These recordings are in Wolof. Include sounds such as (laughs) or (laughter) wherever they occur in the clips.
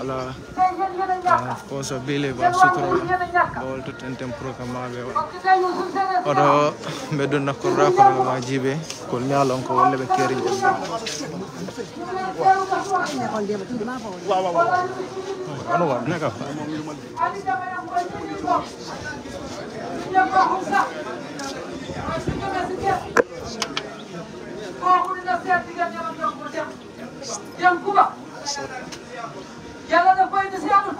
ala koso bele ba sutoro wolto tenten programme be wa odo be don nakkorda ko be ma jibe ko nyalon ko wolle be keri wa wa wa ano wa ne ka Yankuba. yàlla daf koy des yàlla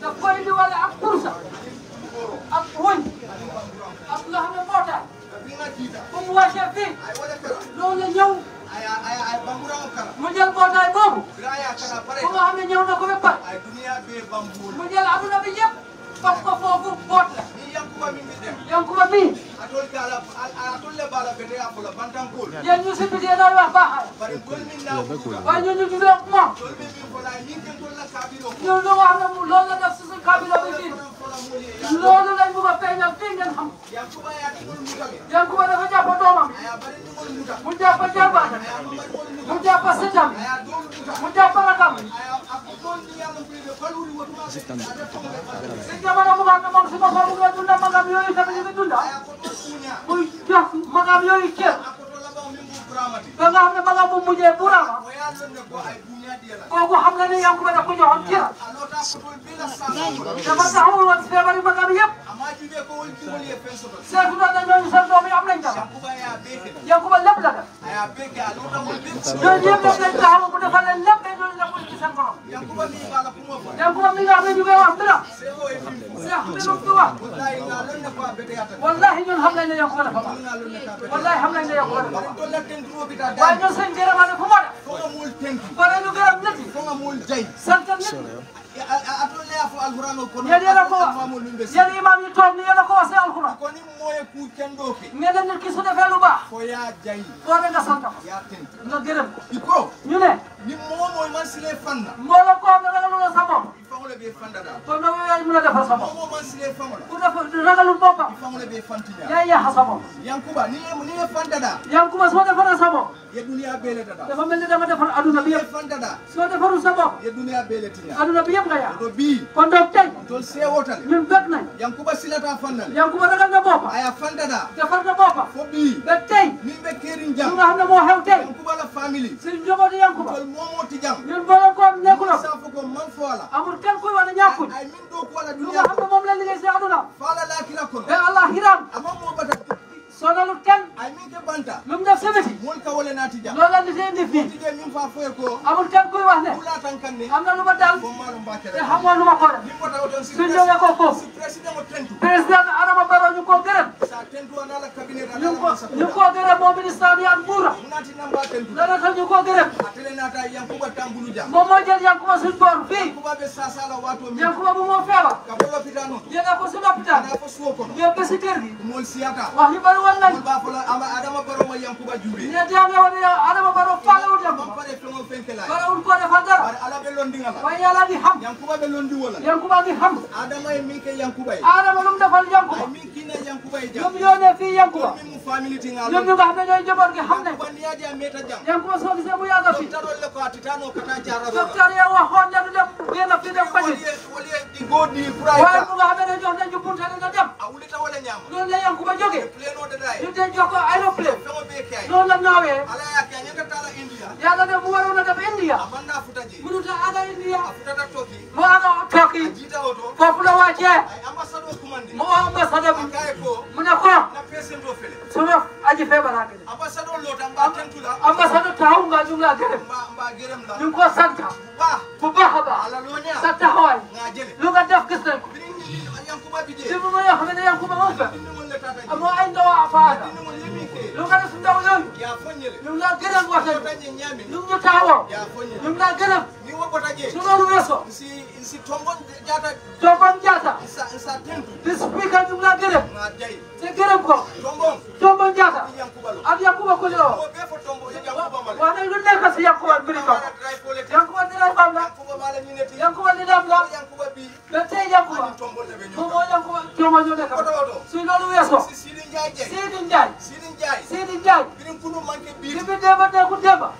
daf koy indiwale ak kursa ak wëñ ak nga xam ne mbootaay bu mu wàccee fii loolu la ñëw mu jël mbootaay boobu bu nga xam ne ñëw na ko ba pare mu jël aduna bi yëpp fas ko foofu boot la mi atol kala atol le bala bete apola bantan kul ya ñu ci bidi na wax baaxa bari gol min na wa ñu ñu do mo gol min ko la ñi ke ko la kabilo ñu do wax na mu loolu la def ci sun kabilo bi ci loolu lañ bu ko feñal fi ngeen xam ya ko ba ya ko mu tabe ya ko ba dafa jàpp doomam ya bari ni ko mu tabe mu jàpp jàppaata mu jàpp sëtam mu jàpp rakam ci jamono bu nga moom su ma fa bu nga dunda magam yooyu tamit ñu dunda اونیا و یش ما ba nga xam ne ba nga mu mujjee Burama kooku xam nga ne Yankuba daf ko joxoon cër dafa taxawul woon feebar yi magam yëpp seetu doon na ñooñu seen doom yi am nañ dara Yankuba lépp la def ñooñu yëpp daf leen taxaw mu defal leen lépp mais ñooñu nekkul ci seen borom Yankuba mi nga xam ne ñu koy wax dara seex mi lu mu wax wallahi ñun xam nañ ne Yankuba dafa wallahi xam nañ ne Yankuba dafa tan ko obita da wajo sen jere ma ko mona ko mo mul tenki bare lu garam nati ko mo mul jay santal nati yéen a ko wax yéen imam yi toog ni yéen a ko wax si alxuraan. a dañ ne kii su defee lu baax. foo de nga sant ko. nga gërëm ko. ñu ne. mbooloo koo nga ragaluloo sa bopp. kon nag yooyu mën a defal sa bopp. ku def ragalul boppam. yaa ngi yàq sa bopp. Yankuba su ma defaree sa bopp. ye duniya bee le dada dafa yankuba silata fannale yankuba ragal na boppa aya min be keerin jam moo xew yankuba la famille suñ njogooti yankuba tol moomooti jam ñun boolon ko nekkulo safo ko man fo ala amul kenn koy la liggéey si aduna faala laakira kono sonalu kenn ay min ke banta lu mu def sebeti mun ka wala naati jam loolu la nit indi fii tigee min faa foye ko amul kenn kuy wax ne bu laatan kan ne am na lu ma dal bo maalu mbake te xamoo lu ma ko def suñ jógee ko ko si président o tentu président Adama Barrow ñu ko gërëm sa tentu ana la cabinet ñu ko ñu ko gërëm moom ministre bi am buura naati namba tentu dana tax ñu ko gërëm atele naata yankuba tambulu jam moom moo jël yankuba suñ boor fii yankuba be sasala waato mi yankuba bu moo feebar ka bo lopitaan o yéena ko suñ lopitaan ko suwo ko yéen ba si kër gi mool siyata wax ñu bari wonnan ba folo ama adama baro mo yankuba juuɓe ñeddiame woni adama baro falawde mopade feŋo fenkela bara ul koɗe fandar bara ala ɓe londingala way yaladi ham yankuba ɓe londi wola yankuba ndi ham adama e min ke yankuba e adama ɗum defal yankuba min kina yankuba e jam ɗum yone fi yankuba min mu familitingal ɗum ɗuga hande ñoy joɓorgue hamde banniyadi a meta jam yankuba soodi se mo yaga fi tarolle ko atitano kata jararo docteur yewa honneɗo ɗem gena fi ɗem baɗi wolie ɗi goɗɗi fura way ɗuga haɓene jonde jubbuntaɗe na dem a wulita wole ñama ɗon le yankuba jogue pleno ñu de jox ko aéroplane loolu la naawee yàlla de mu waroon a dem India ah, mënut a aga India mu aga Turki foofu la wàccee mu oo ambassadeur ah, mu ne ko su na aji feebaraa gede ambassadeur taxaw nga ñu nga gërëm ñu ngi ko sant bu baax a baax sa taxawaay lu nga def gis nañ ko li mu ma yoo xam ne Yankuba moom faada ɗum kadi so taw noon ɗum noon geɗel gotel ɗum ñottawo ɗum noon geɗel so ɗon weso bibi demba teku demba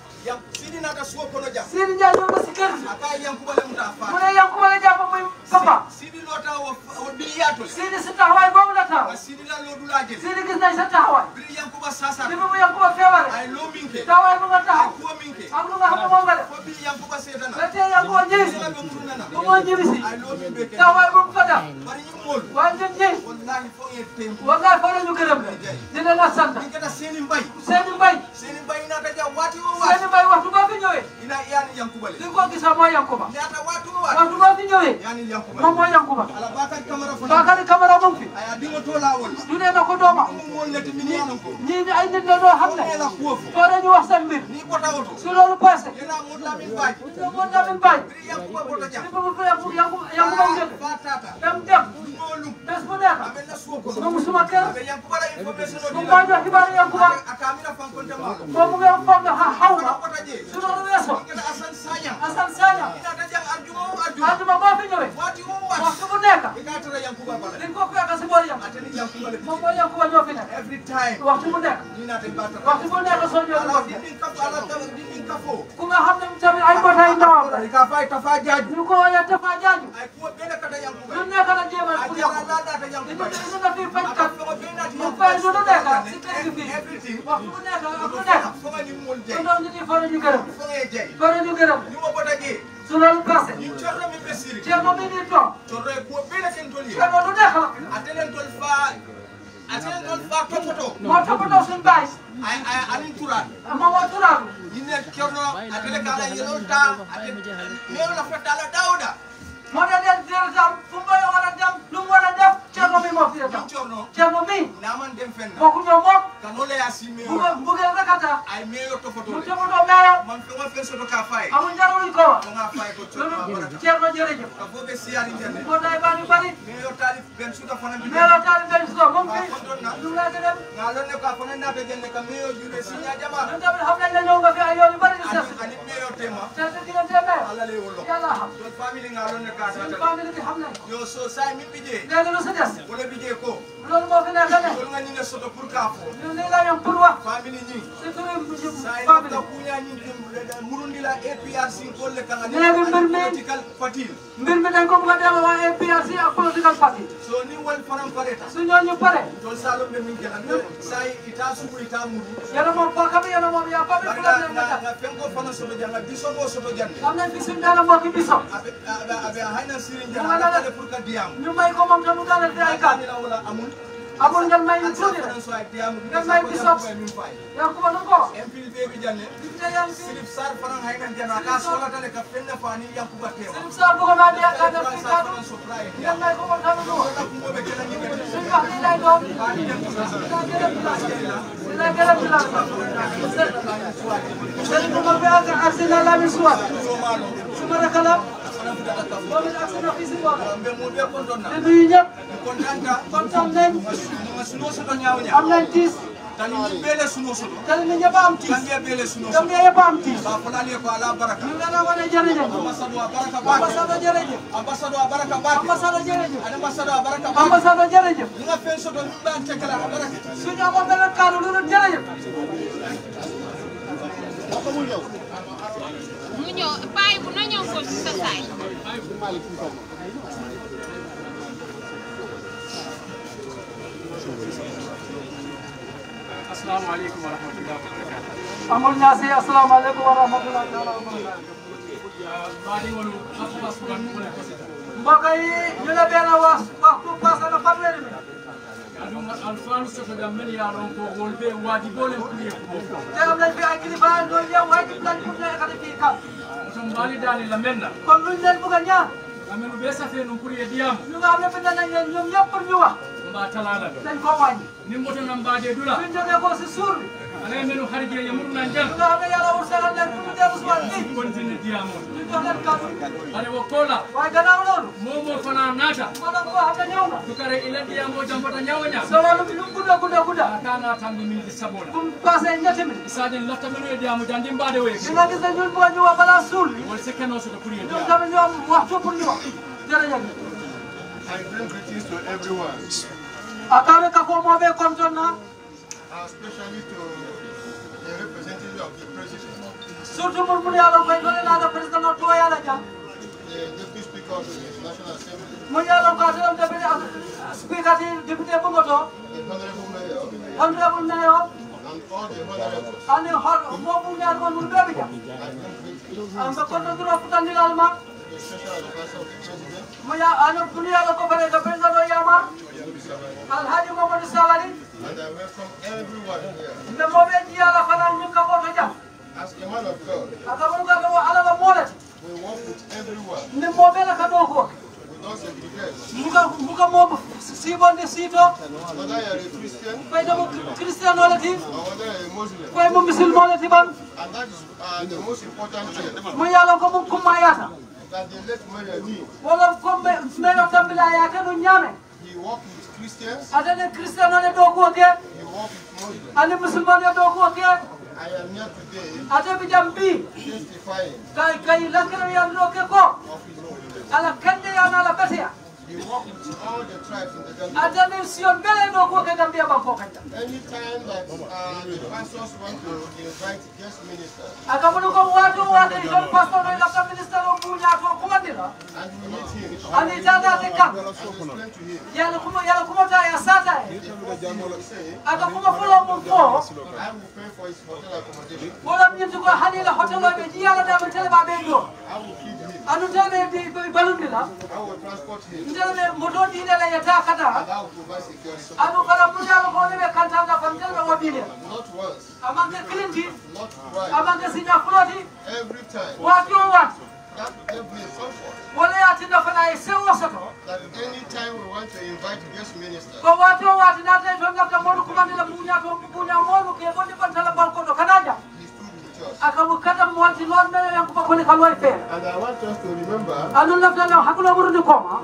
sidi naka suwo kono ja sidi ja yo basi kerdi aka yankuba le muta fa mure yankuba le jafa moy papa sidi lota wo wo biliyato sidi si tahway bo mu lata ba sidi la lodu la jeli sidi gis nay sa tahway bili yankuba sasa bibi mu yankuba fewale ay lo minke tahway mu nga tahaw ko minke am lu nga xam mo nga def ko bili yankuba sedana la te yankuba ñewi sidi la do mu nana mo mo ñewi si ay lo minke tahway bu ko da bari ñu mol wa ñu ñewi wallahi fo ngeen tempo wallahi fo ñu gërem Yankuba waaw du ma fi ñëwee moom mooy Yankuba Bakary Camara mu ngi fi du nee na ko dooma ñii ay nit la doo xam ne soo dañu wax seen mbir su loolu passé mo mo Lamine Baye Yankuba Yankuba mu njëkk dem dem bés bu nekk ma musuma kër waxtu bu nekk. waxtu bu nekk soo ñëwee ko ko. ku nga xam ne tamit ay bota yu ndawam la. ñu ko wóoree Tafa Jaaju. ñu nekk la jéem a ku yokku. ñu nekk ñu nga fi bañkat. ñu fay lu nekk si dëkk bi. waxtu bu nekk ak bu nekk. ñu doon ñu di faral ñu gërëm. ay meyo toppatoo de. mu toppatoo meyo. man fɛn o fɛn soto k'a f'a ye. amul njarul ko. ko n k'a f'a ye ko cɛw ma baara kɛ. cɛw ma jërëjëf. a fɔ bɛ siyaari jɛn de. ko taa i b'a ni bari. meyo taali bɛn suta fana bi. meyo taali bɛn suta moom bi. a fɔ na. dugula tɛ dem. nka lɔn ne k'a fɔ ne n'a tɛ jɛn de ka meyo jure si ɲa jama. n tɛ xam ne ñëw nga fi ay yoon yu bari di sef. ani meyo tema. te te diggante mɛ. ala le wolo. yàlla xam. donc famille nka lɔn ne k'a ta. suñu famille bi xam nañ ko. yoo so saa min bi jee. dégg lu si des. wala bi jee ko. loolu moo fi nekk ne. loolu nga ñu ne soto pour k'a fɔ. ñun ni la ñu pour wax. famille ñi. fabde murundira aprc golle kaa leyɓe mben men fatil mbin minen koko waɗema wa aprc a political party so ni won param pareta so ñooñu pare toon salomɓe min kelan sa ita suɓu ita muru yana moom bakaɓe yana moom ya baɓe problème fengo fana soto janga bisogo soto jande amne bisim dana mboki biso aɓe hayna sirin jaaɗaɗe pour ka diyam ñu may ko moom tamu dalal de ay kaa amun aɓol ngal nayi joɗira ngal nayi bisop yankuba non ko mplpɓe jalle sirif sar fanan haygan jana ka solatale ka fenne fani yankuba tewa sirif sar bogonade yakkaɗe fikaɗo ngal nayi ko nuyu ñëpp. kontaan nañ. am nañ tiis. tani ni bele suno soto tani ni ñaba am tiis tange bele suno soto tange yaba am tiis ba fulani ko ala baraka ni nana wane jërëjëf ambasado baraka ba ambasado jërëjëf ambasado baraka ba ambasado jërëjëf ana ambasado baraka ba ambasado jërëjëf ni nga fen soto ni ban tekala baraka suñu mo bele kaalu lu jërëjëf mu ñëw bàyyi bu na ñëw ko ci sa saay asalaamaaleykum wa rahmatulah. Amadou Niass asalaamaaleykum wa rahmatulah. mbokk yi ñu ne benn wax waxtu passé na fanweeri mi aɗum waɗ alfanu sotoga men yaron ko wolɓe waadi bolen kuye kumo jagam lan mbiya kilifa no yiyam waji plan a kadi fi kam a mbaali dani la menna kon a nen buga ña amenu ɓe safe num pour ye diyama ñuga ɓe ɓe nanan hen ñoom ñappon ñuwa mba talana ɗo ɗen ko wañi ni moto nan mbaade dula min joge ko si sur ala menu harje ye murnan jan dula be yala ursala nder kum de usman ni kontine diamo ni dolan kafu ale wo kola wa gana non momo fana nata wala ko hada nyawna dukare ila diamo jambata nyawnya so walu dum guda guda guda kana tambi min sabola kum passe nyati min isaje latta menu e diamo jandi mbaade we dina gisa ñun bo ñu wa bala sul wol se keno so pour ye ñun tam ñu wax to pour ñu wax jere jere I bring greetings to everyone. Akawe kafo move komjona. Especially to the representative of the president. Sutu murmuri alo kwenye na the president of Tuwa yala ja. The deputy speaker of the National Assembly. Mwenye alo kasele mtepe speaker di deputy bungoto. The honorable mayor. Honorable mayor. And all the honorable. And the honorable mayor kwa murmuri alo ja. Amba kondo duro kutanila alma. Muya Anur Pulia Loko Barega President Oyamar, Alhaji Mohamed Salari. And I welcome everyone here. The nunca Yala Fanan a man of God, we work with everyone. The moment Kadoko. Muka mo sibon de sito. Whether you are a Christian, whether you are Christian or Latin, whether you are a Muslim, whether that they left Maryani. He walked with Christians. He walked with Muslims. I am here today. Ate bijambi. Testifying. Of his holiness atanisiongele nokuwa kakambia mapokaja akabona ko watu wakaiton pastor noila ka minister okunya ko kumatira anitata tika yala kuma Come. kuma ta ya sata akakuma Come. mumpo wala mnyituko hanila hotelo Come. da mtele babendo I will feed anutame balundila ntele moto dinela yata kata anu kala mutama kone be kantanga famtele wo bile amanke kilinti amanke sinya floti watu watu wale atinda fana isewo soto that anytime we want to invite guest minister ko watu watu na tayo ngamta modu kumandila munya to munya modu ke bondi bantala balkondo kanaja akamukata mwazi londa yangu pakole kalwai pera and i want us to remember anu lafla na hakuna burudi koma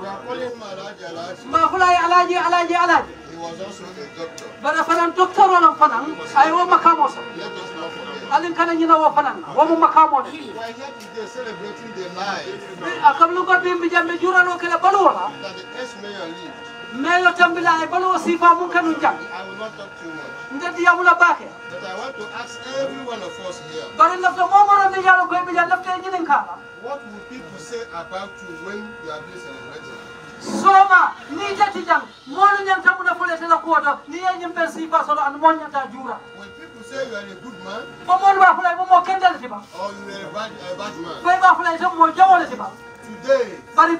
we are alaji alaji alaji alaji alaji he a doctor bana fanan doctor wala fanan ay wo makamo sa let us alin kana nyina wo fanan wo mu makamo ni why here today celebrating the bimbi jambe jurano kala balwala that the ex mayor lived melo tambila ay balwo sifa mun kanu jam i will not bake that I want to ask every one of us here. E what would people say about you when you are being celebrated? soma ni jati jang monu nyam tamu na fole tena kuoto ni ye nyim pe sifa solo an mo nyam ta jura when people say you are a good man mo mo ba fole mo mo kendal tiba or you are a bad, a bad man ko ba fole mo jawole tiba today but it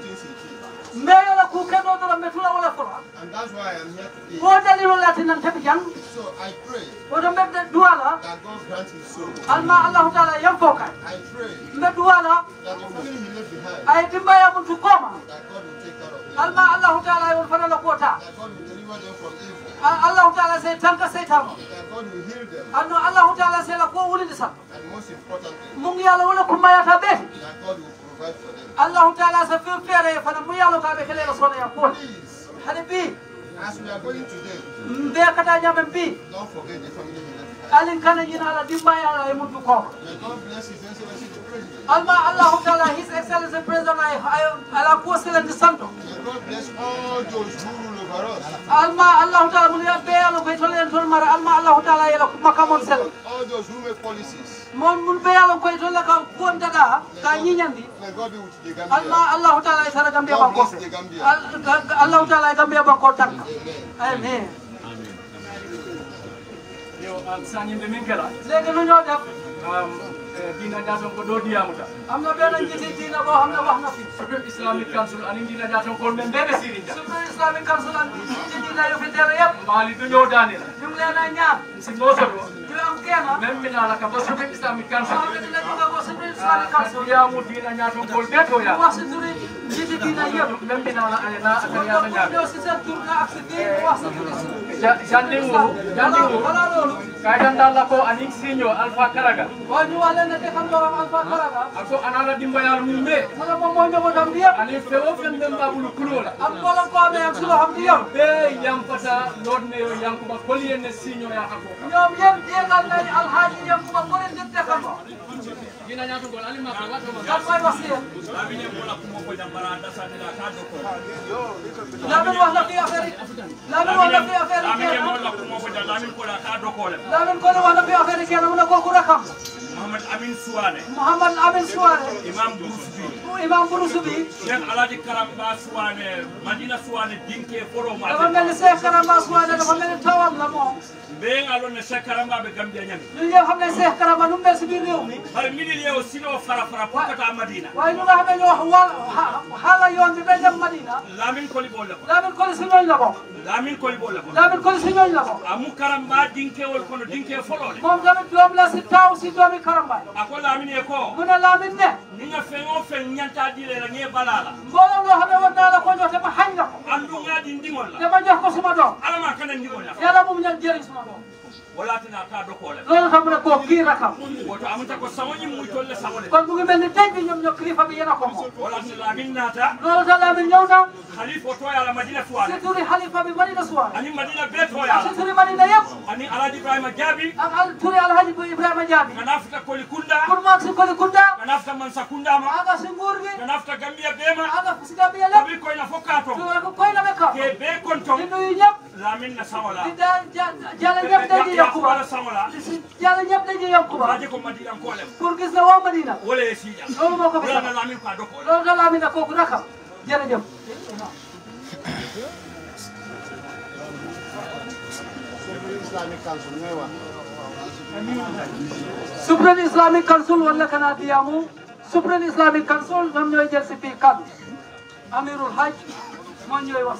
mbeyala ku keɗo dara metula wala fota wo dalilu lati nan teɓe jan woto mbeɗe duwala alma allahu taala yam tu koma alma allahu taala won fanala kota allahu taala sey tanka seytama allahu taala sela ko wulinde sappo mun yala wala ko mayata الله تعالى سفير فيري فنمويا لو كابي خلي رسول Please. حنبي As we are going today, mm, don't forget the family Alin kana jina la dimba ya la imuntu ko. May God bless His Excellency the President. Alma Allahu Taala His Excellency the President ay ala ko selen de santo. May God bless all those who rule over us. Alma Allahu Taala mun ya be alu ko tolen tol Alma Allahu Taala ya la makamon sel. All those who make policies. mon be yalon koy to la ka kon allah allah taala isara gambia ba ko allah taala gambia ba ko tak amen yo am sanin de min kala legi no diina jaton ko ɗo ndiyamuta am no ɓeɗen jiiti diina bo am no wahna fi supreme islamic council anin diina jaton kon ɓe mbeɓe sirida supreme islamic council an jiiti diina yofitere yeb mbaali ɗo ñowdanila ɗum lena ñaan si mosoɗo ɗum kema même minala kam bo supreme islamic council ɗina ɗuga bo supreme islamic council ndiyamu ah, diina ñaton kol ɓe to ya wasi turi jiiti diina yeb même minala ayana akan yata ñaami ɗo si sen tourna ak si ɗi wasi turi jandinguru jandinguru kaytan dalla ko anin signo alpha karaga wañu walen annate kam ɗo am alpha karaga a an ala dimbayal mume mono mo mo ñogo dam ndiyam ani fewo fen nden mbabulu kulola am kolan ko ame am sulo ham ndiyam ɓe yampata lodneyo yankuba koliyenne signoya hako ñoom yen jeegal nayi alhaaji yankuba kolen ndette kamo gina ñatugol alimaka wattoma kam koy wasiya labiñen mola kumo koy dambara dasanila ka doko lamin wax lafi affaire lamin wax lafi affaire lamin mola kumo koy da lamin kola ka dokole lamin kola wax lafi affaire kenamuna koku rakam Mohamed Amin Souane. Mohamed Amin Souane. Imam Boursubi. Imam Boursubi. Cheikh Alhaji Karamba Souane. Madina Souane dinke foro ma. Dafa mel ni Karamba Souane dafa mel tawam la moom. Be ne Cheikh Karamba be Gambia ñami. Ñu ñoo xam Karamba lu mel si biir réew mi. Par mini yow sino fara fara ko Madina. Waaye ñu nga xam ne ñoo xala yoon bi ba dem Madina. Lamin Koli bolla la Lamin Koli si ñooñ la bokk. Lamin Koli bo la ko. Lamin Koli si ñooñ Amu Karamba dinke wol kono dinke foro le. Moom tamit lasi la si taw si karamba ako lamine ko muna laminne ninga fengo fen nyanta dile la nge balala mbolo lo habe wonda la ko nyote ba hanga ko andu ngadi ndingol la dama jox ko suma do ala ma kana ndingol la yalla bu nyal jeri suma do wala tana ta doko la loolu xam na ko kii rakam woto amuta ko samoñi muy tolle samole kon mu ngi mel ni tey bi ñoom ñoo kilifa bi yena ko mo wala ti lamin naata loolu ta lamin ñëw na xalifa tooya la madina suwaale surtout xalifa bi madina suwaale ani madina bee tooya la surtout madina yëpp ani alhaji ibrahima jaabi ak al turi alhaji ibrahima jaabi nga nafta koli kunda kon maa si koli kunda nga nafta man sa kunda ma aga si nguur bi nga nafta gambia bee ma aga si gambia la bi koy na fo kaato ko koy na be ka ke bee kontong lamin na samola di daan jala ñëpp dañuy yokku ba yàlla ñëpp dañuy yokku ba pour gis na waa Madina loolu moo ko fi sax loolu nga laamina kooku rakam jërëjëf Supreme Islamic Council wala kana diyamu Supreme Islamic Council ñoom ñooy jël si fii kaddu Amirul Hajj moo ñooy wax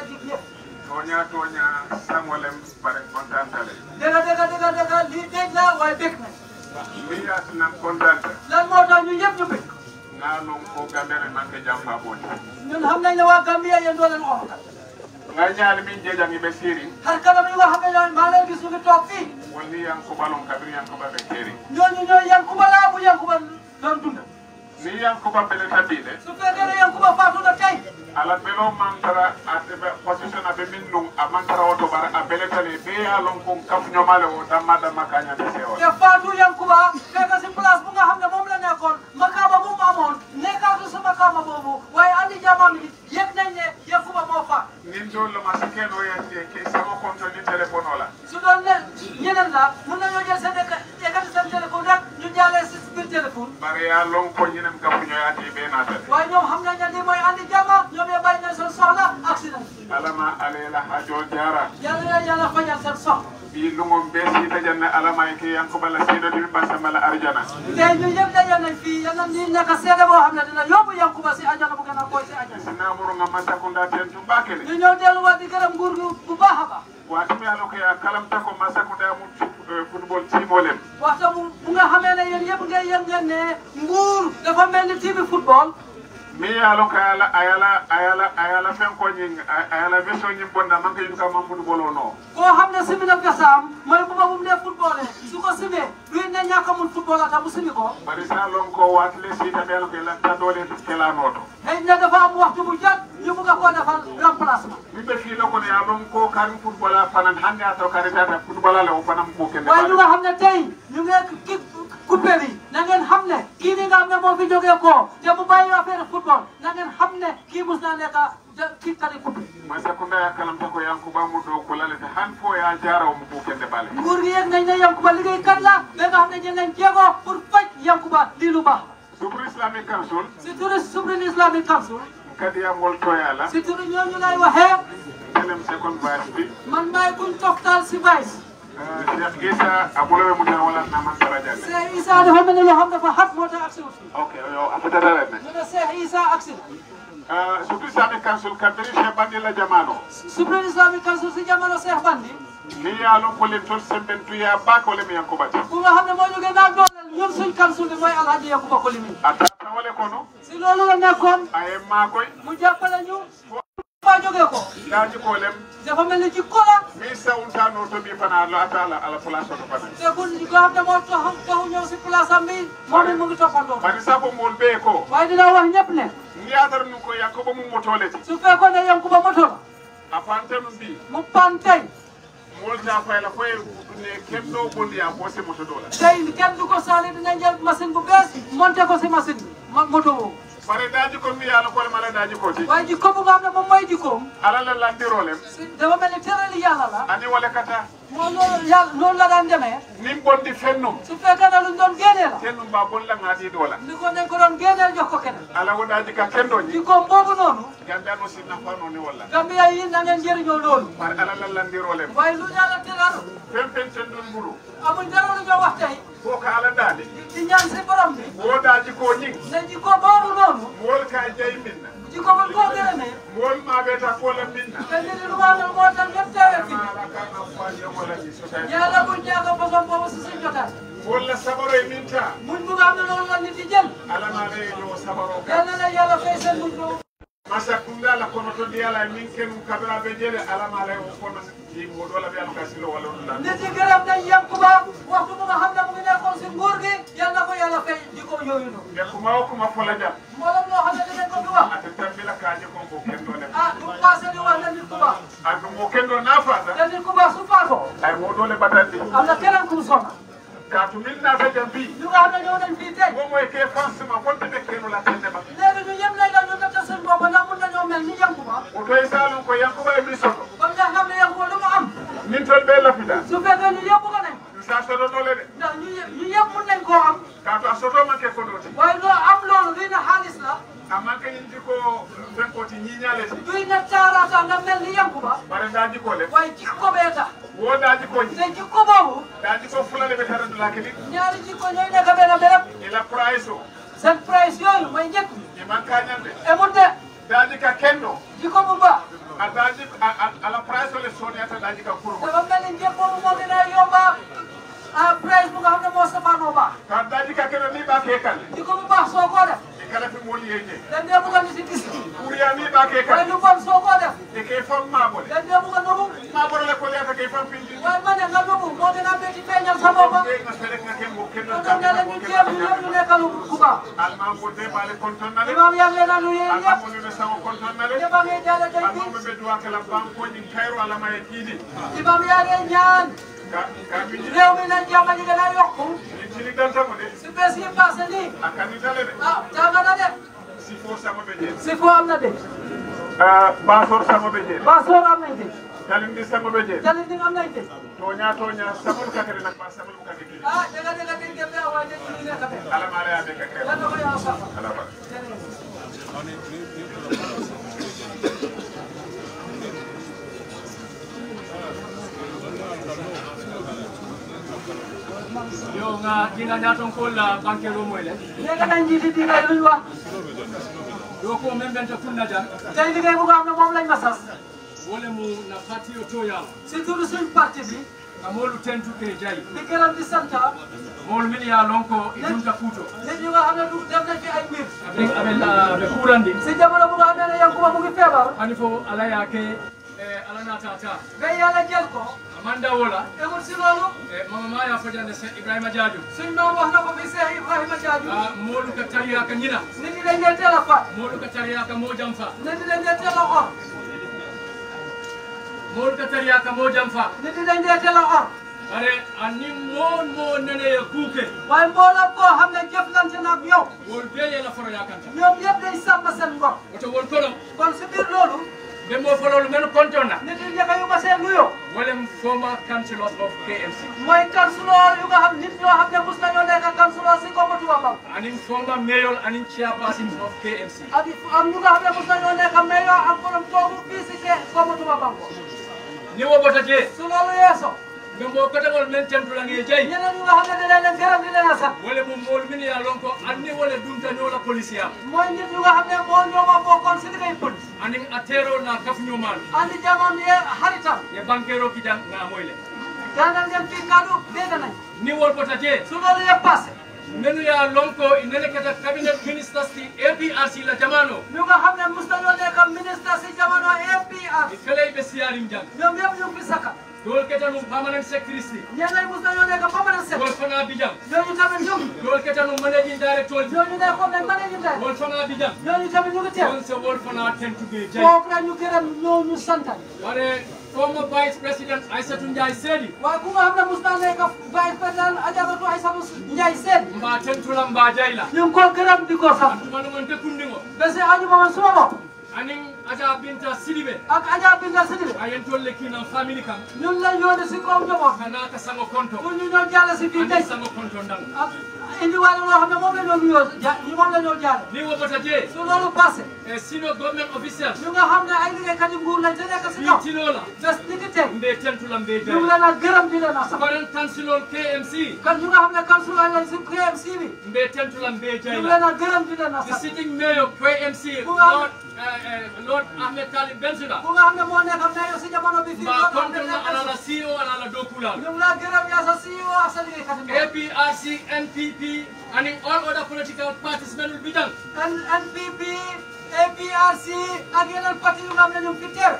tooñaa tooñaa sangolem bare kontantale dëgg dëgg dëgg dëgg lii dégg la waaye bég na mi yaatu nan kontante lan moo tax ñu ñëpp ñu bég naa noon ko gambere manke jamfa booni ñun xam nañ ne waa Gambia yéen doo leen oxoka nga ñaali min jeejangi ɓe siiri har kala mi wa xam ne maa leen gis ñu ngi toog fii wonni yankuba lon kabir yankuba ɓe keeri ñooñu ñooy yankuba laa bu yankuba doon dunda ni Yankuba fele tadile so federe Yankuba fatuɗo tay ala belo mantara aɓe position min ɗum a mantara oto bara a beletale be yalon kon kaf ñomale o damma damma kañate sewa e fatu Yankuba fega si place bu nga xam ne moom la nekkoon makama mum amoon nekkatu sa makama boobu waaye andi jamam gi yëg nañ ne Yankuba moo fa nin doon lama si keno yante ke sama compte ni téléphone o la su doon ne ñeneen la mun nañoo jël sa dëkk ekati sa téléphone rek ñu jaalee téléphone bare ya long ko ñeneen kam ñoy na tan waaye ñoom xam nga ñandi mooy andi jàmma ñoom ya bari na seen soxla accident alama ale la hajo jaara yàlla yàlla fajal seen soxla bi lu ngom be si dajanna alama ke yanko bala seeda di bassa mala arjana tey ñu ñëpp dajanna fi yalla ni naka seeda boo xam ne dina yóbbu yanko ba si ajana bu gën a koy si ajana sina muru nga mata ko ndaten tu bakele ñu ñëw dellu waat di gërëm nguur bu baax a baax waasimi ano ke a kalamta ko masakuda mum euh, football tiimolem waxta bu nga xamee ne yéen yëpp ngay yëngal ne nguur dafa mel ni tiimi football mi yaalo ko ayala ayala ayala ayala fenko ñing ayala beso ñing bonda man ko yuka man football no ko xamne simi na gasam moy bu mabum ne football su ko simi du ne ñaka mun football ta mu bari sa lon ko wat le si ta bel la ta dole ke la noto hey na dafa am waxtu bu jot ñu bu ko defal mi be fi la ko ne alon ko karim football fanan hande ato karita ta football la o fanam ko ken way ñu a xamne tay coupé bi na ngeen xam ne kii nii nga xam ne moo fi jógee koo te mu bàyyi affaire football na ngeen mus naa nekk kii kari coupé masa ya kalamta ko yankuba mu do ko lalete han fo ya jara mu ko kende bale nguur gi nañ ne yankuba liggéey kat la mais nga xam ne ñu ngeen jéego yankuba lii lu baax Supreme Islamic Council surtout Supreme Islamic Council kadiya mol toyala surtout ñooñu lay waxee telem man maay buñ toftal si vice Cheikh Issa ak wala mu jël wala na man dara jàng. Cheikh Issa dafa mel ne loo xam dafa xat moo tax agsi wut. ok yow am na dara rek ne. ñu ne Cheikh Issa agsi na. Euh, Supreme Islamic Council kabiri Cheikh Bandi la jamano. Supreme Islamic Council si jamano Cheikh Bandi. ni yaa lon ko leen toon baak wala mi yankuba ti. a si loolu la nekkoon. aye maa koy. mu fa jógee ko daa jikoo lem dafa mel ni jikko la mi sawuntaanoo to mbi fana lo atala ala place to fana te ko ko am demoo taxaw taxaw ñëw si place am bi moom mu ngi toppandoo bari sabo mool bee ko waaye dina wax ñëpp ne yaatar nu ko yankuba mu motoole ti su fekkoon ne yankuba moto la a pantenu bi mu panteñ mool ta fay la fay ne kenn doo bondi yaa foo si moto doo la tey kenn du ko saali dina jël machine bu bees monté ko si machine bi moto boobu mareɗa jikkom mi ko koore mareɗa jikkooji way jikko mo ngam ne moom may jikkoom alala landirolem dama mel ne terali yàlla la ani wala kata moom loolu yàlla loolu la daan demee. ni mu bon di fennum. su fekkee ne luñ doon génnee la. fennum bon la ngaa di doola. ni ko dañ ko doon génneel jox ko keneen. ala wo daa jika kenn doo ñi. ci koom boobu noonu. Gambia no si nafaanoo ni wala. Gambia yi na ngeen jëriñoo loolu. par ala la landiroo leen. lu ñaala tiraanu. fen fen seen doon mburu. amul dara lu ñu boo ko ala daali. di ñaan si bi. boo daa jikoo ñi. na jikoo boobu noonu. mool kaa jay min na. jikko mon ko dereme won maɓe ta kola minna tandiri ɗumanol ko tan yettawe fi yala gon ñaga bosom bobo sisin jota walla sabaro e min ta muñ bugamno noon lanniti jel alamaɓe yo sabaro yallala yala fay sen muñ bo masa kumdala kono to ndiyala min kenu kabiraɓe jeele alamala o kono ɗimoɗola wiyano ka silo walla ɗum lan niti geram tan yankuba waktu muma hannda mumine kon si gurdi yalla ko yala fay jikko yoyino e kuma o kuma fola jam wa ate tambila kaje ko ko kendo ne ah dum pasani wa nani kuba andu mo kendo na fata nani kuba su fako ay mo dole batati amna kelan kum sona katu min na be jambi du ga na yo nan fite mo moy ke fansi ma ko be kenu la tende ma leru ñu yem lay la ñu tata sun bobo na mun nañu mel ni yankuba o toy salu ko yankuba e mi soto ko nga xam ne yankuba lu mu am min tol be lafita su fekk ñu yeb ko ne sa soto dole de ndax ñu yeb ñu yeb mun nañ ko am katu a soto ma ke ko doti way lo am lolu dina xaalis la amaka yin jiko fenkoti ñiñale ti duy na tarata nga mel ni yankuba bare da jiko le jikko beta wo da jiko jikko bobu da jiko fulale be tarata la kili ñaari ne ka bena bela ila o sen price yoyu may ñet ni man ka e mo de da jika kendo jiko bu ba a da jiko ala price le soniata da jika kuro da e mel ni jiko mo dina yomba a price nga xamne mo sama no ba ka da jika ni ba ke kan jiko ba so kala fi woni yeyde nden nde mugal mi sikkis ɓuriya miɓake ka ɗum fom soko def e ke fom maɓole nden nde mugal no ɗum maɓore le kolyata ke fom pindi way mane ngallu ɗum motena ɓeeti peñal samoba ɗumɗele min jeemi yettude kalu kuba alman wurde ɓaale contonnale imam yallena nu yeyeɓamolune sawo contonnale ɗeɓam e jaale dey almaɓe ɓedduwa kala bankoji kayro alama e tiiɗi imam yaare ñaan rewmi nan jamaji gana yokku Si peski pase li? A kanita le de? A, ada, la de? Sifo beje? Sifo am la de? Basor sa mou beje? Basor am la de? Jalindi sa beje? Jalindi am la de? Tonya, tonya, sama mou luka kere nakpa, sa mou luka kere kere? A, jaga de la kere kere, a wajen kere kere kere? Ah, ah, yo nga dinga naton kolla bankero moyle nega tan jiti dinga lu wa yo ko men benta kunna jan tay ligay bu am na mom lañ masas wole mu na parti yo toya surtout sun parti bi amolu tentu ke jay dikaram di santa mol min ya lonko idun ta futo ne ñu nga xamna du dem na fi ay mbir avec avec la kurandi ci jamono bu nga yankuba mu ngi febar ani fo ala ya ke ala naata ata ɓe yala jel ko amanda wola e wursi loolu e mama ma ya fojande se ibrahima diadiou sinno waxna ko ɓe se ibrahima diadiou a moolu ka tariya ka ñina nini le ñeltela fa moolu ka tariya ka fa moolu ka tariya ka fa nini le ñeltela or bare ani moon moo neneye kuuke waaye mbooloo boo na ak yow wol bee yee foro yaakanta ñoom ñëpp day sàmm seen woto wol kono kon si biir loolu ɓe mo fololu men kontonna neɗen yakayuga seerluyo wolem former councilors of kmc moy councilor yuga xam nit ñoo xam ne mus nañoo nekk councilor si combatuma bang anin former mayor anin chairperson of kmc adi am ñu nga xam ne mus nañoo nekk mayor am borom toogu fii si ke combatuma banko ni wo botake su loolu mais mo kotagol men tentulange jayi ñana ɗum hammade ɗanen garam ɗiɗana sa wole mo mool min wole ɗumtanola police ya moy nit ɗuga hamne mool ñoma fo kon sidi kay police anin a tero na kaf ñumal andi jamam ye haritam ye banquero kijan ngamoyle gandal ngen fi kaɗu ɓeydanayi ni wol ye passé menu ya lonko inene kata cabinet ministers ti APRC la jamano mi ko xam ne mustano ne kam ministers si jamano APRC kala be siyarin jang ñoom yëpp ñu Yol ketanum permanent secretary. Yalay musa yol ka permanent secretary. Yol fana bijam. Yol ñu tamel ñu. Yol ketanum managing director. Yol ñu ben managing director. Yol fana bijam. Yol ñu tamel ñu ko tel. Yol se wol fana tentu bi jay. Ko pra ñu keram ñoo ñu santal. Bare former vice president Aissatou Ndiaye Sedi. Wa ku nga xamna musta ne ka vice president Ajabatou Aissatou Ndiaye Sedi. Mba tentu la mba jay la. Ñu ko keram di ko sam. Atuma Bese añu ma man Aning Aja Binta Sidibe ak Aja Binta Sidibe ayen tolle kinan family kam ñun la ñoone si kaw njaboot kanata sango konto pour ñu ñoo jàll si fii tey sango konto ndang ak indi wàllu loo xam ne moom la ñoo nuyoo ñi moom la ñoo jàll ni wobota jee su loolu passé e sino government officiel ñu nga xam ne ay liggéeykat yi nguur lañ te nekk si kaw tino la bés ni ki tey mbee tentulam mbee dee ñu leen a gërëm di leen a sax koren councilor KMC kan ñu nga xam ne councilor lañ si KMC bi mbee tentulam mbee jay ñu leen a gërëm di leen a sax sitting mayor KMC Lord Ahmed Talib a Ku nga xam ne moo nekk maire si jamono bi fii. Mbaa kontaan na ala la CEO ala la Dokular. Ñu ngi laa gërëm yaa sa CEO ak sa liggéeykat yi. APRC NPP and all other political parties melul bi dang. NPP APRC ak yeneen parti yu nga xam ne ñu ngi fi teew.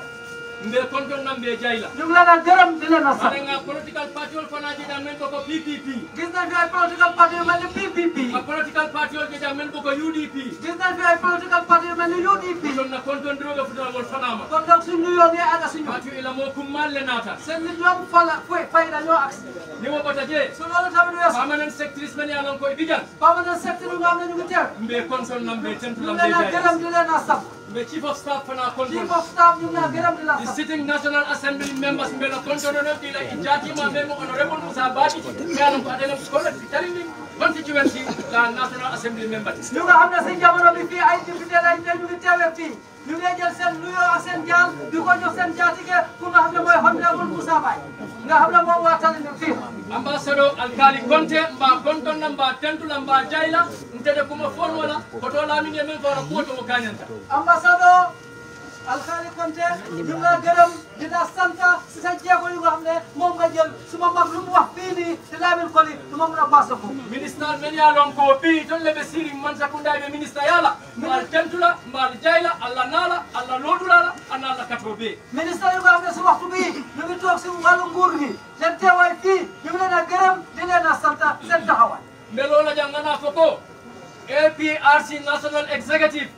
mbe konton nam mbe jayla ñung la garam dile na sa nga political party ol fana je jamen ko PPP gis na fi ay political party yu mel ni PPP a political party ol je jamen ko UDP gis na fi ay political party yu mel ni UDP don na konton dro ga futal wol fana ma kon donc suñu yo ngi aga suñu parti ila mo kum mal le nata sen ni ñom fala fay fay da ñoo ax ni mo bota je so lolu tamit yes permanent secretary men yalan ko ibijan permanent secretary ngam na ñu ngi teer mbe konton nam mbe tentu nam mbe jayla garam dile na sa The Chief of Staff for our control. Chief of Staff, you are Garam The sitting National Assembly members, Mela Control, and the Jati, my member, Honorable Musa Badi, Garam Padenum Scholar, telling him. constituency la National Assembly members. ñu nga a ne si jamono bi fii ay député lañ te ñu ngi teewee fii ñu ngi jël seen nuyoo ak jaal di ko jox seen jaatige ku nga xam mooy honorable Moussa Baye nga xam ne waatale ñu fii. ambassadeur alkali konte mba konton na mba tentu la mba jayla ntede kuma fon wala koto la min yemen fara kuwoto o kañanta ambassadeur alxaali Konte ñu ngi di la sant si sa jéego yi nga xam ne moom suma mag lu mu wax fii nii te laamin ko ni du ma mën a baasa ko ministre men ya lon ko bii ton lebe siri man sakunda be ministre yala mbaal tentula mbaal jayla allah naala allah loodulaala ana allah katoo bee ministre si waxtu bii ñu toog si wàllu nguur gi seen teewaay fii ñu ngi leen a gërëm di leen a sant seen taxawaay mbeloo la jànganaa fo ko national executive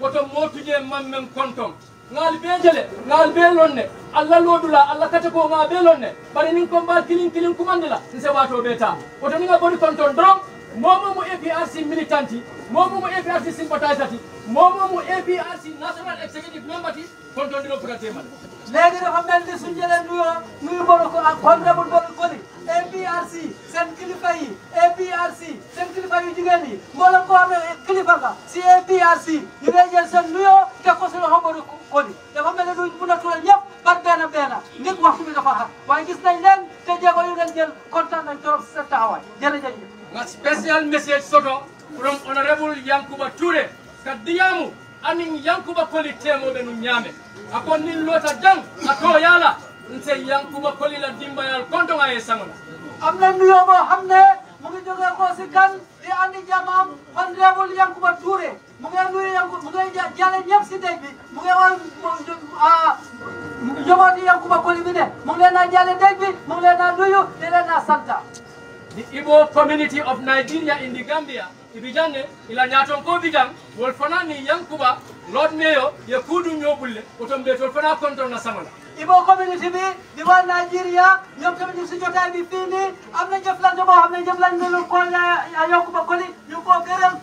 woto motuje mammen konton ngal beejele ngal beelon ne allah loodula allah kate ko ma beelon ne bare nin la mbal kilin kilin kumandela nse wato ɓe ta woto ninga boni konton dron moomomu APRC militant yi moomomu APRC sympathisant yi moomomu APRC national executive member yi kon doon dina bëgg a téemal léegi dafa mel ni suñu jëlee nuyoo nuyu boru ko ak honorable boru ko ni APRC seen kilifa yi APRC seen kilifa yu jigéen yi mboolem koo xam ne kilifa nga si APRC ñu ngi jël seen nuyoo teg ko si loxo ko ni dafa mel ni duñ mun a tural ñëpp par benn benn nit waxtu bi dafa xat gis nañ leen te jéego yu ngeen jël kontaan nañ a special message soto from honorable yankuba ture kaddiyamu anin yankuba koli temoɓe num ñaame akon nin loota jang a to yaala nse yankuba koli la dimbayal kontoga e sagola am na nuyoo boo xam ne mu ngi jógee ko si kan di andi jamaam honorable yankuba ture mu ngi nuyu yanku mu ngi mu ngi wal jogooti yankuba koli bi ne mu ngi leen a jale dëj mu ngi leen a nuyu di leen a santa the Ibo community of Nigeria in the Gambia, ibijange ila nyaton ko bijang wol fana ni yankuba lord mayo ye kudu nyobulle otombe tol fana kontrol na samala ibo community bi di wa nigeria ñom tamit ñu ci jotaay bi fii am na jëflante boo xam ne jëflante lu ko ya yankuba koli ñu ko gërëm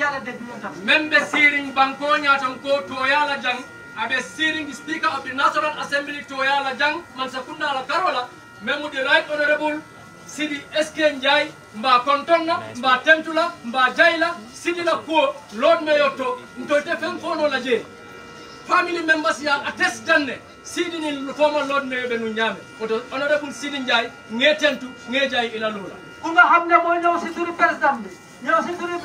a a de ñu tam même be siring banko nyaton ko to yala jang abe siring speaker of the national assembly to yala man sakunda la même the right honorable Sidi SK Njai mba kontonna mba tentula mba jaila Sidi la kuo Lord Mayor to ntoite fen kono la je family members ya attest danne Sidi ni former Lord Mayor be nu nyame oto honorable Sidi Njai ngetentu ngejai ila lula ku nga xam ne moo ñëw si turu président yow si turu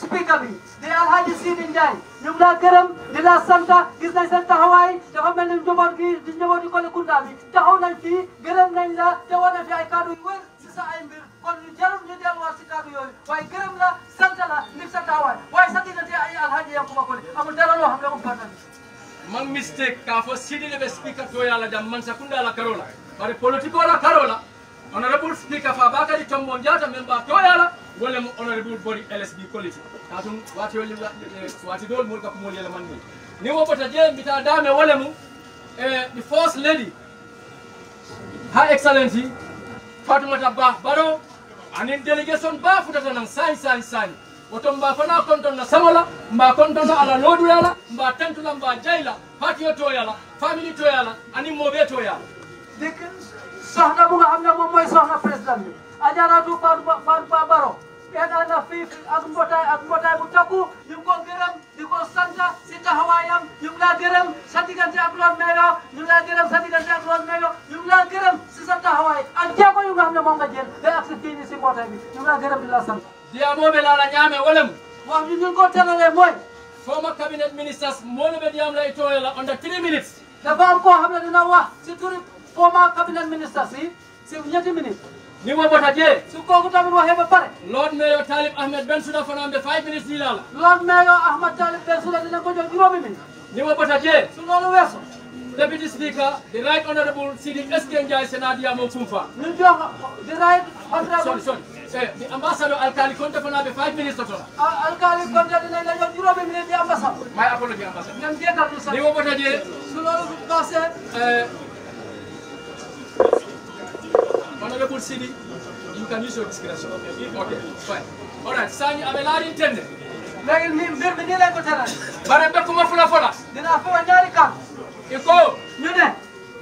speaker bi di Alhaji Sidi Ndiaye ñu ngi laa gërëm di laa sant gis nañ seen taxawaay dafa mel ni njaboot gi di njaboot gi Kolokounda bi taxaw nañ fii gërëm nañ la te war na fi ay kàddu yu wër si sa ay mbir kon ñu jarul ñu delluwaat si kàddu yooyu waaye gërëm la sant la ngir sa taxawaay waaye sa diggante ay Alhaji Yankuba Colley amul dara loo xam ne amul bàttal. man mistake ka fo Sidi le be speaker to yalla jam man sakunda la karola bare politiko la karola honorable speaker fa bakari tombo njata memba to yalla golle mo honorable body lsb quality katum wati yolli eh, wati dol mol ka kumol yele manni ni wo bota je mbita dame wole mu e the first lady her excellency fatumata ba baro anin délégation ba futata nan sañ sañ sañ woto mba fana kontonna samola mba na ala lodulala mba tentula mba jayla patiyo toyala family toyala anin moɓe toyala sahna sohna buga xam ne moom mooy sohna président bi ajaratu Fatou Fatou Baro feetaan a fii ak mbootaay ak mbootaay bu takku ñu ngi ko gërëm di ko sant si taxawaayam ñu ngi laa gërëm sa diggante ak Lone Mayor gërëm sa diggante ak Lone Mayor ñu si sa taxawaay ak jéego yu nga xam ne moom nga jël day ak si fii nii si mbootaay bi ñu ngi laa gërëm di la sant diya mooɓe laala ñaame wolem wax ñu ñu ngi ko teralee mooy former cabinet ministers moo ne ɓe ndiyam lay tooyo la under three minutes dafa am koo xam ne dina wax si turi former cabinet ministers yi si ñetti minutes ni wo bota je sukkogu tamin wo heɓe pare lord mayo talib ahmed ben suda fanamɓe five minutes dilala lord mayo ahmad talib ben suda ɗinen ko jom juromi min ni wo bota je so lolu weeso Deputy Speaker, the Right Honorable Sidi Eskenjai Senadia Mokumfa. The Right Honorable... Sorry, sorry. Eh, the Ambassador Alkali Conte five minutes or so. Ah, Alkali Conte, the minutes, the Ambassador. My apology, Ambassador. Ni wo bota je. So lolu weeso. Honorable Sidi, you can use your discretion. Okay, fine. All right, Sani, I'm a lot intended. Lagil min bir mi nila ko tara. Bare be kuma fula fula. Dina fula nyari kan. Iko. Nyune.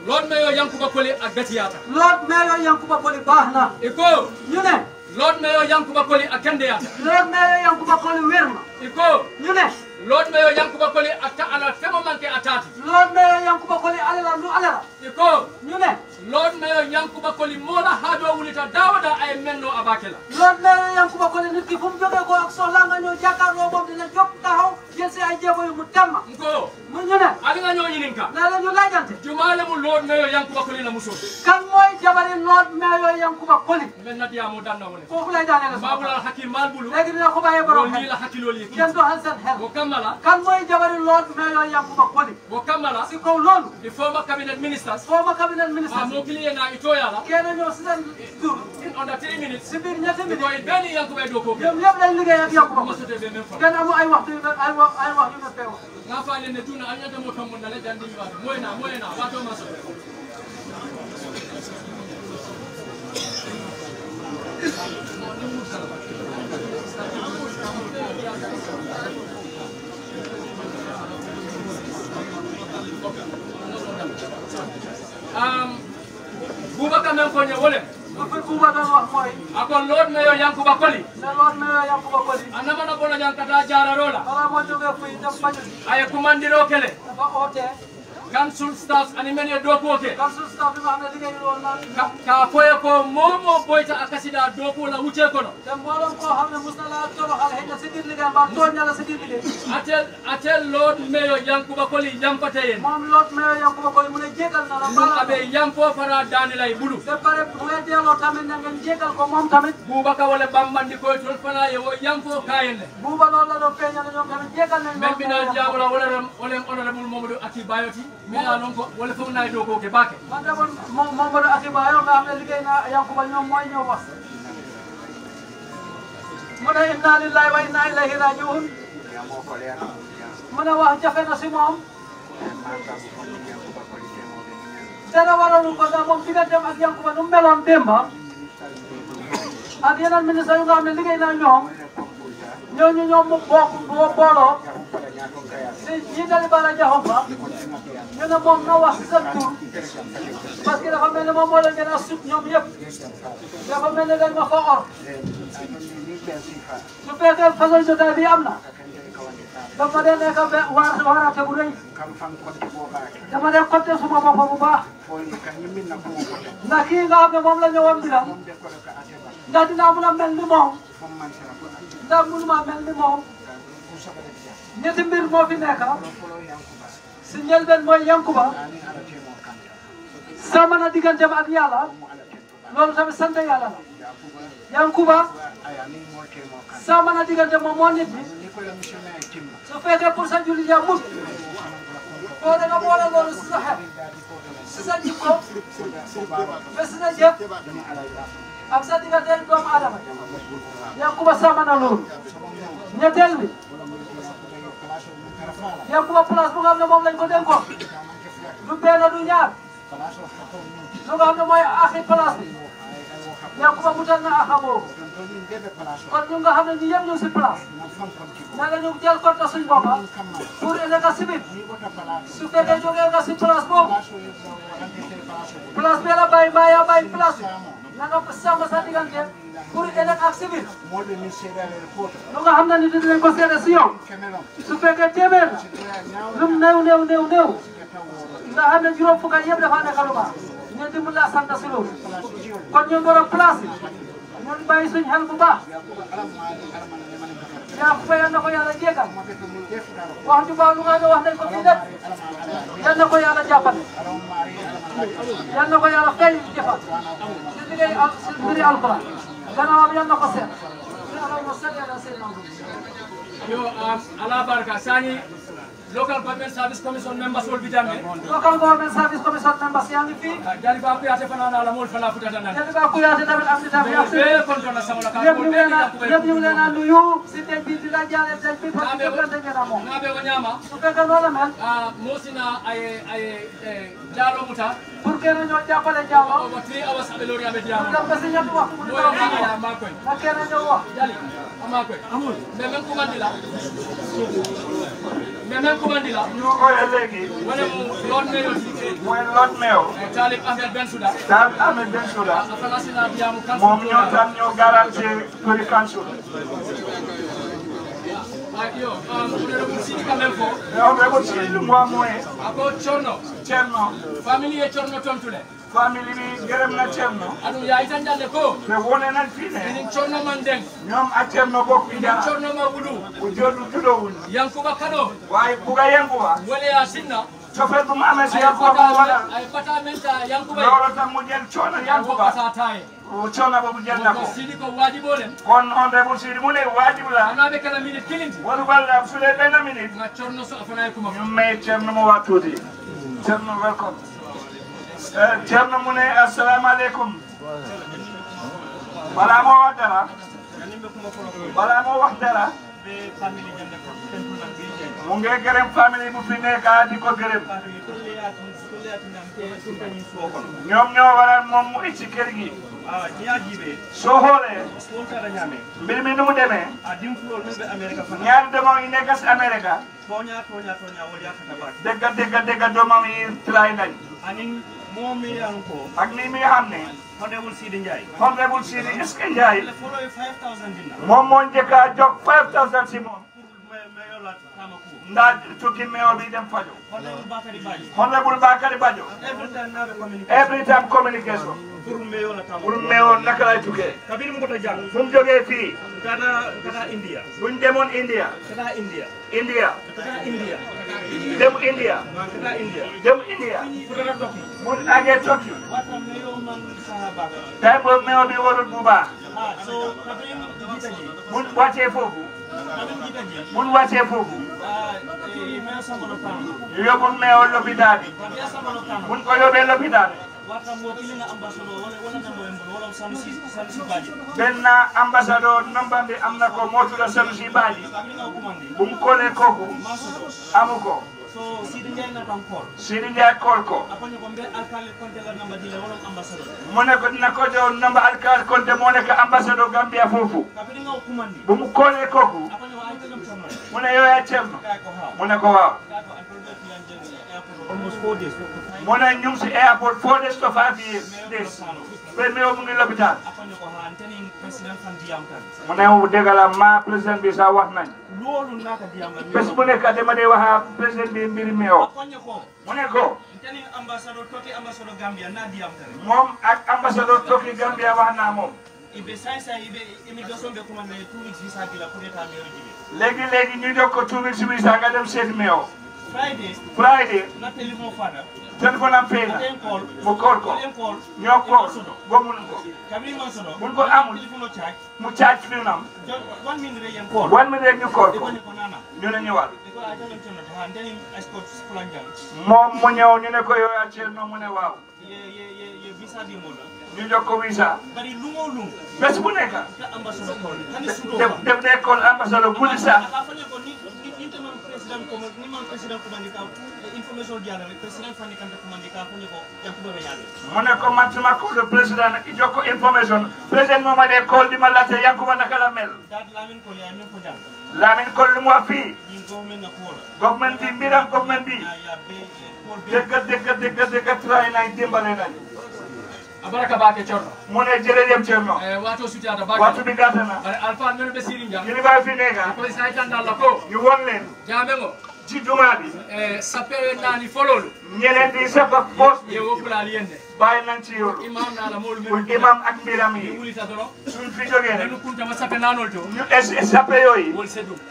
Lord Mayor Yankuba Koli agbetiata. Lord Mayor Yankuba Koli bahna. Iko. Nyune. Lord Mayor Yankuba Koli akendeata. Lord Mayor Yankuba Koli werma. iko ñune lotmayo yankuba koli atta ala femo manke atati lotmayo yankuba koli alala lu alala iko ñune lotmayo yankuba koli mola hajo wulita dawda ay menno abakela lotmayo yankuba koli nit ki fum joge ko ak sohla nga ñoo jakarlo mom dina jop taxaw jesse ay jego ko mu ñune ali nga ñoo ñininka na la ñu lajante jumale mu lotmayo yankuba koli na muso kan moy jabari lotmayo yankuba koli men nadiamo danna mo ne fofu lay dalena babula hakim malbulu legi dina ko baye borom ni la hakiloli kendo hansan hen Can we moye the lord mayor yankuba koli si ko lolu the former cabinet ministers former cabinet ministers ha na itoyala kene no sidan dur in under 3 minutes sibir nyata mi ko beni yankuba do ko dem yeb lay liggey ak yankuba ko fa kan amu ay waxtu ay wax ay waxtu na pewa nga fa len le jandi wa moyna moyna wa to Thank you. Boubacar nan ko ñewolem Dufin kuma da wax moy akon lord mayo yankuba koli na lord mayo yankuba koli anama na bola jankata kele council staff ani men e a koke council staff ɗum ana liggey ɗo na ka koye ko momo boyta a kasida dow kola wute kono ɗen mboɗon ko yankuba koli yampate yen mom lord mayo yankuba koli mune jeegal nana mbala aɓe yampo fara danilay ɓulu ɓe pare wedeelo tamin nangen jeegal ko mom tamin boubaka wala bambandi koye toon fana yewo yampo kayenne bouba ɗo laɗo peñana ñon tamin jeegal men mina lon ko wala fo na do ko ke bake man da bon mo mo do akiba yo nga amne ligay na yankuba ñom moy ñoo wax mo da inna lillahi wa inna ilaihi raji'un mana wax jafe na si moom dara waralu ko da moom digganteem ak yankuba nu meloon démba ak yeneen ministre yu nga xam ne liggéey na ñoom ñooñu ñoom mu bokk boo booloo si ñi dali bala jaxofa ñu ne moom na wax sa tur parce que dafa mel ne moom moo leen gën a sut ñoom yëpp dafa mel ne dañ ma ko or su fekkee façon jotaay bi am na dama dee nekk be waar waarate bu rëy dama dee compté suma bopp bu baax ndax kii nga xam ne moom la ñëwoon bi la ndax dinaa mun a mel ni moom ndax mënuma mel ni moom ñetti mbir moo fi nekk ah. si njëlbeen mooy Yankuba sama na digganteem ak yàlla loolu yàlla la Yankuba sama moo nit ñi su fekkee pour sa jullit ya mut boo da nga loolu si sa xel si sa jikko ba si sa jëf ak sa digganteeg doomu aadama yaa ngi ko sàmmal loolu ñetteel bi yaa ngi ko place bu nga xam ne moom lañ ko dénkoon du benn du ñaar lu nga mooy axi place bi yaa ngi ko na axamoo kon ñu nga xam ne si place na nga ñu jël compte suñu bopp pour ëllëg si biir su fekkee jógee nga si place boobu place bi la bàyyi mbaa yaa na nga sàmm sa diggante pour ëllëg ak sibir moo leen ni seedaale koota lu nga xam ne ni dinañ ko seede si yow su fekkee téeméer la lum néew néew néew néew nga xam ne juróom fukk yëpp dafa nekk lu baax ñu dimbali la sant si loolu kon ñu borom place yi ñun bàyyi suñ xel bu baax yaa ko fa yal na ko yàlla jéegal wax ju baax lu nga nga wax nañ ko fii lépp yal na ko yàlla jàppale yal na ko yàlla fay jëfal si liggéey al si mbiri alquran gannaawam yal na ko seet allahumma salli ala sayyidina Muhammad yo ala barka sani local government service commission members will be done. Local government service commission members yang fi. Ah, Jadi ba ku yate fana na la mol fana futa dana. Jadi ba ku yate da am ci tam yate. Be kon dona sama la ka. Yep ñu le na nuyu ci te bi di la jale ci bi ko ko de ngena mo. Na be ko nyama. Ko ka no la man. Ah mo sina ay ay eh, jaalo muta pour kene ñoo jàppale jaama over three hours aɓe lori aɓe jaama ɗum kasi ñat wax ma koy a kene ñoo wax jali ama koy amul mais même commandi la mais même commandi la ñu koy léegi wala mu loon meyo mooy loon meyo talib eh, ahmed ben souda talib ahmed ben souda a falasina jaamu moom ñoo tan ñoo garantie pour council ɓe mois moyen ako corno ceerno famille e corno tomtule famille ɓi gerem na ceerno aɗum yayi tan jande ko ɓe wonenan fine inin corno man ndeng ñoom a ceerno bokki jara corno ma wuɗu ko joɗu tuɗowul yankuba kaɗo wawi ɓuga yankuba woleya sinna cofel ɗum amesi yankuba wala ay fata men ta yankuba loro tan mo jel coono yankuba fata taye conna boobu jël na ko sidi eh, ko waajibo le kon honorable sidi mu ne waajib la anaaɓe kala minute kilindi wonu walla sule ɓenna minute ma corno so afanay kuma ñum may ceerno mo wattude ceerno welcome ceerno mu ne assalamu aleykum balaa moo wax dara balaa moo wax dara mu ngi gërëm famille bu ñoom ñoo waral moom mu ci kër gi soo xoolee mbir mi nu mu demee ñaari doomam yi nekk si Amérique dégga dégga dégga doomam yi tiraay nañ ak nii mi nga xam ne Honorable Sidi Ndiaye Honorable Sidi Ndiaye moom moo njëkk a jox 5000 si moom nda cukki meew bi dem fajo hollebul bakari bajo every time communication pour meew naka lay tukkee kabir mu kota jàng suñ jógee fii kana kana india buñ demoon india kana india india kana india dem india kana india dem india tokki tay bo meew bi warul bu baax ah, buñ wàccee yóbbu meew lopitaan bi buñ ko yóbbee lopitaan benn ambassadeur nambandi am na ko moo tudd Sanusi Badji bu mu koolee kooku amu ko so Sidi Ndiaye natam call Sidi Ndiaye call ko akonyo ko mbel alkal konte la ko dina ko do namba alkal konte mona ka ambassador Gambia fofu kapidi nga kumandi bu mu kole koku akonyo ay tanam tamma ko waaw almost 4 days mona ñum ci airport 4 days to premier mu ngi lopitaan mu ne wu dégg la ma président bi sa wax nañ bés bu nekk dama wax a président bi mbiri o mu ne ko moom ak ambassadeur Toki Gambia wax naa moom léegi léegi ñu jox ko two weeks visa nga dem seeti meew Friday telephone am pay na mu call ko ñoo call ba mun ko mun ko amul mu charge fi nam one minute rek ñu call ko ñu ne ñëwal moom mu ñëw ñu ne ko yow yaa ceer no mu ne waaw ñu jox ko visa bés bu nekk def def ne call ambassadeur bu di sax Presiden ko ma man président Kumandika information diyalare président fanikante Kumandika hunde ko i jokko information président momade kolɗima latte yakkuba nakala ya min ko lamin kollum wa fi government mbi mbiɗan government mbi degga degga degga degga trainay dimbalenani a baraka baake ceerno mu ne jërëjëf ceerno e eh, waato sutiyaata baake wattu ɗi gatana bare alpha men ɓe siri jam ini mbawi finega koye saytandalla ko yo won len jamego jidduma ɗi e eh, sappere nani fololu ñelenti sappa pos ye woppulali yenne bàyyi nañ ci yow imam ak mbiram yi suñ fi jógee rek ñu échappé yooyu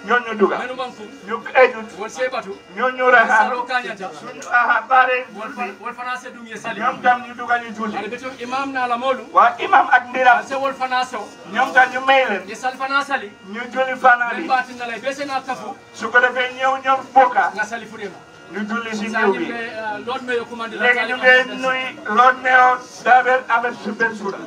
ñoo ñu dugal ñu ejut ñoo ñu raxaar suñ aha baare julli ñoom tam ñu dugal ñu julli waaw imam ak mbiram ñoom tam ñu may leen ñu julli fanaali su ko defee ñëw ñoom bokka ñu julli si néew bi léegi ñu ngi nuyu Lord Mayor Daaber Ahmed Bensouda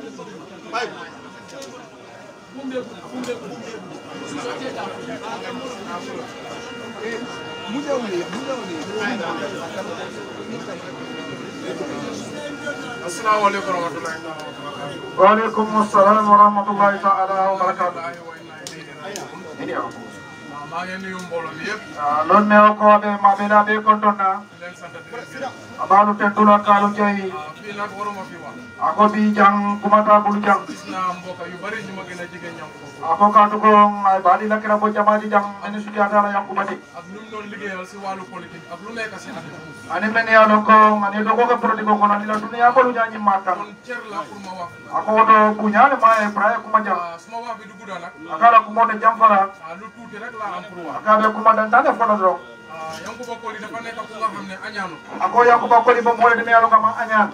asalaamaaleykum wa rahmatulahi wa barakatuh waaleykum asalaam wa rahmatulahi taala wa barakatuh maa ngi nuyu mbooloo mi yëpp. loolu mais o be ma be la be kontona. abalu tentula jang yu bari a jege kooka tugoon baalila kira bo jamaaji jam ene sujatala yankubati ak num noon liggéeyal si wàllu politique ak lu nekk si affaire ani men yaa ɗon ko ani ɗo koke produit ko kono ila duniya bolu ñañi makka on cerla pour ma waf ako woto kuñaale ma e braye kuma jam suma wafi duguda nak akala kumoto jam fala lu tuuti rek la am pour wa akaɓe kuma dantane fono ɗon yankuba koli dafa nekk ku nga xam ne añaano ako yankuba koli bo moole ɗum yalo kama añaano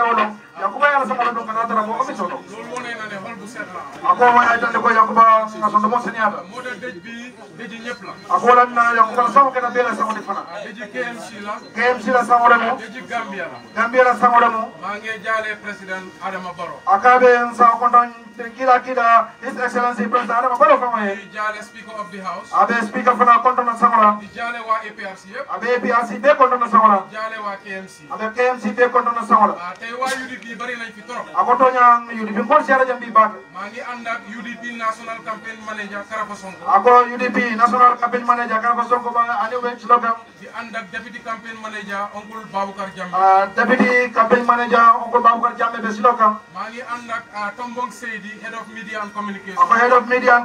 হলো Yakuba yalasomola ɗum kana a mo omi soto ako waya jande ko a soto mo seniyata ako lanna Yakuba sawo kena bela fana KMC la sawore ah, mo Gambia la sawore mo akaɓe en sawo kontan kila kila excellency président adama baro famoye aɓe speaker fana kontona sawora aɓe APRC ɓe kontona sawora aɓe yi bëri nañ fi trop ako toña UDP ngol seera jam mbi baake maa ngi ànd ak UDP national campaign manager Karafa Sonko ako UDP national campaign manager Karafa Sonko ba ani wen slogan di deputy campaign manager oncle Baboucar Jammeh ah, deputy campaign ah, Tombong Seydi head of media and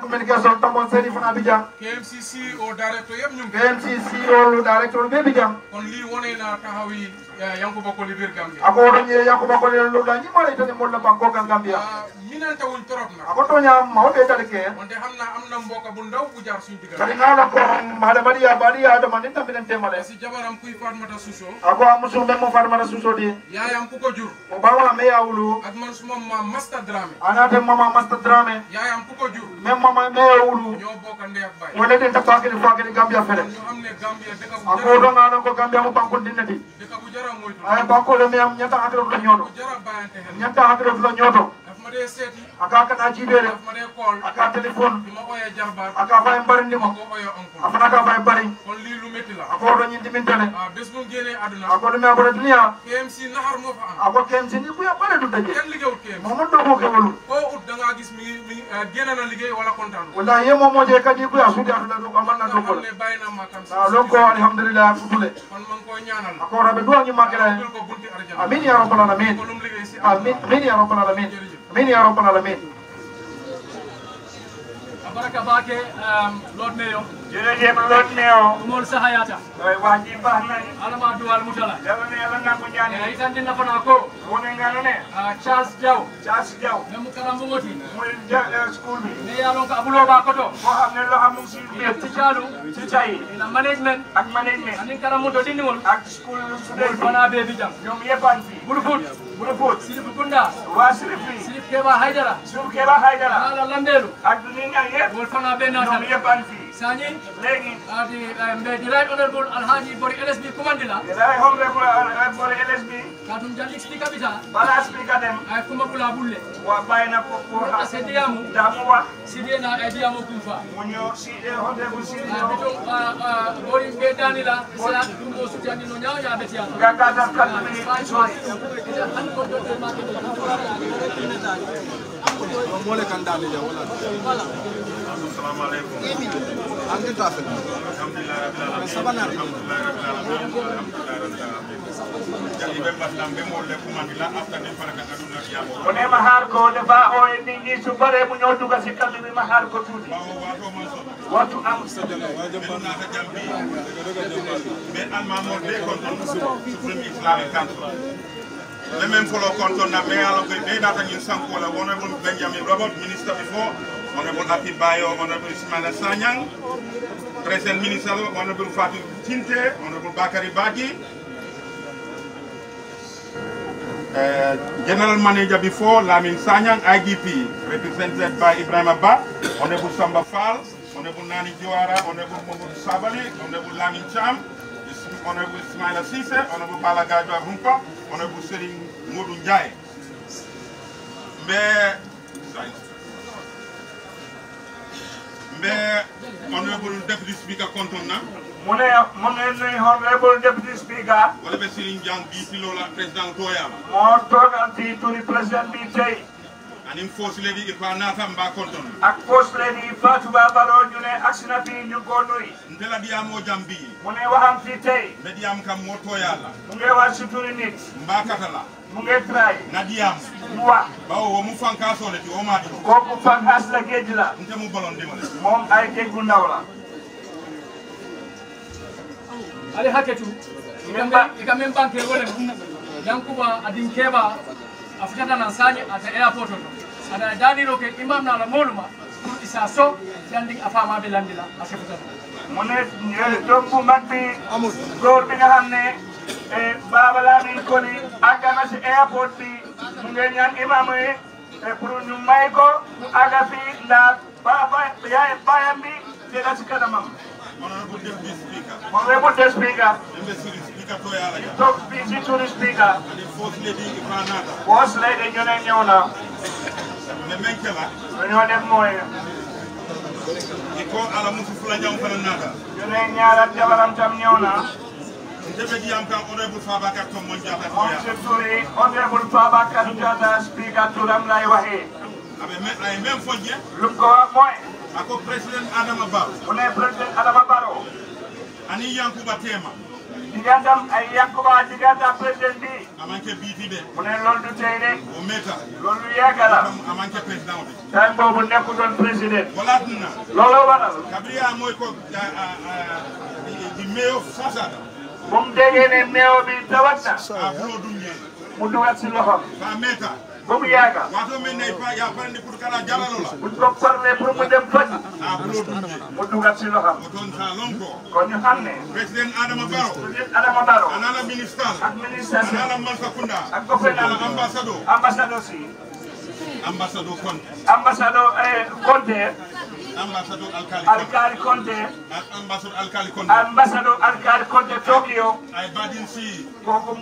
communication Tombong Seydi fana Abidjan KMC CEO directeur yëpp ñu ngi KMC CEO directeur be Abidjan kon lii wone Ya, yankuba ko libir gambia ako do nyi yankuba ko le lobla nyi mala itani molla ba ko gambia yinan ah, tawul torop na ako to nya ma o be talke onde hamna hamna mboka bu ndaw bu jaar suñu digal kadi ya bari ya do manin tambi den temale si jabaram kuy fatmata suso Aku amusu be mo fatmata di ya yam ku ko jur o bawa me ya master drame anate mama master drame ya yam ku ko jur mama me ya wulu ño boka ndey ak bay wala den ta fakini gambia fere Aku amne gambia gambia mo bankul dinati waaye Bakolé mi am ñetti engrais la ñooto ñetti engrais la ñooto aka kada jibere aka telephone aka fay bari ndimo afana ka fay bari on li lu metti la ako do nyindi min tane ah, bes mu gene aduna ako do me ako dunya KMC nahar mo fa am ako KMC ni bu ya bare du daje ken ligewul KMC mo mo do ko kewul ko ut da nga gis mi gene eh, na ligey wala kontan wallahi ye mo mo je kadi bu ya sudi aduna do ko amal na do ko le lo ko alhamdulillah futule kon man ko ñaanal ako rabe do ngi magala amin ya rabbal alamin amin ya rabbal alamin Amin ya Rabbal Alamin. kabar ke um, Lord Mayor. jërëjëf Lodh Neo. Umar Sahayata. wax ji baax na. alama duwal mutala. yàlla na yàlla nangu ñaani. Eh, ay dina fana ko. mu ne nga ah, mu karam bu ngoti. muy ja eh, school bi. ne yàlla koto. boo xam ne na eh, management. ak management. ak school student. fana bee bi jam. ñoom yëppaan fi. Burfut. Burfut. Sirif Kunda. waa Sirif bi. Haydara. Sirif Keba Haydara. ala bee naatal. Sani. Legin. The, the Right Honorable Alhaji Bori LSB Kumandila. The Right Honorable Bori LSB. Katum jalik speaker bisa. Bala speaker dem. Kuma kula bulle. Wa baina popo. Wa sediamu. Damuwa. Sidiana ediamu kufa. Munyo sidi honorable sidi. Bitu Bori Bedanila. Sala kumbo sutiani no nyao ya betia. Gakata katumi. Mole kandali ya wala. Wala. salaamaaleykum. alhamdulilah rabbil alamin. jaliɓe mbaɗɗamɓe molle kumandila aftani baraka aduna yamo kono ema haar ko defa o e ɗi ɗi subare mo ñowduga sikkallu mima haar ko tuuɗi wattu am ɓenata jambi ɓe anmamorde kon ɗon supreme islamique cantre le même folo kon ton na ɓe ala koye ɓeydata ñin sankola wonabon benjamin robot ministre before Honorable Bayo, Honorable Ismaila Sanyang, Present Minister, Honorable Fatou Tinte, Honorable Bakari Badi, uh, General Manager before, Lamin Sanyang, IGP, represented by Ibrahim Abba, Honorable Samba Fal, Honorable Nani Juara, Honorable Mahmoud Sabali, Honorable Lamin Cham, Honorable Ismaila Sise, Honorable Balagaju Abumpa, Honorable Sering Modu Njai. Mais, mbe honorable deputy speaker kontonna mone mone honorable deputy speaker wala be sirin jang bi ti lola president toyama mo togal ti turi president bi tay anin first lady ifa nata mba kontonna ak first lady ifa tuba baro june aksina bi ñu ko noy ndela di amo jambi mone waxam ti tay mediam kam mo toyala mu ngi wa ci turi nit mba katala E mu esrael na diyam wa bawo wo mu fankaso le ti wo ma ko ko ay geji gu ndaw la ali haketu ika men banke wole yankuba adin keba afutata na sanye ata airport to ada dani roke imam na la moluma pour isa so dandi afama be landila asefutata mone to bu matti gor bi nga xamne E, baba Lamine Koli àgg na si bi mu ngi ñaan imam yi e, pour ñu may ko àgga fii ndax baba yaay baayam bi dina si kanamam. Honorable Deputy Speaker. Honorable Deputy Speaker. Embassy Speaker to Yalaga. To Deputy Tourist Speaker. And the First Lady Ipanata. First Lady ñu ne ñëw na. Ne menke la. Ñoo def mooy. Iko ala Ndebediyamka Honorable Fabakar Tombon Jata. Monsieur Touré, Honorable Fabakar Jata speaker turam lay waxee. abe me ay même fojje. lu ko wax mooy. ako président Adama Barrow. mu ne président Adama Barrow. ani Yankuba Tema. digantam ay Yankuba digantam président bi. amanke biiti de. mu ne loolu du tey de. o meta. loolu yàgg la. amanke président bi. time boobu nekkutoon président. walaat na. looloo waral. Kabiria mooy ko di meyo fasada. bu mu déggee ne meew bi tawat na. mu dugal si loxoom. ba mu yaakaar. bu ñu ko parlee pour mu dem faj. mu dugal si loxoom. kon xam ne. président Adama Barrow. président Adama Barrow. anala ministère. ak ministère bi anala Mansakunda. ak gouverneur ambassadeur. ambassadeur si. ambassadeur Conte. ambassadeur eh, Conte. ambassadeur alkali alkali konte ambassadeur alkali konte konte tokyo ay badin si koko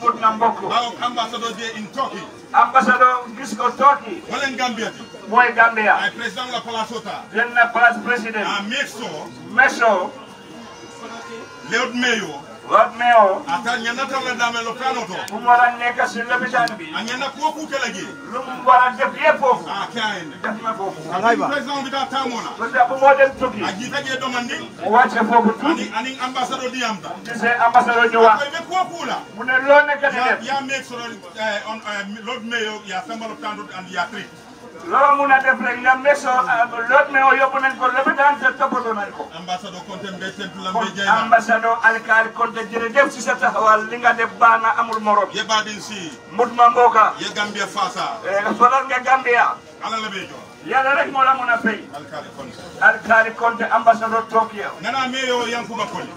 gambia moy gambia ay president la palasota lenna palace president ah, meso wadme o ata ñanna tawla dame lopitano to ɗum waɗan a ñanna ko kukela gi ɗum waɗan def ye foofu ah, a keayne defme foofu alayba président mbita tamona président bo moɗen toki a jiitaƴe domandi o wacce foofu tuuɗi anin ambassadeur ndiyamta se ambassadeur ñowa koyɓe ko kuula mune lonne kadi ya make sure eh, on eh, lord mayo ya semba lopitan ɗo and ya tri loo mun a def rek la meso loot me o yóbbu nañ ko lopitaan te toppatoo nañ ko. ambassadeur Konte sa taxawal li def baax na amul morom. yebbaadin si. Mutma Mboka. ye Gambia Faasa. falal eh, nga Gambia. ala la bee moo la mën a fay. Alkaali Konte. Alkaali Konte ambassadeur Tokyo. nana Yankuba Koli.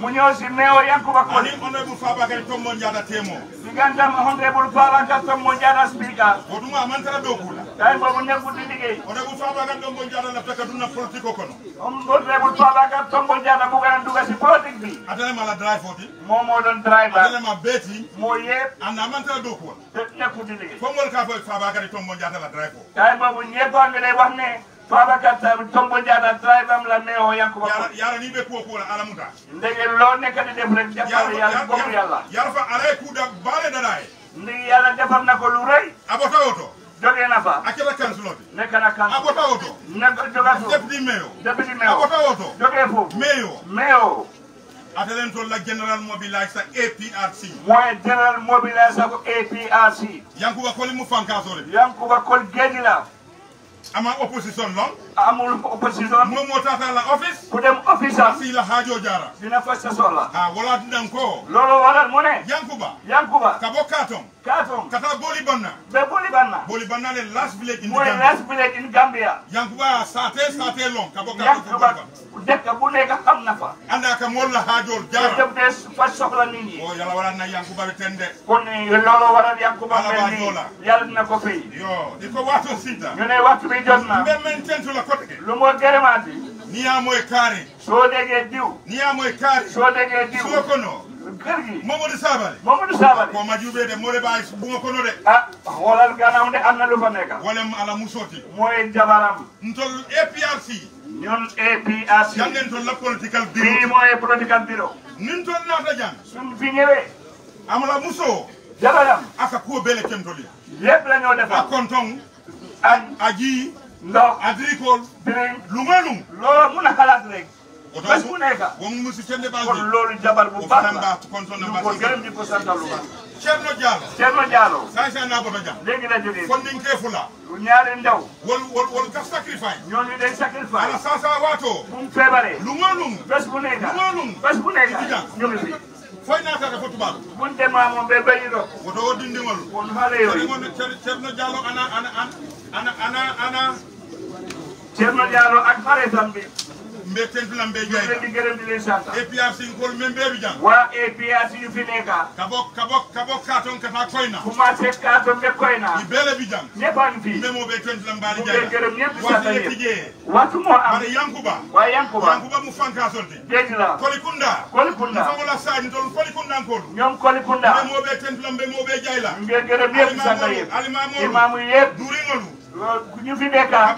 mu si meyo Yankuba Koli. ani honorable Fabakary Tombong Jatta téemo. diggantam honorable Fabakary Tombong Jatta speaker. o duma amantara doo kula. tawi mbomo ñaggude liggey o regu fabagal ɗo mbo jaɗa laftaka duna politique o kono on ɗon regul fabagal ton mbo jaɗa ɓugana dugasi politique bi adanema ala drive oti momoɗon drive adanema beeti mo yeeb anna mantara dow kuwol ñaggude liggey fomgol ka foy fabagadi ton mbo la drive o tawi mbomo ñebbanɓe ɗe wanne Babacar Sall tombo jaata la ne o yankuba ko yara ni be ko ko la ala muta ndege lo ne kadi a na fa akela kansulote nekana kansulote abota oto nako joga so deputy mayor deputy mayor abota oto joge fo mayor mayor atelen to la general mobilizer APRC moy general mobilizer ko APRC yankuba koli mu fanka sore yankuba kol gedila ama opposition long amul opposition. moom moo tax la office. ku dem office am. fii la haajoo jaara. dina faj sa soxla. ah wala dinañ ko. loolu waral mu ne. Yankuba. Yankuba. ka bɔ Kaatong. ka taa Boli Banna. bɛ Banna. Boli village in Gambia. Yankuba saatee saatee lɔn ka bɔ Kaatong. Yankuba dëkk bu nekk xam na fa. ànd ak mool la haajoo jaara. dem de faj soxla nit ñi. oh yàlla waral Yankuba bi ten de. kon loolu waral Yankuba mel nii. ko fi. kottake lumo gerema de niya moye kaari soodegue diw niya moye kaari soodegue diw sokono gergi mamadou sabale mamadou sabale ko majuɓede mole ɓa buma kono de ah, a holal ganawde anna lu fane ka wolem ala musoti moye jabaram ntol aprc ñon aprc janden tol la political bureau fi moye political bureau nin tol nata jan sum fi ñewe amala muso jabaram aka kuo bele kemtoli yeb la ñoo defa a konton a jii ndax agricole. dinañ lumalum. loo mun a xalaat rek. bés bu nekk. kon loolu jabar bu baax la. ñu ko gërëm ñu ko santal lu baax. Thierno Diallo. Thierno Diallo. sanction naa ko ba a léegi la jógee. kon niñ kee fula. lu ñaari ndaw. wol wol wol ka sacrifice. ñooñu day sacrifice. ala sansa waato. bu mu feebaree. lumalum. bés bu nekk. lumalum. bés bu nekk. ñu ngi fi. foy naata dafa tubaab. mun demaa moom ba bayi do. woto wo dindiŋolu. kon xale yooyu. Thierno a ana ana ana ana ana. Ceerno Diallo ak paretam bi mbe tentulam ɓe joyi ɓe ɗi a di leen sant APRC ngol men mbeɓe jang wa APRC yu fi nekka kabo kabo kabo katon kata koyna commencé katon ɓe koyna i beele bi jang ñepan fi memo ɓe tentulam mbaɗi jay ɓe gërëm ñepp sant ñepp wattu mo yankuba wa yankuba yankuba mu fanka solde koli kunda koli kunda fangola saji tol koli kunda ngolu ñom koli kunda memo ɓe tentulam ɓe mo ɓe jayla mbe gërëm ñepp sant ñepp alimamu alimamu yeb duringolu lool fi dekka ah.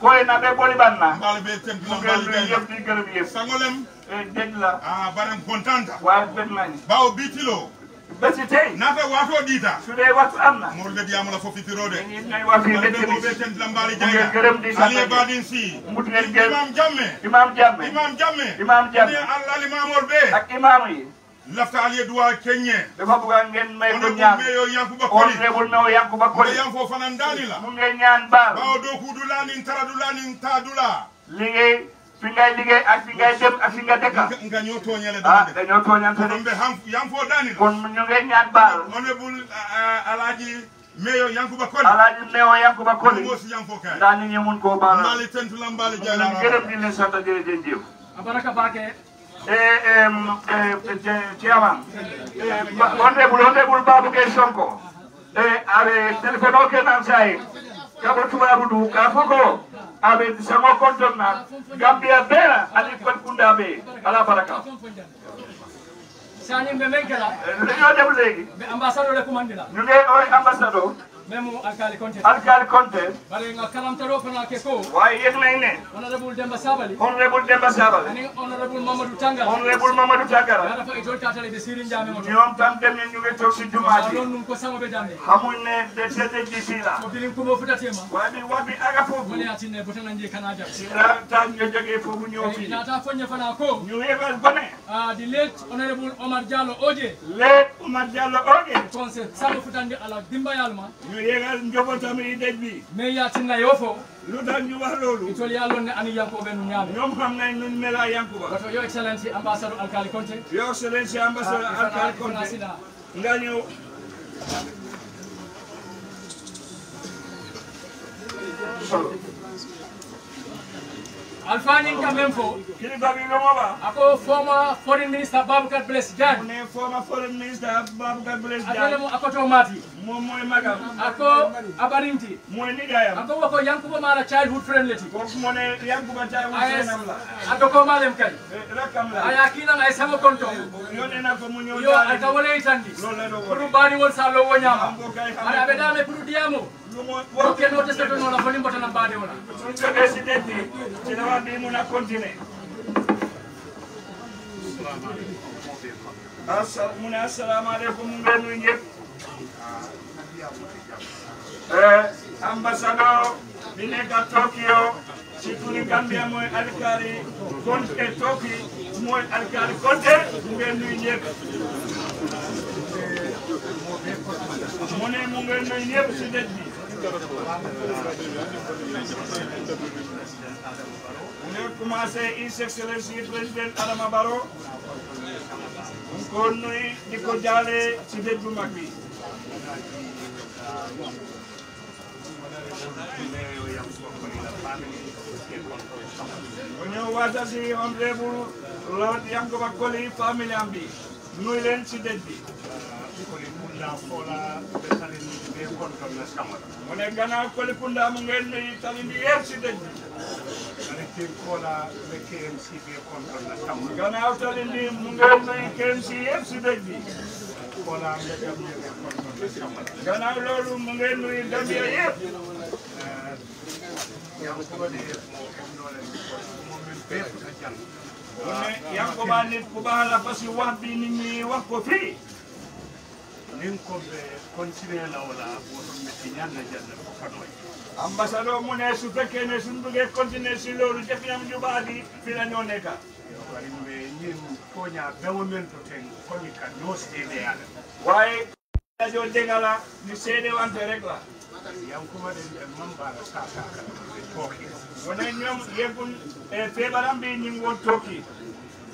koy na be boli banna mu gel yëpp di gërëm yëpp sangolem eh, dégg la ah baram contenta waaye bég nañ baw biitilo basi tey naata waato diita su dee waxtu am na morle diama la fofi tiro de ngay wax fi lekk bi be tent la mbali jaya gërëm di sa aliye badin si mut ngeen gërëm imam jamme imam jamme imam jamme imam jamme ne allah li mamor be ak imam yi laftaal ye duwa keñe dafa buga ngeen may ko ñaan on meyo yankuba koli on rebul meyo yankuba koli yan fo fanan dali la mun ngeen ñaan baal bawo do ku du lanin tara du lanin ta du la liggéey fi ngay liggéey ak fi ngay dem ak fi nga dëkka nga ñoo tooñale ah dañoo tooñante de ham yan fo dani kon ñu ngeen ñaan baal on rebul alaaji meyo yankuba koli alaaji meyo yankuba koli mo si yan fo kay dani ñi mun ko baal mali tentu lambali jala ngërëm di leen sant jërëjëf abaraka baake Eh, eh, eh, chairman honorable honorable babu ke sonko e aɓe téléphone o kenan sayi kaɓo tubabu du ka fogo aɓe sango konton na gambia bera ani kotkunda ɓe ala baraka sanim ɓe men kela leegi ɓe ambassade o le commandila memo alkali konte alkali konte bare nga kalamtaro fana ke ko way yes nay ne honorable demba sabali honorable demba sabali ani honorable mamadou tangara honorable mamadou tangara dara fa idol tatale be sirin jame mo ñom tam dem ñu ngi tok ci jumaati non num ko sama be jambe xamuñ ne de tete ci sila ko bilim ko mo futatema wabi wabi aga fofu mo yaati ne botana nje kana jam sila tan ñu joge fofu ñoo fi data foñe fana ko ñu yebal bone ah di late honorable omar diallo oje late omar diallo oje conseil sa futandi ala dimbayal ma ñu yegal njobootam yi dëj bi mais yaatinna yo fo lu tax ñu wax loolu itol yaa loon ne ani yanko nu ñaame ñoom xam nañ nun mela yankuba yo excellence ambassadeur alkali conte yo excellence ambassadeur ah, alkali conte nga ñëw alfanin kam men fo kilifa bi ako former foreign minister babacar bless jan ne former foreign minister babacar bless jan atale mo akoto mati mo magam ako abarinti moy ni gayam ako wako yankuba mara childhood friend leti ko mo ne yankuba childhood friend am la ato ko malem kay e, rakam la aya kinam ay sama konto yo ne na ko mo yo ay tawale tandi lolado ko dum bani won sa lo wonyama ara be dame pour diamo wokke no te soto nola foni mbotana mbaade ola sun so président ni celawa mbi muna continuer mune assalamu aleykum mbenu ñëpp ambassadeur bi nekk à Tokyo ci turi Gambia mooy Alikari Konte Toki ngeen nuyu mu ne mu ngeen nuyu si dëj mu ngi commencé His Excellency président Adama Barrow mu ngi ko nuyu jaale ci dëj mag bi mu ñëw waasa si honorable Lord Yankuba Colley famille am bi nuyu leen ci dëj Kolikunda Fola be talindi be konton na kamara mu ne gana Kolikunda mu ngeen ne talindi yer si dëj ari tir Fola be KMC be konton na kamara gana talindi mu ngeen ne KMC yer si dëj bi Fola be Gambia be konton na kamara gana loolu mu ngeen ne Gambia yëpp yang ko ne mo ko doole mo men bépp a jàng mu ne yang ko ba nit ku baax la parce que wax bi nit ñi wax ko fii nin ko ɓe continue lawla woton metti ñanna janna ko kanoye ambassadeur mune su fekkene sun buge continue si lolu definam juɓaadi fina ñone ka yoɓariɓe ñin koña bewo men to ten komi ka no seede ala waye radio degala ni seede wante rek la yankuma ɗen ɗen mambara sa kakala ɓe tooki wona ñom yegun e eh, feɓaran ɓe ñin won tooki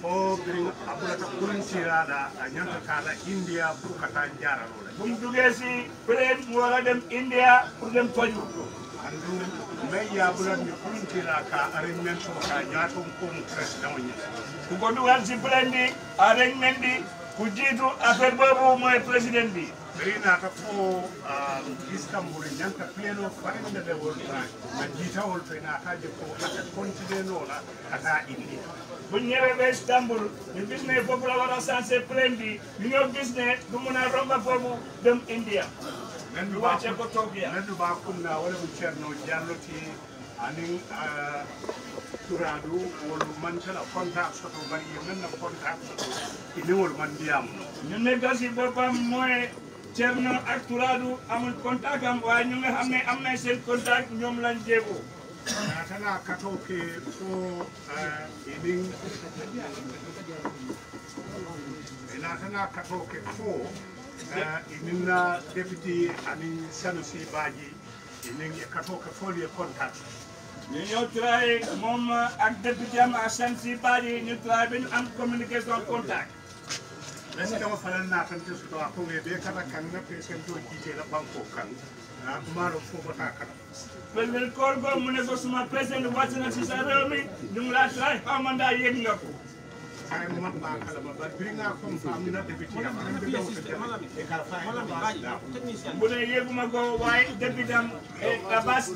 o birin abulata kulinsiraɗa a ñanta kala india pour kata jaranola ɗum jogee si peut-être mo wara india pour dem toñu andu mai yabulan ka arrangement to o ñet ko goɗum han si peut-être a arrangement ndi ko boobu mooy président ɓeynaka fo um, istanbule ñanka peeno fayndalewol ta na jiitawol ɓe nataje ko ata continénola ata indi buñ ñëwee ba istanbul ñu gis ne foofu la war a sensé plein bi ñu ñoo gis ne du mun a romba foofu dem india ñu wàcce ko togiya nendu ba kunna wala mu cerno jalloti ani uh, turadu wol man tala contact soto bari yo na contact soto iniwol man ndiyam no ñu ne gasi boppam mooy Cerno ak Turaadu amul contact waaye ñu nga xam ne am nañ seen contact ñoom lañ jéego. tana katoke ko eh, ining ina tana katoke ko eh, ining na deputy anin sanusi baji ining e katoke foli e contact ñu ñëw try moom ak député am ak sanusi baji ñu try bi am communication contact ren kama fanan na tan su to ko me be kata kan na pesen do jite la banko kan na kuma ro fo bata kan kor go mun so suma pesen watina si sa rewmi dum la tray ha man da yeg na ko ay mo ma ba kala ba bari nga kom fa mi na deputy ya ma be do ko e ka fa ma ba technicien bu ne yegu ma go way deputy am e abas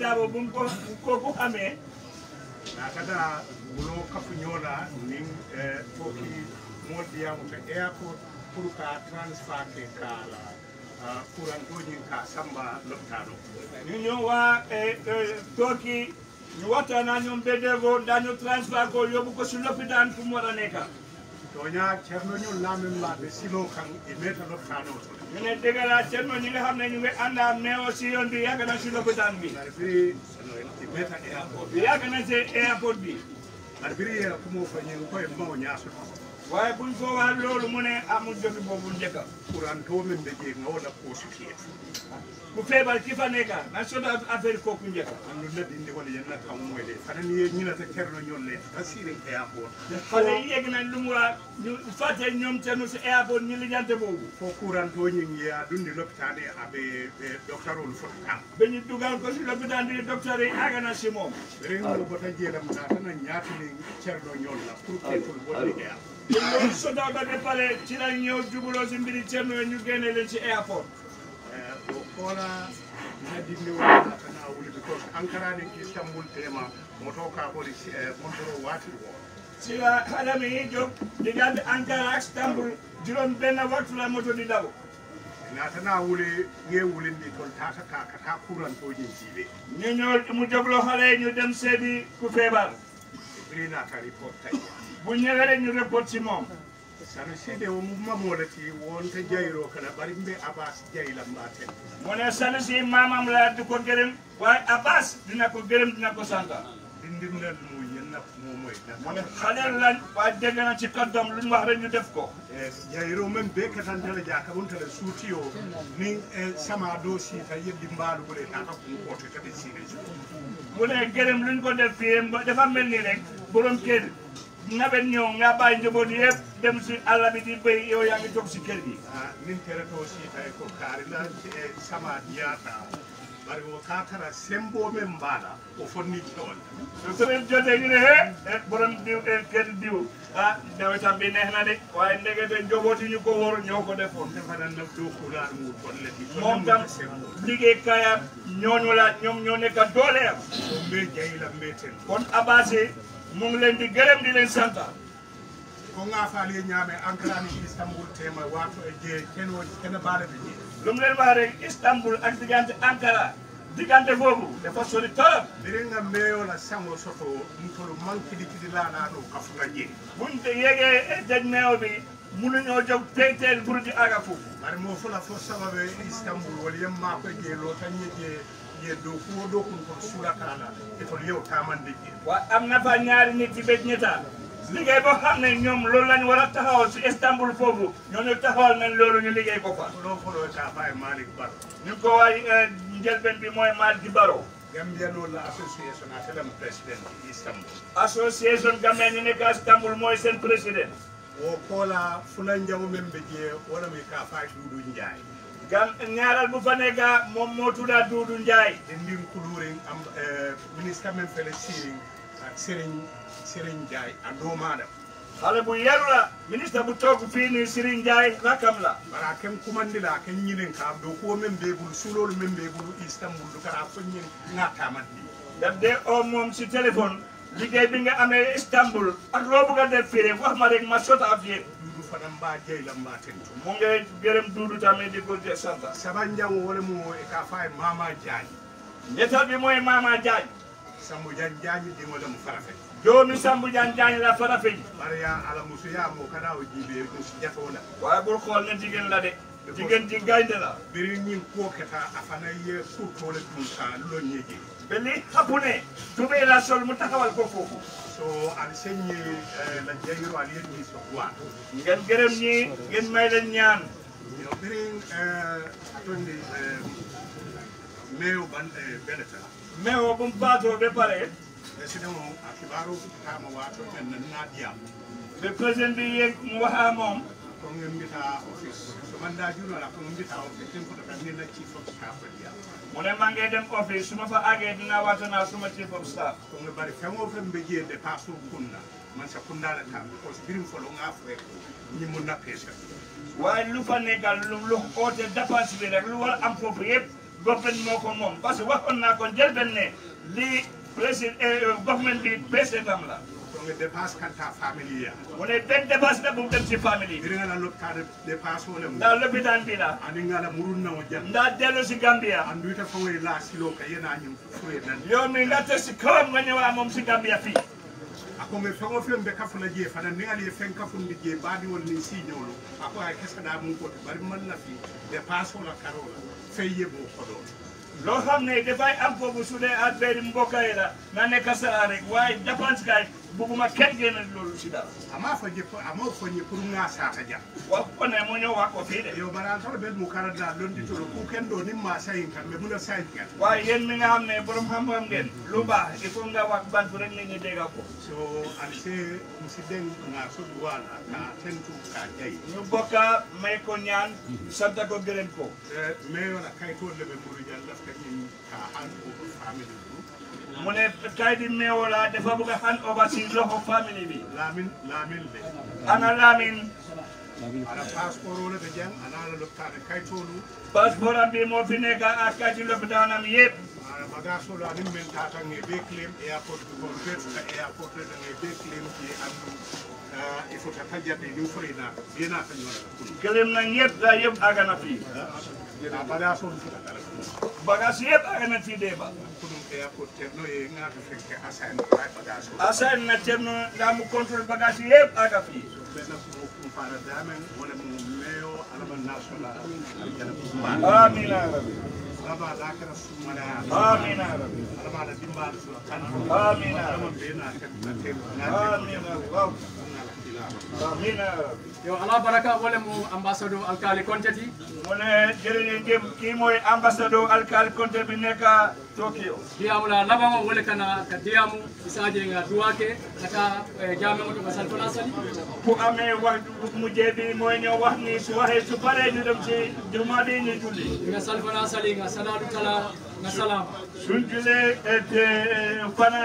ning eh foki modiamo te airport pour qu'à transporter kala kurantoñin ka samba lobtaɗo ñuño wa e toki e, ñu wattana ñoom bedego daño transport ko yoɓu ko si l'hôpital tum waɗane ka toña ceerno ñun laamenmaɓe silo kan e meta lobtaɗo to mine degala ceerno ñi nga xam ne ñu ngi anda mais aussi yon bi yagana si l'hôpital bi yagana si airport bi ar biri yera kumo fañin koye mao ñasuto waaye buñ boobaa loolu mu ne amul jot boobu njëkk a. kurantoo min be jee ŋa wala koosu fiye ku feebar ki fa nekk na ah, soto affaire kooku njëkk a. am na dindi wala yéen na kaw mooy de fana ni ñu ne sa ñoom leen ka siire airport. xale yi yegg nañ lu mu waa ñu fàtte ñoom tenu si airport ñu lijjante boobu. fo kurantoo ñu ngi yaa dundi lopitaan yi abe ah, docteur olu fota tam. ba ñu dugal ko si lopitaan bi docteur yi àgg na si moom. ren bota jeelam naa dana loolu sotaaɓe ɓe pale tiɗan ñew jubuloosi mbiri ceerno e ñu génne leen ci airport eh, o koola hadinde wona kana wuli because ankarani ki tambul ka ɓori contoro eh, watir o sila haɗami hijo digande ankara ak ñu dem seedi ku feebar ɓri nata report taƴa bu ñëwee rek ñu report ci moom sano sede o mu mamoɗati wonta jayro kala bari mbe abas jayla mbaten mone sano si mamam laadde ko gueɗen way abas dina ko gueɗen dina ko santa dindirnal mu yenna momoy mone haɗel lan wa degana ci kaddam lum wax ñu def ko e eh, jayro men be katantele jaka on tele suuti o ni e sama do siita yeddi mbaalugole taka kum kote kaɓe siine mone gueɗem luñ ko def fi defa mel ni rek borom keɗi nawet ñëw nga bàyyi njaboot yëpp dem si àll di béy yow yaa ngi si kër gi. ah min tere to si eh, ko kaari la eh, sama diata bari wo kakara sembo men mbaɗa o fonni toon so somin jonde ine he eh, e borom diw e kedi diw a ah, dewetan mbi de wawi ndegede jogotiñu ko woro ñowko de fon defanannam dow kulaɗo ngu tolleti mom tam liggey kaya ñoñola ñoom ñoo nekka doole mu ngi leen di gërëm di leen sant. ko ngaafaali ñaame ankaraani istanbul tema waato e jee keno kene baale bi jee lu mu leen wax rek istanbul ak diggante ankara diggante boobu dafa sori torop mbiri nga meeyoo la sango soto mutolu manki di kidi laanaa ɗo jee buñ te yegee e jaj meeyo bi munuñoo jóg teeteel pour di aga foofu bari moo fu la fo sababe istanbul wala yem maa ko jee loo tan ñe jee jiiye dow fuu o ɗo kon kon suura kala e toon yewtamande jee wa am nafa ñaari nit yiɓe ñeta liggéey boo xam ne ñoom loolu lañ war a taxawal si Istanbul foofu ñooñu taxawal nañ loolu ñu liggéey ko fa loolu foloo ka baye Malick Baro ñu ko waay euh, njëlbeen bi mooy Malick Baro Gambia loolu la association a telam président i Istanbul association Gambia ñu nekk Istanbul mooy seen président o koola fulan jamu men be jee wala mi ka fay gam ñaaral bu fa nekk moom moo tudda Duudu Njaay e ndin kuluurin am eh, ministre amen fele sirin Serigne Serigne Njaay a dow maɗam xale bu yaru la ministre bu toog fii nii Serigne Ndiaye rakam la bara ken kumandila ken ñinin kaam do ko men beegulu suloolu men beegulu Istanbul du kara foññin ŋattaamat ni daf dee oo si téléphone liggéey bi nga amee Istanbul a loo bëgg a def wax ma rek ma sota af yëpp fana mba jeyla a tento mu nge gerem duudu tamit di ko je santa saba njang wala mu e ka fay mama jaaji ñetta bi mooy mama jaaji sambu jaaji jaaji di mo dem farafe jooni sambu jaaji jaaji la farafe bari ya ala musu ya mo kada o jibe ko si jatona waaye bul xool ne jigéen la de jigéen ji gaynde la biri ñin ko keta afana ye surtout le dum sa lo ñeji beli hapune tubé la sol mu taxawal ko foofu so an senni euh, la jeyiro an yetti so wa ngel gerem ni ngel maylen ñaan you know birin uh, atondi um, euh, meyo ban uh, beneta meyo bum bato be pare president o akibaro kama wato men nan nadiya le president bi yek mo ha mom ko ngem bita office so manda juno la ko ngem bita office tin ko to kan ni la chief of staff dia mu ne maa ngi dem office su ma fa àggee dinaa waxtaan ma chief of staff. ko nga bari feŋ o feŋ be jee de pas suuf man sa kunda la taa because birim folo nga fure ko ñi waaye lu fa nekkal lu lu oote dépense bi rek lu war am foofu yëpp government moo ko moom parce que waxoon naa ko njëlbeen ne lii président eh, government bi président am la Ne dépense kanta famille ya wona ne den dépense ɓe ɓum ɗem si famille mbiɗegala loptade dépense ole mum nda lopitan mbina ani ngala murunnawo jam nda delo si gambia anduyta fawoye la silo ka yenañum fure nan yo mi gatte si kawam gañowa mom si gambia fii ako nge fengo film be kafuna je fana ni ali fen kafundi je badi won ni si nyolo ako ay kessa da mun ko bari man la fi de passo carola feye bo ko do lo xamne dafay am fofu su ne at be mbokay la na ne kassa rek way dépense kay buguma kenn génne loolu si dara amaa fa jëpp amoo fa ñëpp ja wa ko ne mo ñoo wa ko de mu kara di ni sayin kan mais mun a sayin kan waaye yéen mi nga xam ne borom xam-xam ngeen lu baax il faut nga ban ko so al se musi den nga so wala ka tentu ka jay ñu bokka may ko ñaan sant ko gërëm ko mais wala kay ko ka ñi ka han ko mu ne kaydi meewo la dafa bëgg a hand over loxo famille bi laamin laamin le ana laamin ana passeport wala ɓe jang ana ala loptane kaytolu passeport am bi moo fi nekk ak kaydi lopitanam yëpp ana bagage olu anin men tatan e ɓe claim airport du kon ɓeɗa airport ɗeɗan e ɓe claim e andu il faut que tajjate ni forina biyena tañwala claim nan yëpp ga yëpp agana fii ah, ah. Bagasi e ngata fekke asan ay baga so asan na temno da mu control baga si yep aga fi benna ko ko fara damen wona mo meyo alama nasula aljana yo ala baraka wolemo ambassadeur alkali kontati mu ne jërëjëf jëm kii mooy ambassadeur alkali konte bi nekk Tokyo diyamu la labaŋo wole kana ka diyamu isaje nga duwake kata eh, jameŋo to ka salfana sali ku amee waxtu mu jeebi mooy ñoo wax ni su waxee su paree ñu dem ci juma bi nga salfana nga salaam suñ julee eh, eh, fana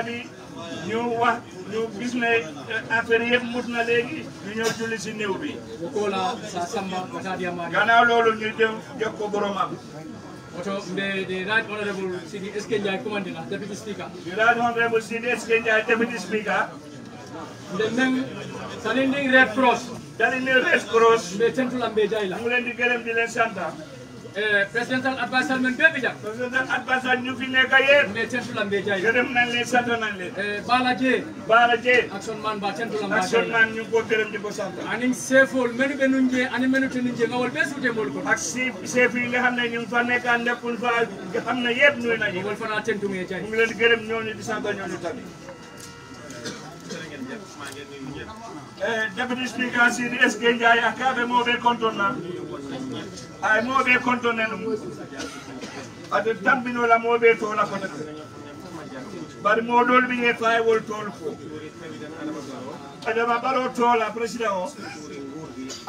ñu wax ñu gis ne euh, affaire yëpp mut na léegi ñu ñëw julli si néew bi. gannaaw loolu ñu jëm jox ko boromam. oto mbe de right honorable Sidi SK Njai commandina deputy speaker the right honorable Sidi SK Njai deputy speaker mbe men salinding red cross dalinding red cross mbe tentulam mbe jayla mu leen di gërëm di leen santa présidential adviser men ɓe ɓe jam présidential adviser ñu fi nekk yéen mais tentulam ɓe jayi gërëm nañ leen sant nañ leen eh, Bala Dieng Bala Dieng action man ba tentulam ba action man ñu ko gërëm di ko sant anin sefol menu ɓe nun jee ani menu tenin jee ngawol ɓe suute mol kon ak si chef yi ne ñu fa nekk nekkul fa xam ne yëpp nuyu nañu ngol fana tentum ye jayi mu ngi leen gërëm ñooñu di sant ñooñu tamit eh, ay mooɓe konto nan ade tambinola mooɓe tola kono bari moɗol ɓe e faywol tol fo adama ɓaro tola président o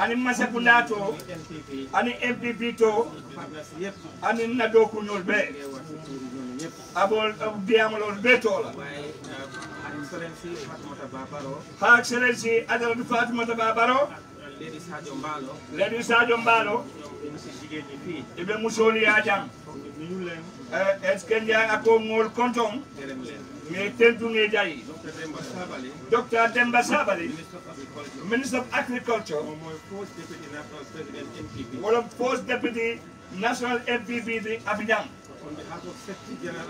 ani masakunda to ani mpp to ani nadokuñol ɓe abol diyamolol ɓe tola ha excellenci adaratu fatimata babaro leydi sadio eh, demba sabali ministre of agriculture wolam post député national mpp de abidjan on General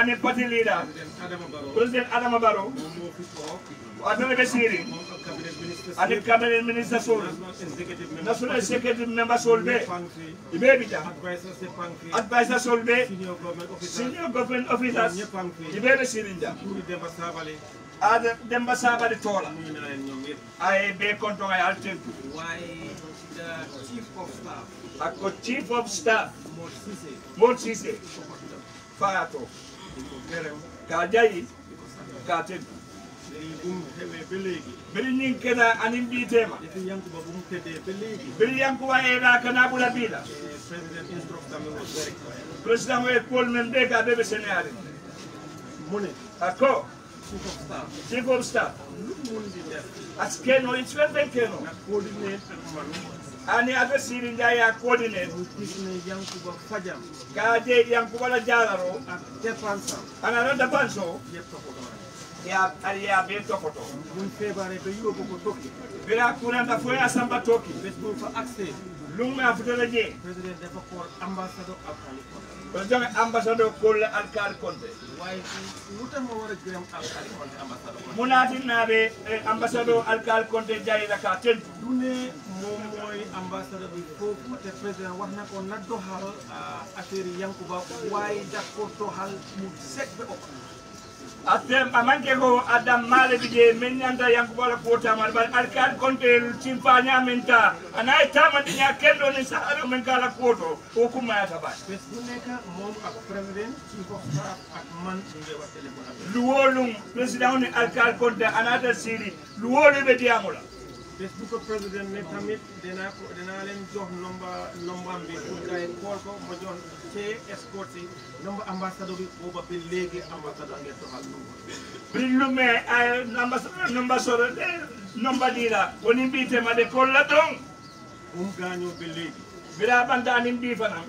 and Party Party Leader. President Adama Barrow. aduna ɓe siiri adi cabinet ministre sol national executive member sol ɓe ɓe ɓita advisor sol ɓe senior government officers ɓe ɓe siirinda ada demba sabali toola ay ɓe konton ay altentu ako chief of staff mol sise fayato ka jayi ka tentu ɗum heɓe kena anin mbiyetema eti yankuba ɗum heɓe be leydi mbeɗi kana ɓura mbiɗa président instructamen o e pol men ɓe ga ɓeɓe sénéare mune ako chief of staff lummundi nder keno it's well ben keno na ani afe siri njaya coordinate yankuba kaje yankuba la jararo ak defansa ana ro defanso yeppa ya aliyaɓe tokoto won feebare ɓe yiwo koko tokki bira kuranta fo ya samba tokki ɓesgo naddo hal affaire yankuba way dakkorto hal mu sekɓe o atem amanke ko adam male dige men nyanda yang bola kota mal bal alkan kontel konte nyamen ta anay tama dinya kendo ni saharo men kala koto ko kuma ya taba kuneka mom ak president ci ko ak man ngi watele ko luwolum president ni alkan kontel anata siri luwolu be diamula bés bu ko président ne tamit danaa ko danaa leen jox nomba ma jox see escorte yi nomba ambassadeur léegi ambassadeur ngeen doxal nomba. bi ñu nommé ay ambassadeur nomba dii la de kolla don um gaañoo ba léegi mbiɗa ɓandaani mbii fanan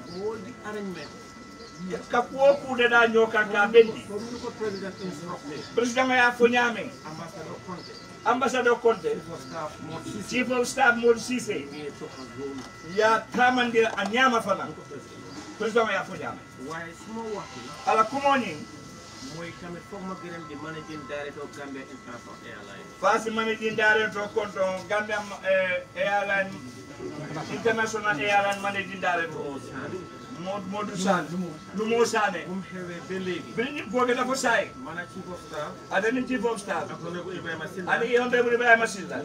ambassador Conte, chief of staff Modou Cissé, ya tamandira anyama fana président ya yafo nyama way suma waxtu ala kumoni moy tamit fokk ma gërëm di managing director Gambia eh, International Airlines fasi managing director Conte Gambia Airlines International Airlines managing director moo moo du saane lu moo saane bu mu xewee ba léegi bi ñu googe dafa saay mana chief of staff adani chief of staff ani honorable Ibrahima Silla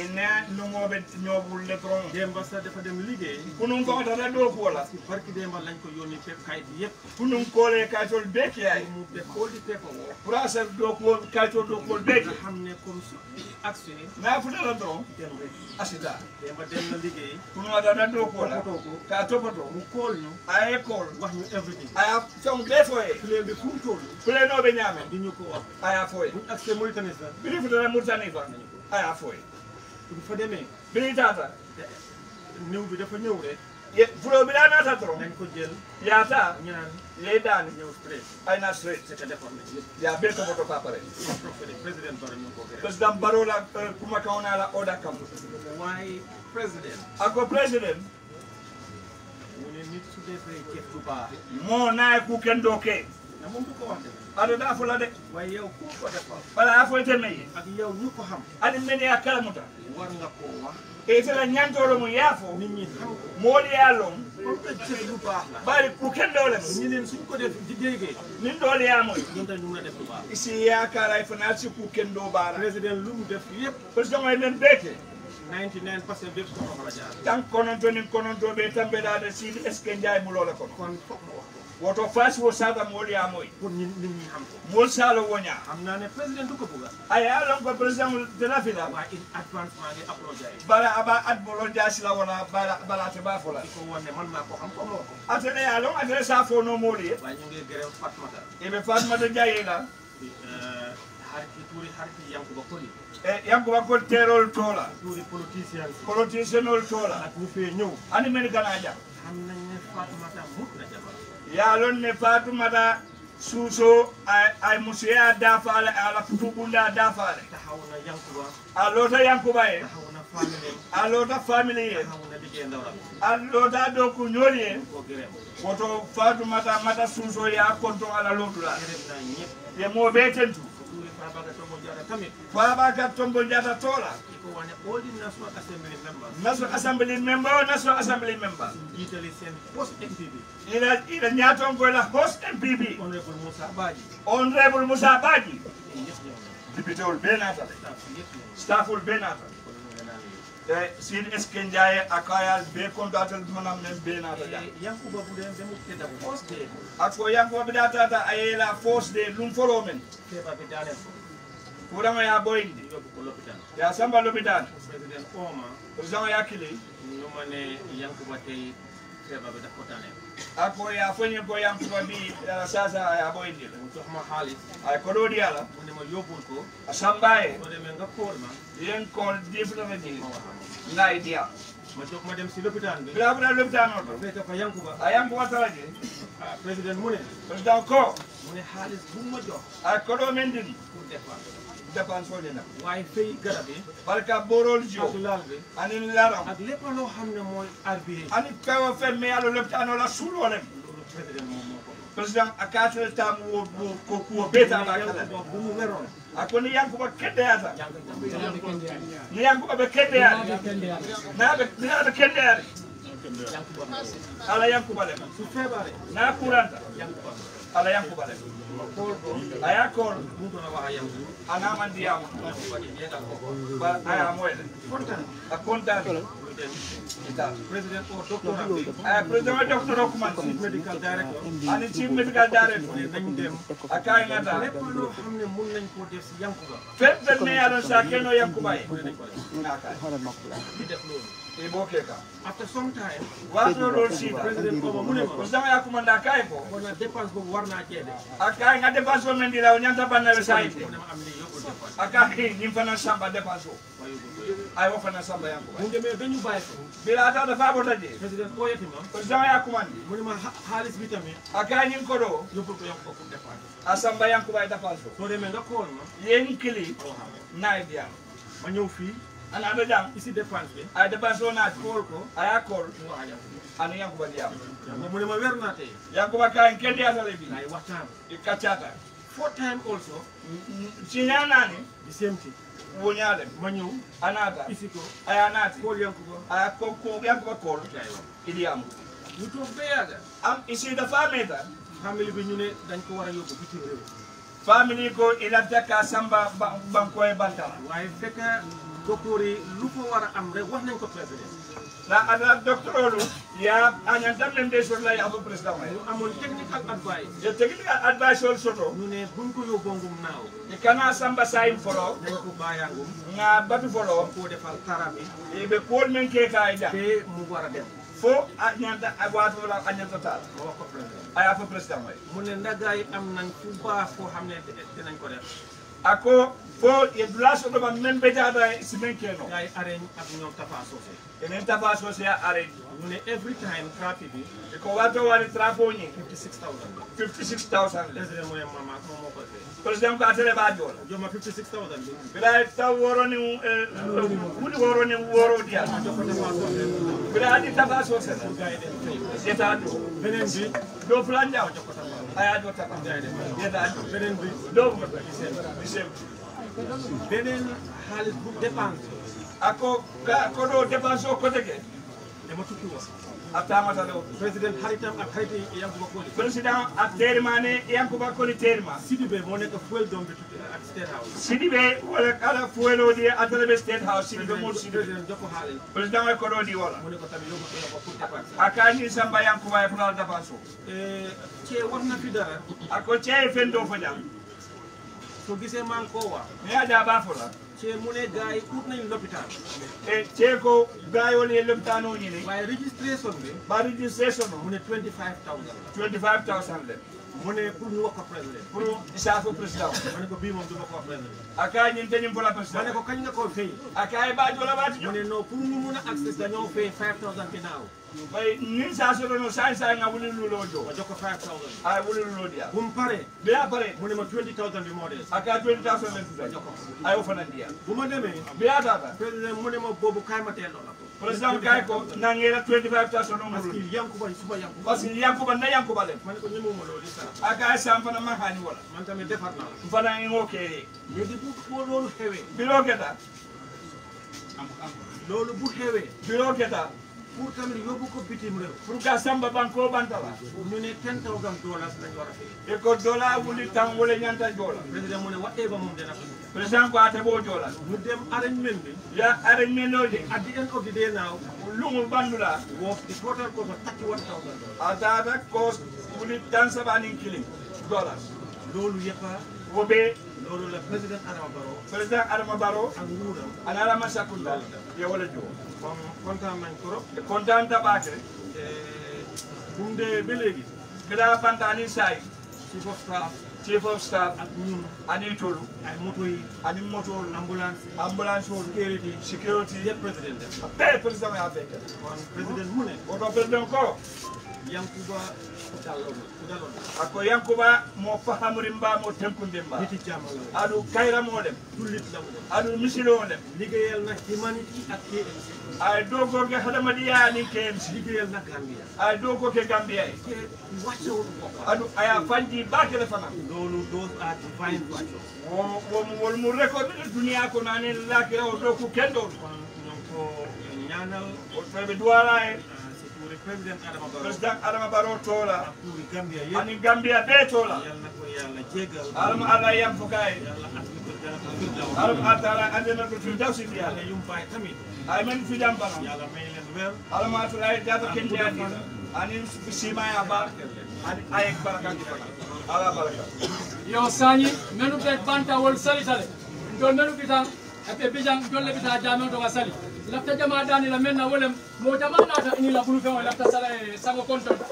ene lungoɓe ñooɓulle dron demba sa dafa dem liggéey kunum ko tata ɗo kuola si barki demba lañ ko yoni pep kayit yépp kunum koole kaytol beeke ay mu ɓe o pepo pour asar ɗo kuol kaytol ɗo kuol beeke xam ne comme actionnés. naa futala dɔrɔn. jɛnube asita. yamma denna liggéey. kunumadana doo koo la. toppatoo k'a toppatoo. mu kool ñu. a ye kool. wax ñu a y'a fɛnw bɛɛ fɔ ye. filen bɛ kun t'olu. filen dɔw bɛ ɲaamɛ. di ñu ko wax. a y'a fɔ ye. buñ accès Mauritanie sa. bi ni futala Mauritanie fa. a y'a u fa demee. bi ni taata. néew bi dafa ñëw rek. ye fuloo bi naata doroŋ dañ ko jël yaata ñu naan yaa bee ko boto papa rek président kuma euh, kaw oda kam waaye président ako président mu ne ku kenn doo kee na moom de ado daa fo la de waaye yow ku ko defal etela ñantoro mum yaafo mooli yaallom bari ku kenndole ñilin suñ ko def jigéege nin ɗoole yaamoy si yaakaray fana si ku kenndo baala président lum def yépp président ay nen beeke 99 percent bépp kono kola jaar tan konon to nin konon to ɓe tan que njaay mu loola kono kon fop mo wax woto fasi wo saga moli amoy pour ni ni ni ham ko mol sala wonya amna ne ko buga ay alon ko la fila wa in advance ma ni apologize bala la bala bala te ba a ko wonne a ma ko a ko mo atene alon fo no moli eh, e eh, yankuba koli e yankuba koli terol tola turi politician politician ol tola ak mu fe ñew ani ya lon ne fatumata suuso ay musoya dafaale ala futubunda dafaale a loota yankuba ye a loota famili ye a loota do ku ñooli ye woto fatumata mata suuso ya konto ala lootula ye moo bee tentu faaba ka jata toola wane all the National Assembly members. National Assembly member National Assembly member. jiitali seen post MPP. ila ila ñaatoon ko la post MPP. honorable Moussa Badji. honorable Moussa Badji. député wul bee naata de. staff wul bee naata. te Sidi Eske Ndiaye ak ayal bee kontaateel maanaam même bee naata jaa. Eh, Yankuba bu dee demu tëdda post de. ak ko Yankuba bi daa taata ayela post de lu mu foloo men. Keba bi daaneel ko. kuulama ya boyndi ya samba lopitan président ooma président yakkili numane yankuba tey seebaɓe dakkotanen ako ya foñi ko yankuba bi ala sasa ya boyndi la sohma haalis ay ko ɗoɗi ala munema yobun ko a samba e oɗe men gakkol ma yen ko difnata ni ngayi ndiya ma jox ma dem si lopitan bi bila bila lopitan o to fekk fa yankuba a yankuba taraje président mune président ko mune haalis bumma jox ay ko ɗo men dini pour défendre dépensé na. waaye fay garab yi. barka boorool jiw. ak laal bi ani laram. ak lépp loo xam ne mooy arbier. ani kawo fɛn min y'alo lopitaano la suuloo lem. président a ka tere taa mu wo wo ko kuwo bee taa b'a kala. a ko ni yankuba kendeyaata. ni yankuba bɛ kendeyaari. n'a bɛ ni ala bɛ kendeyaari. ala yankuba lem. n'a kuranta. ala yankuba lem. aya kool a naman ndiyam ba aya moyle eh. a content president o doctora aya président o docteur o kuman chief medical director ani chief medical director nañ dem a kaay ngata lépp loo xam ne mun nañ koo def si yankuba fépp ne yaa doon saa kenn o yankuba ye e boke ka after some time wato lol si president ko mo ne ko sama ya kuma da kai ko ko na dépense bobu warna ci de aka nga dépense ko mendi la nyanta banna be sai aka ni fana samba dépense ay wo fana samba yanko mo ngeme dañu bay ko bila ta da fabo taje president ko yetima ko sama ya kuma ni mo ma halis bi tamé aka ni ko do a samba yanko bay dépense ko so de me nga ko no yeni kili na ma ñew fi ana ada jang isi dépense bi ay dépense o naati kool ko a kool anu yankuba diyam mu ne ma wer naate yankuba kayen kendi asale bi ay waxtaan i kaccata fo time also siña naani the same thing woñaale ma ñëw anaata isi ko aya kool yankuba aya ko ko yankuba kool idiyam ñu am isi dafa meeta famille bi ñu ne dañ ko war a yóbbu bitim réew famille ko ila daka samba bankoye bantala waaye fekka docteur yi lu ko war a am rek wax nañ ko président. la ana docteur olu. yaa añan dam leen day sotti laa yaa amul président waaye. ñu amoon technical advice. te technical advice olu soto. ñu ne buñ ko yóbboo ngum naaw. te kana samba sayin folo. dañ ko bàyyi ngum. nga batu folo. koo defal tarami. et be kool men kee kaay ja. te mu war a dem. fo a ñanta a waato a ñanta taal. moo ko président. Ah, a yaa fa président waaye. mu ne ndagaay am nañ fu baax foo xam ne dinañ ko def. ako fo ye dula men be ta da simen keno ay are ak ñom tafa sosé enen tafa sosé are ne every time trafi bi e ko wato wari trafo ni 56000 56000 lesre moy mama ko mo ko fe president ko atele ba jol jo ma 56000 bila ta woro ni eh, wuli woro ni woro dia bila adi tafa sosé eta do benen bi do plan jaw jokko tafa aya do tafa benen bi do ko beneen xaalis bu dépense ako ga ko ɗo dépense o côté ke ak harite yankuba koli président a sidi ɓe mo nekka fuel domɓe at state house sidi ɓe wala fuel o ɗi atata ɓe state sidi ɓe mo sidi jokko haale président way ko ɗo ɗi wala mone ko tawi yogo pour dépense a kani samba yankuba e fulal dépense o e fen do fo jam so gisee man ko wa mi ada ba fola ah. ce mu ne gaay ut nañ l'hôpital e ce ko gaay woni l'hôpital woni ni waaye registration bi ba registration mu ne 25000 25000 le mu ne pour ñu wax ko président pour saa ko président ne ko bii moom du ma ko wax ah, ñin dañu fola président ma ne ko kañ nga ko fay aka ah, ay ba jola ba mu ne non pour ñu mun a accès dañoo fay 5000 ginnaaw nin sa sotono san wuli lulo jo wajo ko 5000 ay wuli lulo dia bum bu hewe bilo keta pour tamit yóbbu ko bitim réew pour ga samba banko bantawa ñu ne ten taw lañ a fay dollar ko dola wuli wala ñanta joola président mu ne waɗɗee ba moom dana ko président ko ate boo joola ñu dem arrangement bi ya arrangement o at the end of the day now lungu bandula woof the total cost of thirty one thousand a daata cost wuli tan sabanin kilin dollars loolu yëpp wobe loolu la président Adama Barrow président Adama Barrow ak nguuram alaala ma sakkunta yo wala joo kon kontaan tabaake e bunde ba léegi gada bantaani saay chief of staff chief of staff ak ñun tolu ay moto yi ani moto ambulance ambulance o sécurité sécurité yëpp président def après président yaa fekk kon président mu ne oto président ko Yankuba ako yankuba mo fahamurin mba mo tenkumbin ba aɗu kayramolem aɗu misilolem ligeyel na humanity ak kmc ay dogoge hadamadiya ni kmc ligeyel na gambia ay dogoke gambia e aɗu aya fandi bakele fana lolu those are divine virtues wol mu record duniya ko nani lake o doku kendo ko ñanal ɓe duwala en président adama baro président adama baro tola ani gambia be tola alama ala yam fokay alama atala andena ko tun dawsi fi ala yum bay tamit ay men fi jam bana yalla may len wer alama atala jata ken jani ani sima ya ba ani ay baraka ala baraka yo sani menu be banta wol sali sale don menu bitan e be bijan dolle bitan jamen to ga sali lafta jama danila men na wolem mo jama nata ini la bulu feŋo lafta sala eh, sango kontonta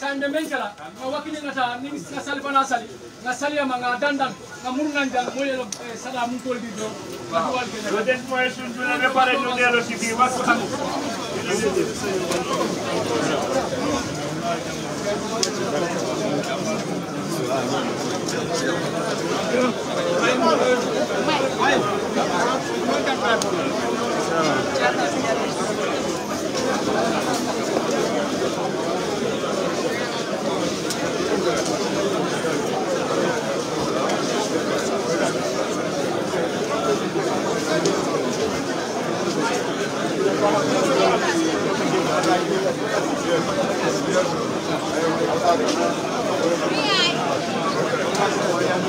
sande men kela ŋa wakkilinŋata ni ŋa sali fana sali ŋa saliyama ŋa dandan ŋa murŋan jan mo yelo eh, sada mun tol di doro waduwalkeden moye sunduna ɓe pare jodelo sigi wakko tan Thank you. Yeah.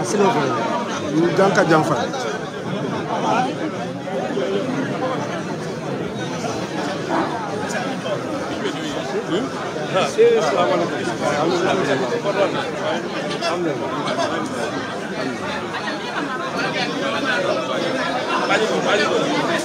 Asilo fɛ, janka janfa. 세 가지고 하는 있어요. 아 가지고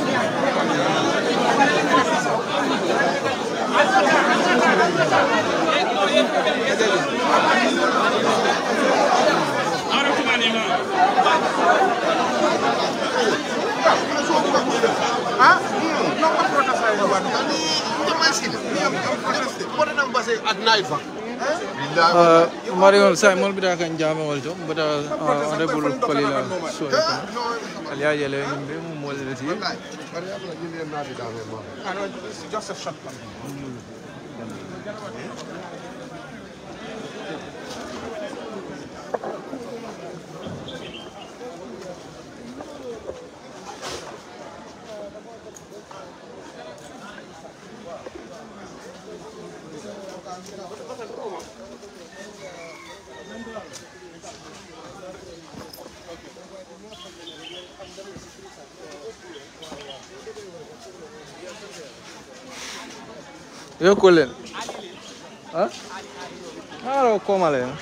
Uh, Marion Simon bida kan jame walto bida uh, honorable Kolila Suwaye kana aliya yele yimbe mu mole lati Joseph Shotman hmm. ఏం కూలేను ఆడో కోమాలేను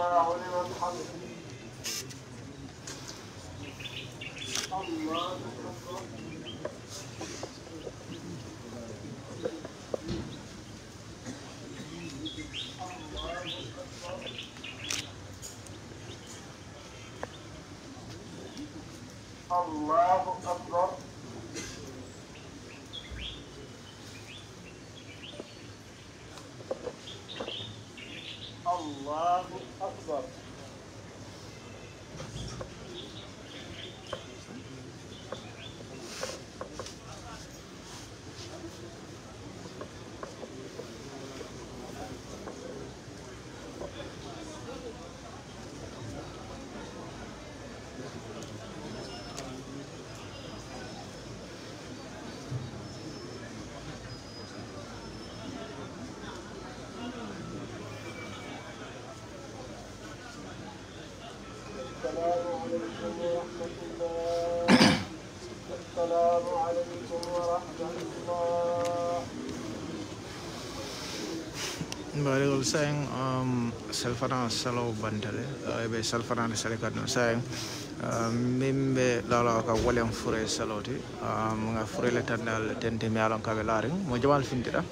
Allah'a emanet kembali kalau sayang um, selfana salo bantale uh, be selfana de sale kadno sayang um, mimbe lala ka walen fure saloti um, nga fure le tandal tente mi alon kabe laring mo jamal fintira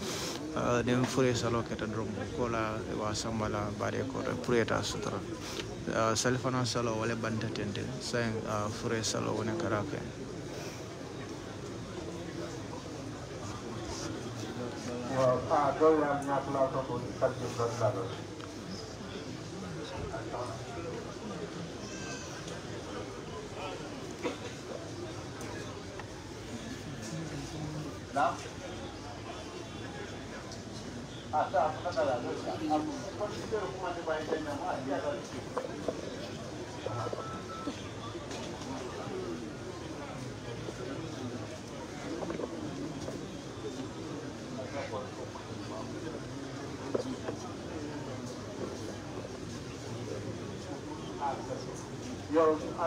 uh, dem fure salo ke drum ko la wa sambala bare ko pour eta sutra uh, selfana salo wala banta tente sayang uh, fure salo wona karake program not allowed to go such different levels. Now, after after that, I'm considering what I'm going to do.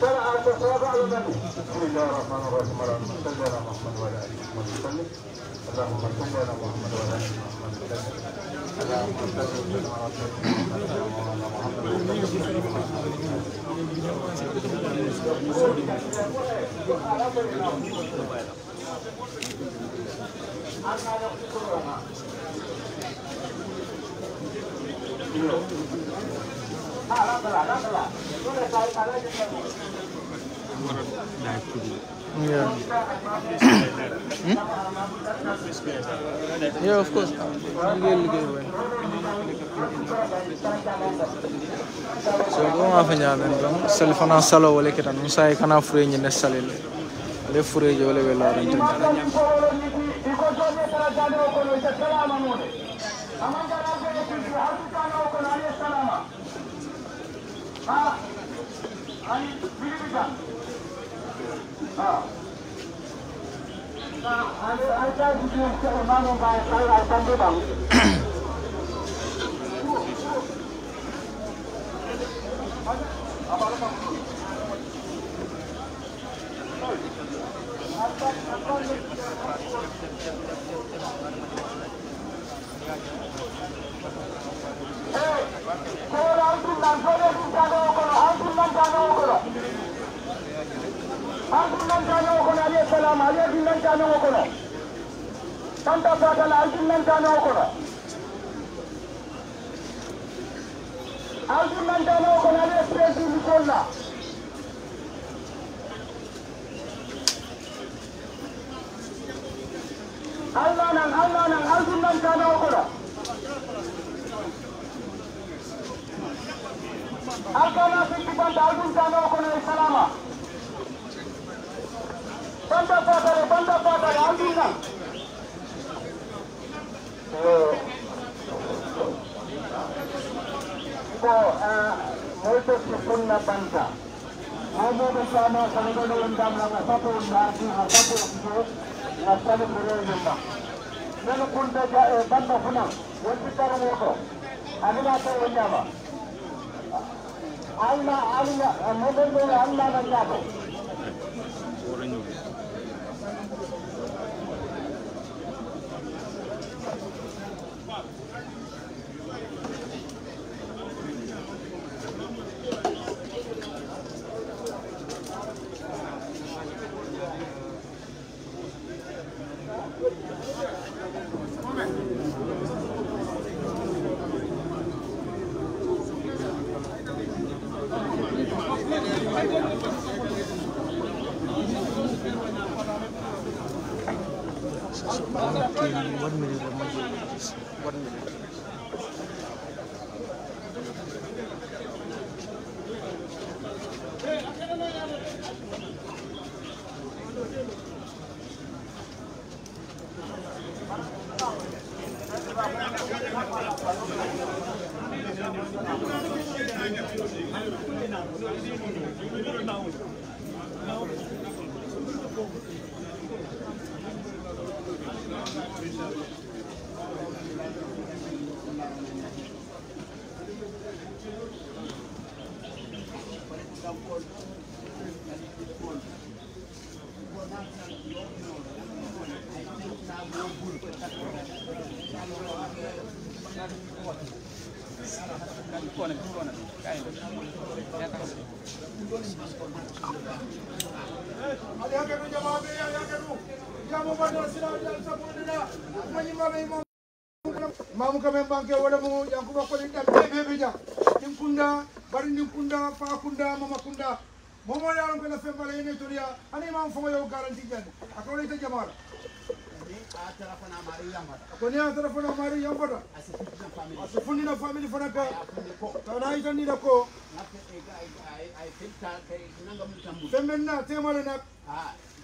ترى أتصاب على النبي بسم الله الرحمن الرحيم اللهم صل على محمد وعلى آل محمد وسلم اللهم صل على محمد وعلى آل محمد وسلم اللهم صل على محمد وعلى محمد وسلم Thank you. that to do. Yeah. hmm? Yeah, of course. so ko ma fa ñaamen dam sel fana salo wala ketan musa kana fure ñi ne salil le fure jo le wala ran tan Ah, ali, Hey! Sonra altından, sonra altından canı okulu, altından canı okulu. Arjun'dan tane okunu aleyhisselam, Arjun'dan tane okunu. Santa Fata'lı Arjun'dan tane okunu. Arjun'dan tane okunu aleyhisselam koluna. Allah'ın Allah'ın Arjun'dan tane okunu. Arkana sıkıntı Arjun'dan okunu İslam'a. ಬಂದ ಪಾತಾರೆ ಬಂದ ಪಾತಾರೆ ಆಗಿಲ್ಲ ಮುಳ್ತುನ್ನ ಬಂದ మహబూబ్ ఇస్లాం సరిగడు ఉంటాం నసపు ఉండాలి నసపు ఉంటూ నష్టలు గురవుతుందా నిలుకుంటే ఇబ్బంది అవునా వచ్చిస్తాను మీకు అది మాత్రం ఉన్నావా ఆయన ఆయన మొదలు అన్నానన్నాడు k e n i atara fana mari yampata asifundina famili fana ka tana itandina ko fembenna temalena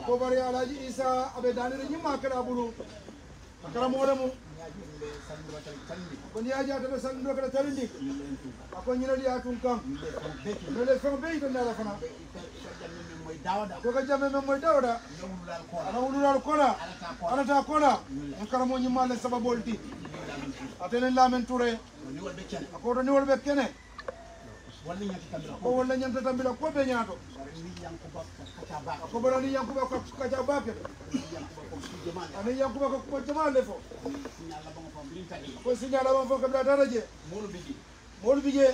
akobari alhaji isa aɓe danere ñimma keɗa ɓuuru a kara moɗo mum ko ndiyaji atata sanɗo keɗa talindi ako ñinodi ya tun kam mele fen be yitande ala fana koka jamme men moye dawɗa ana wulural kola anata kola en karamo ñimma len sababolti atenen lamen toure akoto niwol ɓe kene walla ñamtata mbila koɓe ñaato ko bona ni yankuba ko kaca bape ani yankuba ko ko jamale fo ko siñalaban fo kaɓila tata je moolu bije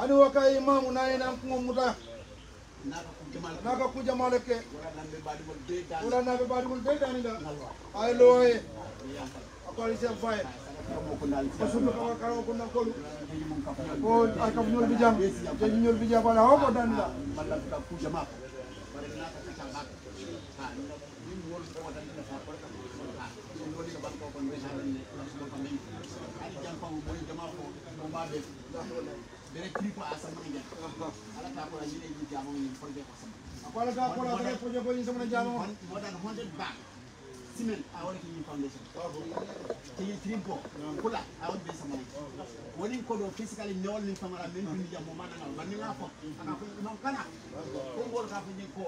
hani wa ka imamu nayi nan kuŋo muta naka ku jamale ke wala naɓe baɗigol be danida ay lowoye ako alisien faye sudu kawa karo ko punya ko ko dan jam sama 100 simen a woni ko yim foundation te yim trimpo kula a woni ɓe samani woni ko ɗo fisicali newol min famara min bindi jam mo maɗagal bandiga fo ana ko ɗumam kana ko ngol ka fo ñin ko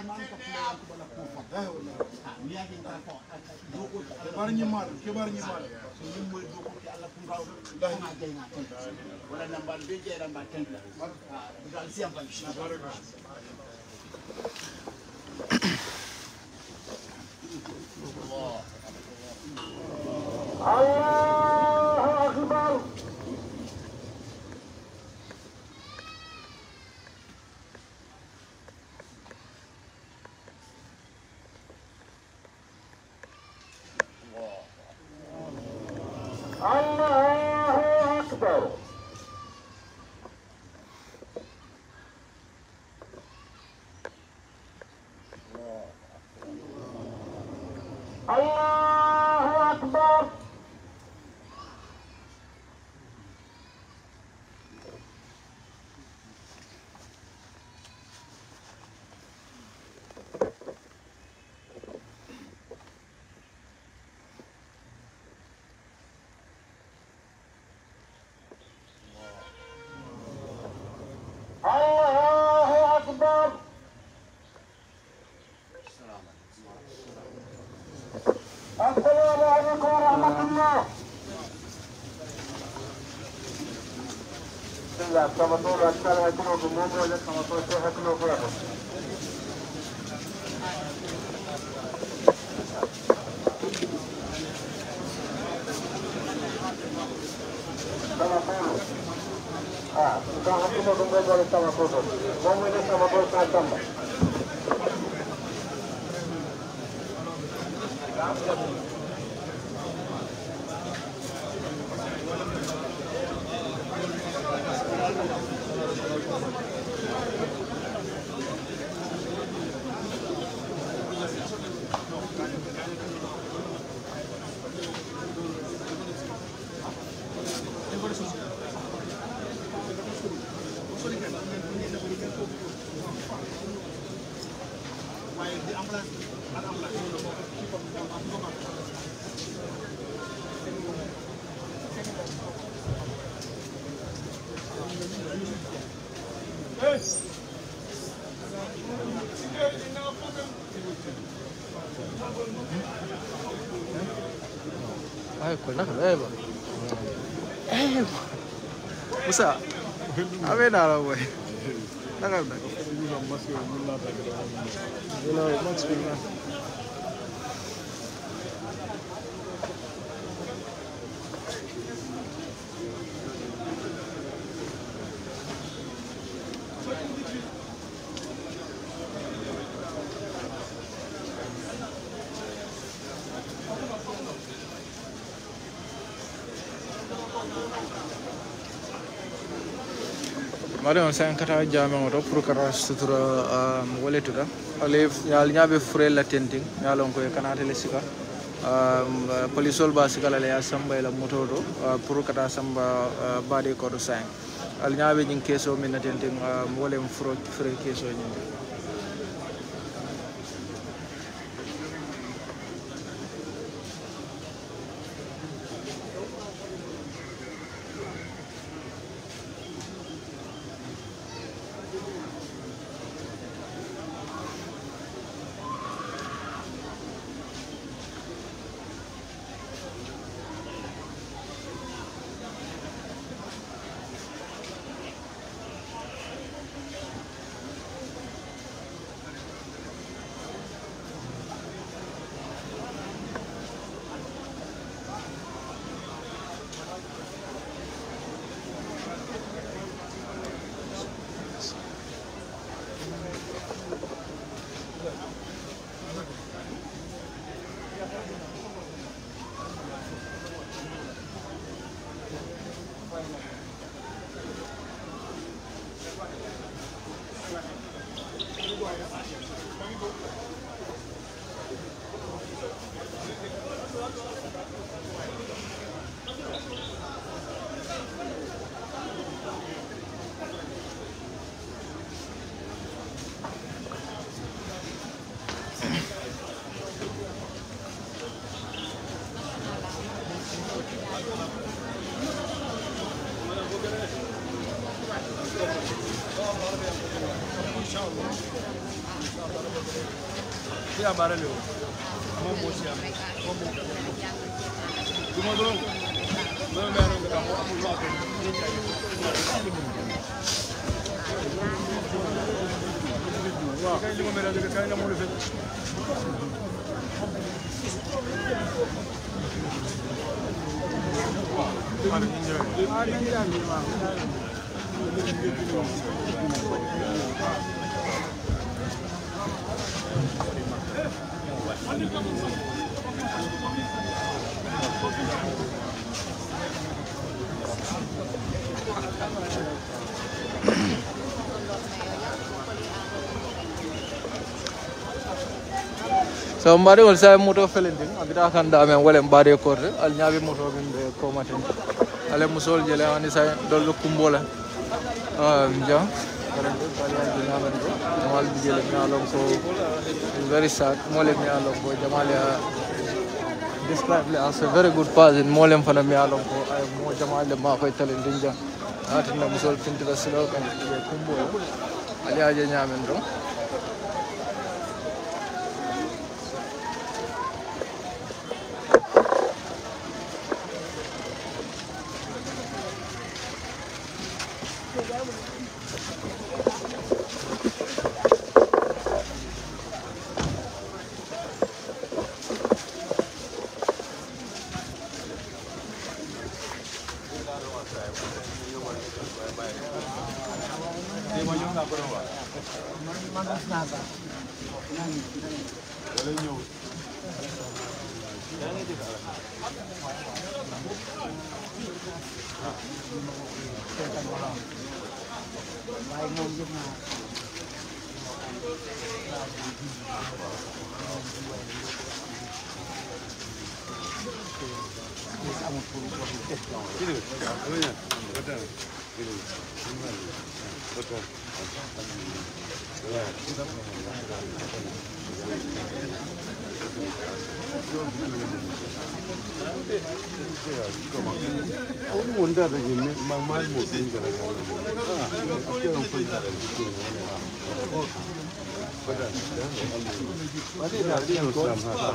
anan ko fulaan ko ɓala a fo wiyakin ka fo kebar ñimmaɗo kebar ñimmaɗo so yimmoye dokoke allah pungaw koma jeyna ten wala ah, nambal be jeyɗa mba tenta dal siyam fam Thank you. Allah Akbar. السبطور الأشكال هيكونوا بالموجة ولا 15 هيكونوا فرقهم Ah, então aqui no Google agora está uma coisa. Vamos iniciar uma coisa para a cama. Obrigado. نعم ايوه مساء عمين على ابوي نعم نعم aɗon sankata jamen to pour kata sutura um, woletuta alay ñal ñaɓe furella tentin ñalon koye kanatele sika um, polisol ba sikala la ya samba ila moto to uh, pour kata samba uh, baɗe koɗo sank al ñaɓe ñin keso min na tentin um, wolem furo fure keso ñintin so mbaɗi on sawi moto felindi abita kan da men wolen mbaɗi korde al ñaaɓi moto min ko komaten ale musol jele ani sawi dollo kumbola jam currently Palihapli Nyamendo Jamal Bijele Nyalong so it's very sad Molem Nyalong ko Jamal ya described as a very good pass in Molem fana Nyalong ko ay mo Jamal le ma koy talen dinja atina musol fintiga silo kan kumbo Ali Aja Nyamendo Adam.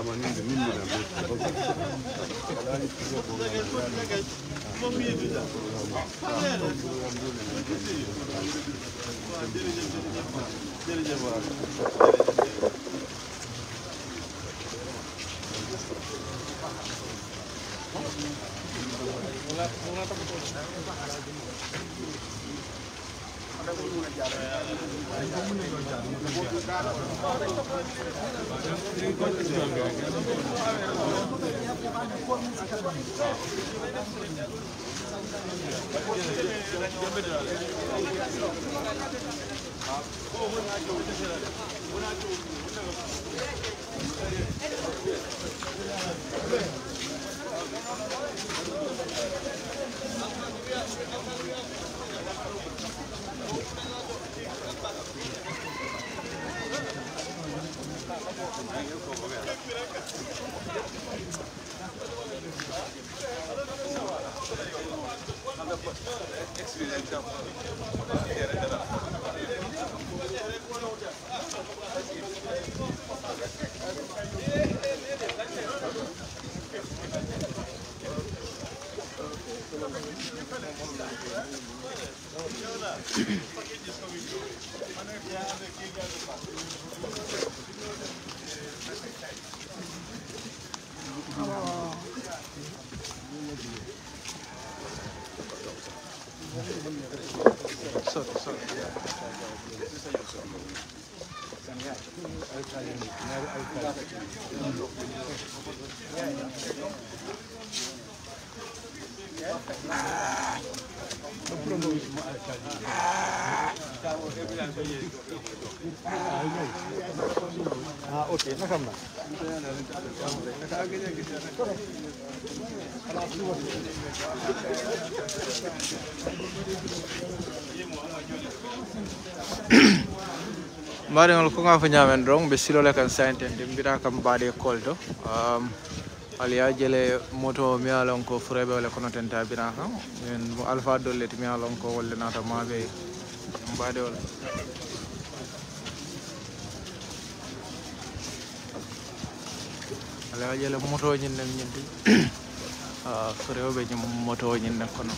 mbaɗigol ko ga fo ñamen ron ɓe silole kan sainten de mbiɗa kam mbaɗe école to um, aliya jele moto mi alon ko fureɓe walla kono tenta bina kam min alpha ti mi alon ko wolle nata maɓe mbaɗe wol aliya jele moto ñinne ñinti fureɓe ñim moto ñinne kono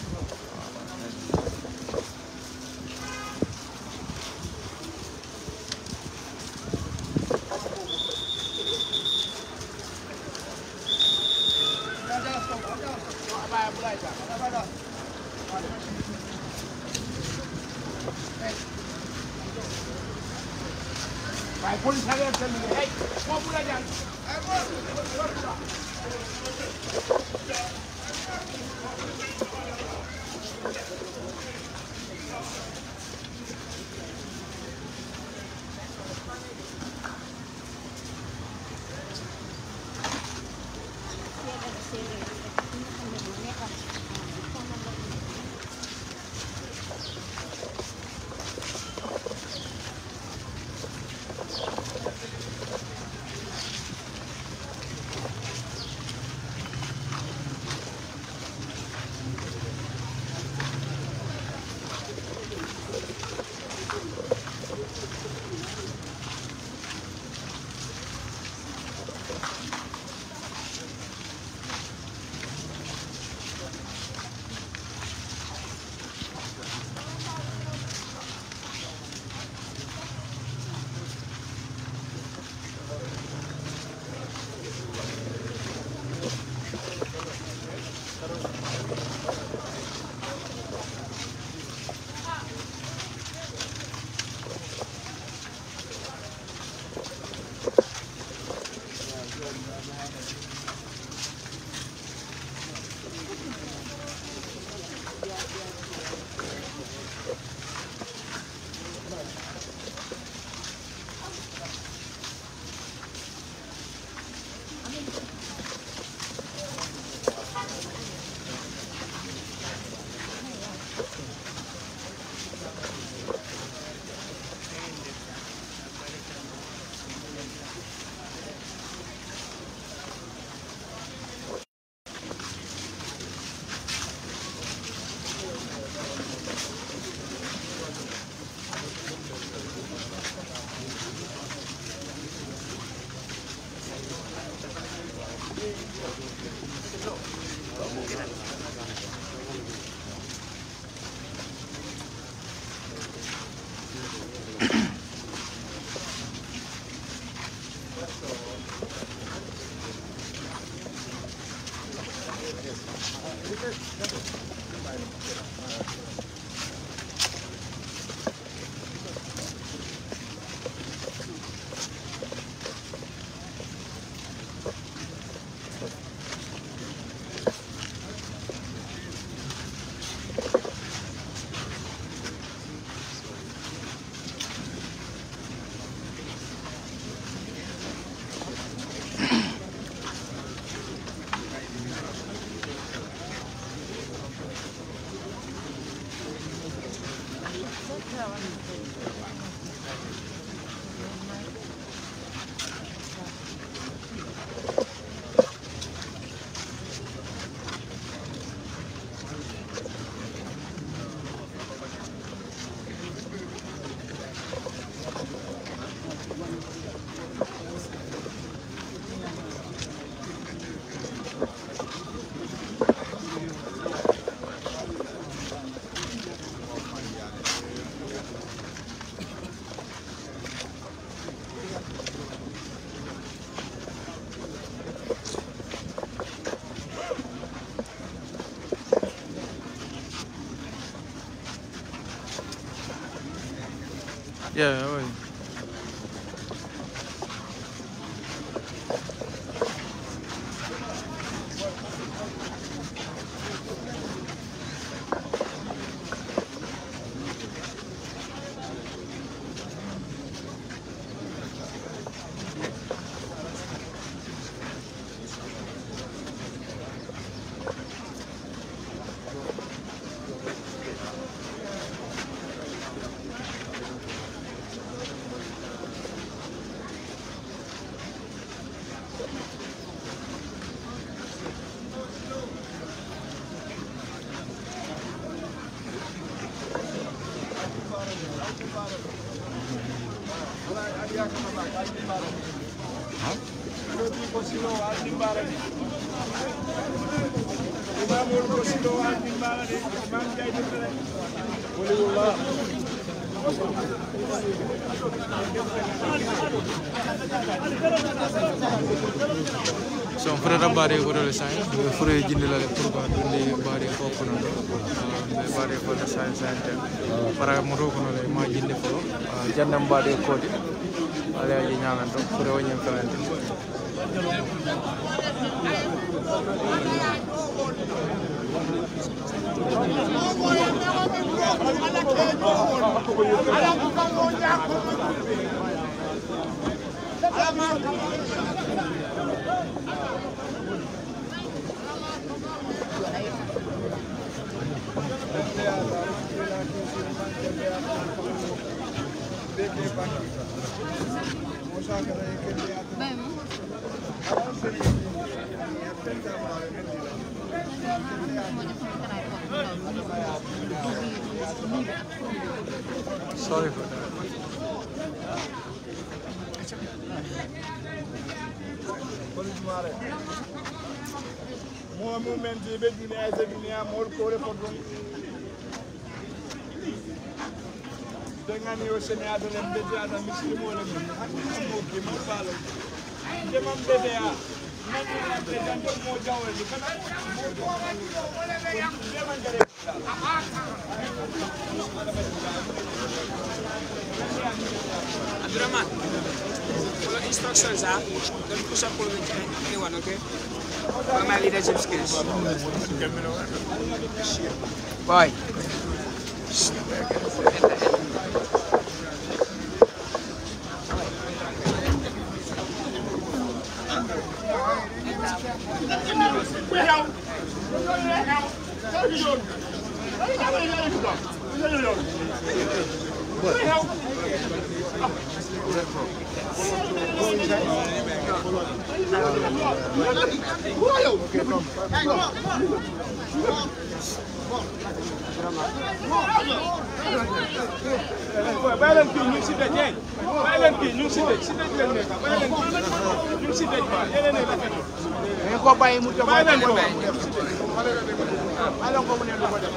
Yeah. baare ko dole sai be fure jindi la le pour ba dundi baare ko ko non be ko da sai sai te para mo ro ko non ma jindi ko jandam baare ko di ale fure o te Sorry for that. More movement, baby, as a more core for dengan yo sene adole mbete ada mislimo le mi hakuna mboki mabalo ndema mbete ya nanyina mbete ndo moja weli kana mboki ndema ngere Abdurrahman, follow instructions, huh? Don't push up on anyone, okay? For my leadership skills. Bye. milyon. Dört milyon. Buraya. Buraya. Buraya. bàyyi leen kii ñu ngi si dëj yéen bàyyi leen kii ñu ngi si dëj si dëj leen nekk bàyyi leen kii ñu ngi si dëj waaw yéen a nekk rafetlu. dañu ko bàyyi mu jóg bàyyi leen ko bàyyi mu si dëj. bàyyi leen ko mu ne lu ko def.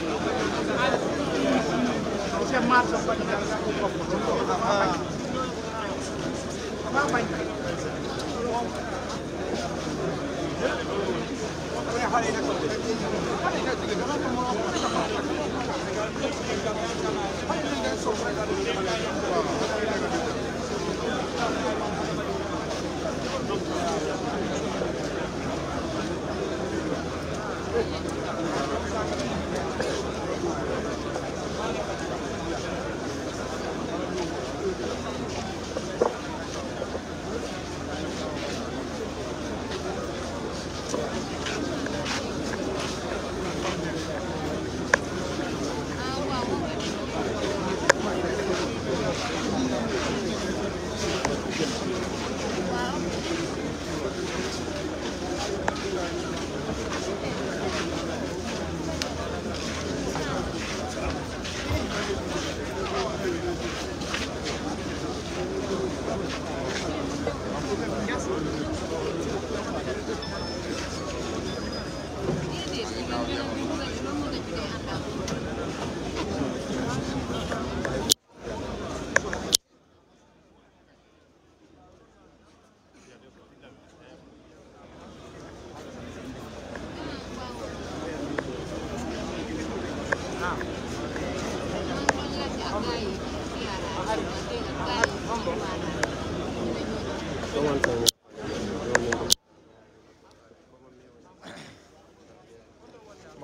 monsieur Mar sa bañ daal sa ko bopp. maa bañ. xale yi nag xale yi nag Thank you.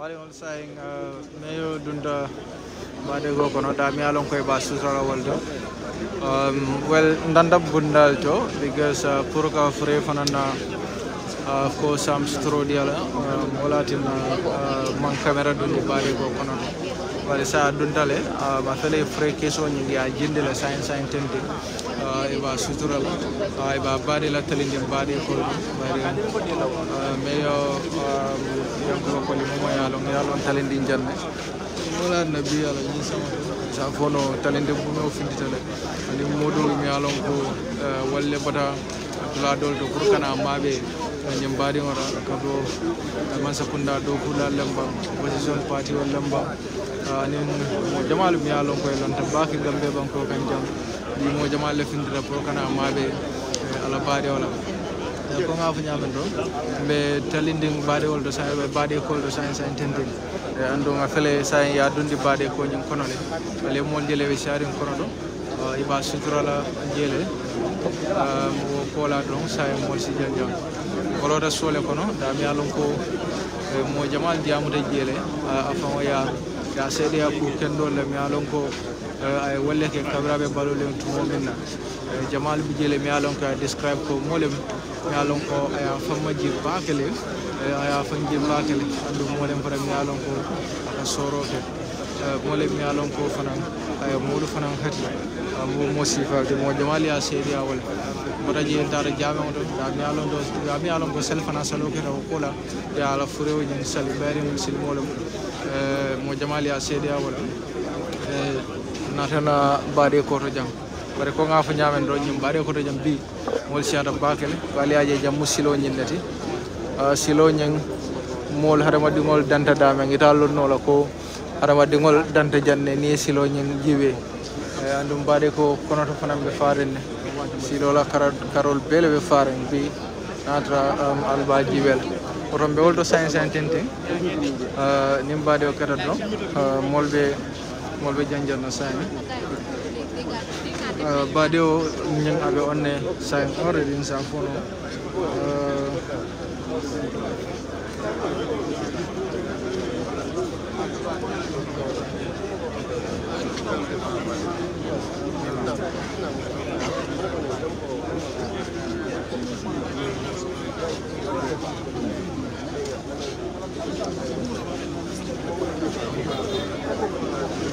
walingol saying meyo dunta bade go kono ta mi alon koy ba susara walde um well ndanda bundal to because pour ka fre fanana ko sam stro diala um, walatin man camera dundi bade go kono wala sa dundale uh, fele fre keso nyingi a jindele science science ba sutural ay ah, ba baɗi lattalinde mbaɗi kol ɓayri mais yo yankuba koli momo yaalon yaalon talindi ah, ah, jande wala nabi ala ñisama sa fono talinde mume o finditale ani modol mi yaalon ko eh, walle bata tuladol to pour kana maɓe ñem mbaɗi ora kado mansakunda ɗo kuula lemba opposition parti o lemba ani mo jamalu mi yaalon koye lonta baaki gambe banko kan jam ndimo jama lefindira pour kana maɓe ala baɗe wala ko nga fo ñamen ɗo ɓe talindin baɗewol ɗo sae ɓe baɗekol ɗo sae saen tendin e anduga fele dundi yadundi baɗekoñin kono le ale mol jele we sarin kono ɗo iba suturala jeele mo kola ɗon sae mol si jan jam koloda sole kono mi alon ko eh, mo jamal diyamude jeele a faŋo ya ah, ya seeɗeya pour kendol le mi alon ko ay walle ke kabiraɓe mbaɗolen tumo eh, jamal bijele mi yalon ko eh, describe ko molem mi yalon ko oh, aya famma jir bakele eh, aya fan ji bakele andu molem fota mi yalon ko oh, aka soroke molem mi yalon ko oh, fanan aya moɗo fanan hati mo mo sifade mo jamal ya seedi awol mboɗa jeyen tata jameo ɗo da mi yalon ɗo da mi yalon ko sel fana saloketa o kola ya ala furewo ñin sali ɓayrimum silmolem mo jamali ya seedi awol natana baade koto jam bari ko nga fa ñamen do ñim baade koto jam bi mol siata bakele ko aliaje jam musilo ñillati silo ñeng mol harama dingol danta dame ngi tallo nola ko harama dingol danta janne ni silo ñeng jiwe e, andum bari ko kono to fanam be farenne silo la karol bele be faren bi natra alba jiwel otombe wolto science and tente nimbade o kata do molbe molɓe janjanno sani eh, baade o ñin aɓe onne sain ore din sa fono Thank you.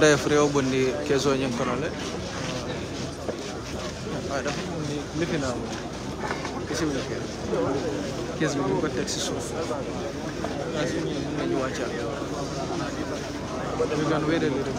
ndeyefere o bonni keesoñin kono le aɗa ni lifinamo bisimilla ke kees bi ko teg si suuf asi nañu wàcca ñu gan wéerali rek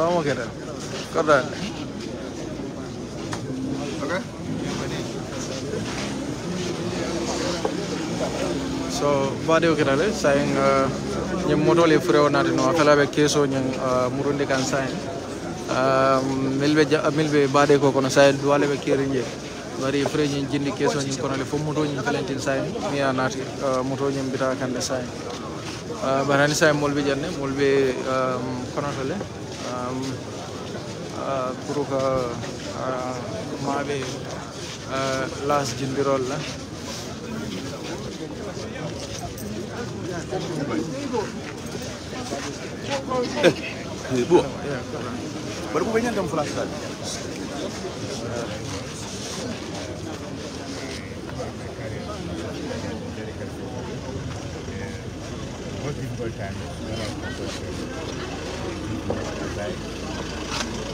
Vamos a querer. Correr. Okay. So, video kita le, sayang uh, yang motor le freo nari no, akala be keso yang uh, murundi kan sayang. Um, milbe milbe bade ko kono sayang dua le be kirinje. Bari freo yang jinni keso yang kono le fo motor yang kalentin sayang, ni anati uh, motor yang bira kan le sayang. Barani sayang molbe janne, molbe um, kono le. kuruka ah, mabe ah, last jindirol la (laughs) ibu, baru bu banyak dong flashkan Thank you.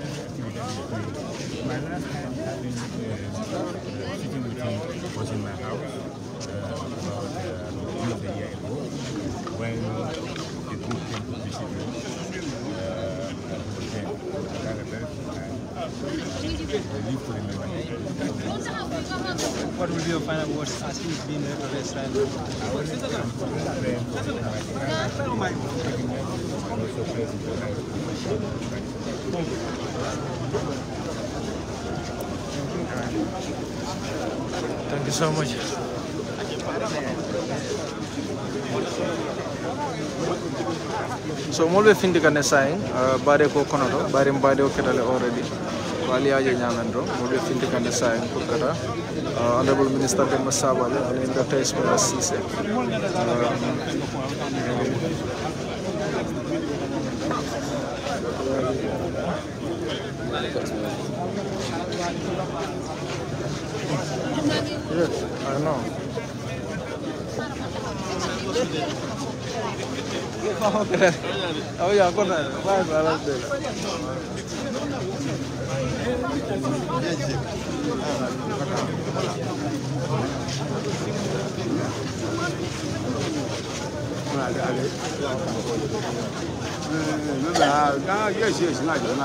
My last uh, was in my house uh, about uh, year ago when the group came to visit me. What would be your final words as he's been there for time? Thank you so much. So molɓe finde kane sayin baɗe ko kono ɗo ɓarin baɗe o ketale already ko aliyaji ñamen ɗo molɓe finde kane sayin pour kata honorable ministre demba sabale onin ɗo tawi smola sise Yes, I know. Vamos a creer. Oye, con él. Vaya para adelante. Vale, vale. No, no, yes, yes, no, no.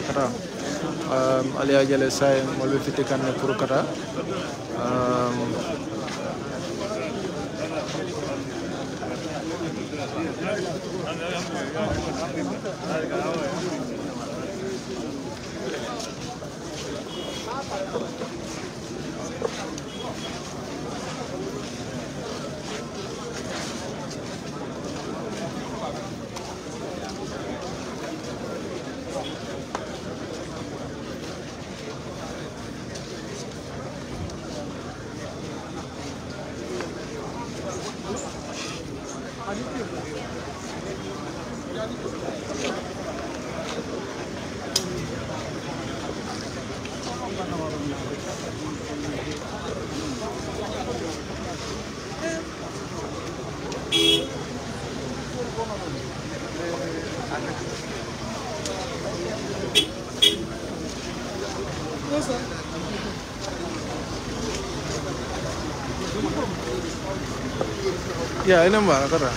Purukara. Um, Ali ajal esai mulai fitikan ni Um, Thank you. ya ini mbak Tara.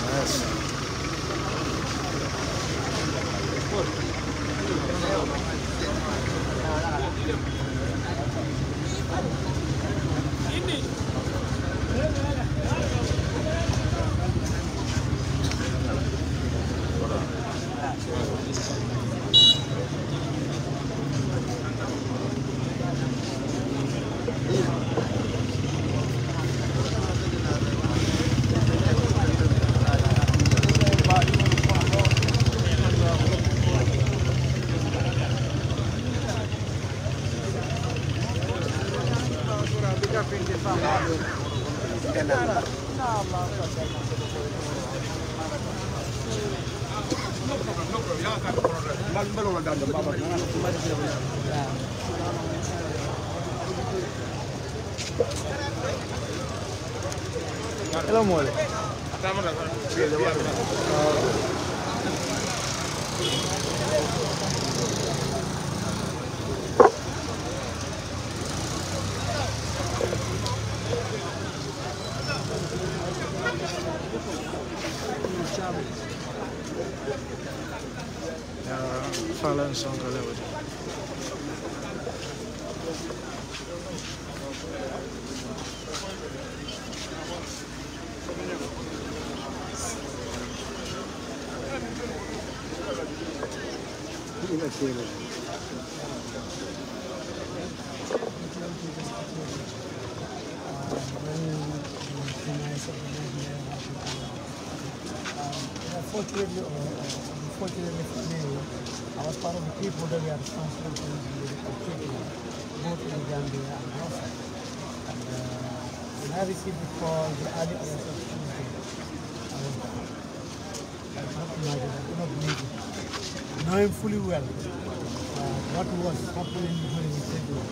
for the early hours of Tuesday. I was not imagine, I could not Knowing fully well uh, what was happening during his schedule.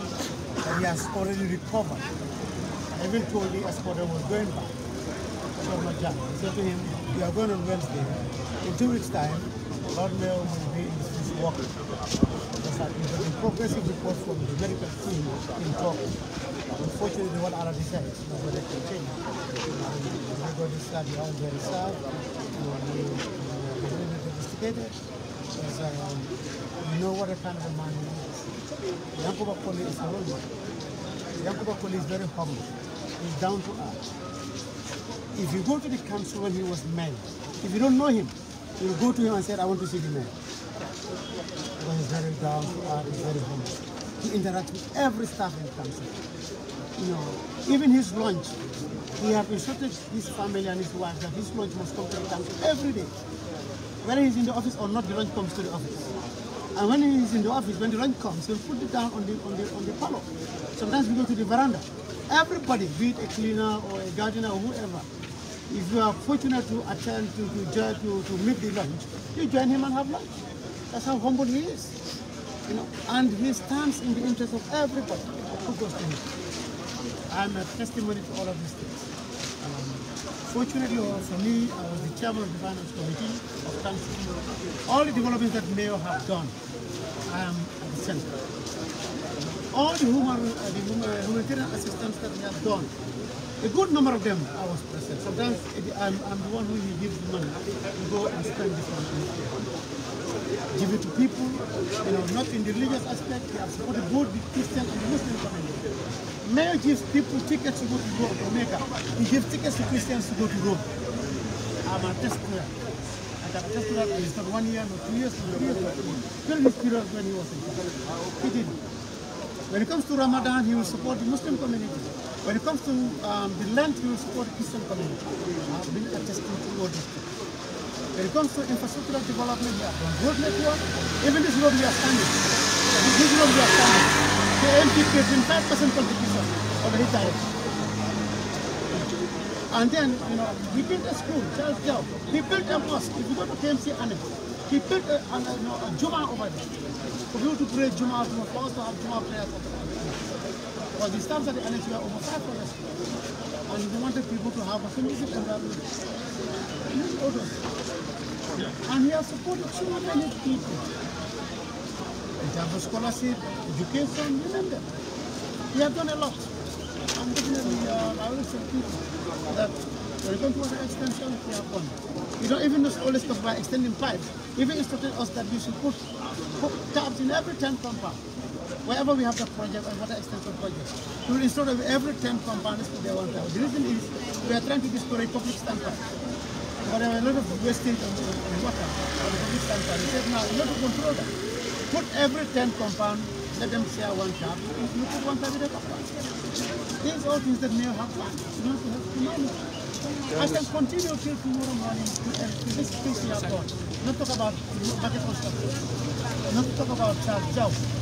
And he has already recovered. I even told the escorter was going back. So my job. I said to him, "We are going on Wednesday. In two weeks' time, Lord Mayor will be in the work. Yes, I've been progressive report from the medical team in talk. Unfortunately, the what Arab decides is what they can change. We to start their own very sad. Investigated. Because, um, you know what a kind of a man he is. Yankuba Koli is a role model. Yankuba Koli is very humble. He's down to earth. If you go to the council when he was mayor, if you don't know him, you go to him and say, I want to see the mayor when he's very down he's very humble. He interacts with every staff in council. You know, even his lunch, he has instructed his family and his wife that his lunch must come to the council every day. Whether he's in the office or not, the lunch comes to the office. And when he's in the office, when the lunch comes, he'll put it down on the on the on the pillow. Sometimes we go to the veranda. Everybody, be it a cleaner or a gardener or whoever, if you are fortunate to attend to to, to, to meet the lunch, you join him and have lunch. That's how humble he is. You know, and he stands in the interest of everybody who goes to him. I'm a testimony to all of these things. Um, fortunately for me, I was the chairman of the finance committee of Council. All the developments that Mayo have done, I am at the center. All the, human, uh, the human, uh, humanitarian assistance that we have done, a good number of them I was present. Sometimes I'm, I'm the one who gives the money to go and spend this money give it to people, you know, not in the religious aspect. He has supported both the Christian and the Muslim community. Mayor gives people tickets to go to Rome, Omega. He gives tickets to Christians to go to Rome. I'm a test And I'm a that is not one year, not two years, not three years, not two years. During this period when he was in He didn't. When it comes to Ramadan, he will support the Muslim community. When it comes to um, the land, he will support the Christian community. I've been attesting to all these when it comes to infrastructural development, we have done road network. Even this road we are standing. This road we are standing. The MPP is in 5% contribution of the hit And then, you know, we built a school, Charles Dow. He built a mosque. If you go to KMC Annex, he built a, a, you know, a Juma over there. For you to pray Juma, for us to have Juma prayers over there. Because the staffs at the annex were over 500 staff. And they wanted people to have a conducive environment. And he has supported many people in terms of scholarship, education, you name them. He has done a lot. And definitely, uh, I always tell people that when it comes to water extension, we have one. You don't even just always talk about extending pipes. Even instructed us that we should put, put taps in every 10 compound wherever we have the project or water extension project, to ensure that every 10 compounds to their one tower. The reason is we are trying to destroy public standard. But there are a lot of wastage of water on the public standard. We said now, you have to control that. Put every 10 compound, let them share one tap, and you put one tap with the These are things that may have happened. You have to manage. I can continue till tomorrow morning to uh, this piece we have got. Not talk about market construction. Not talk about uh, jobs.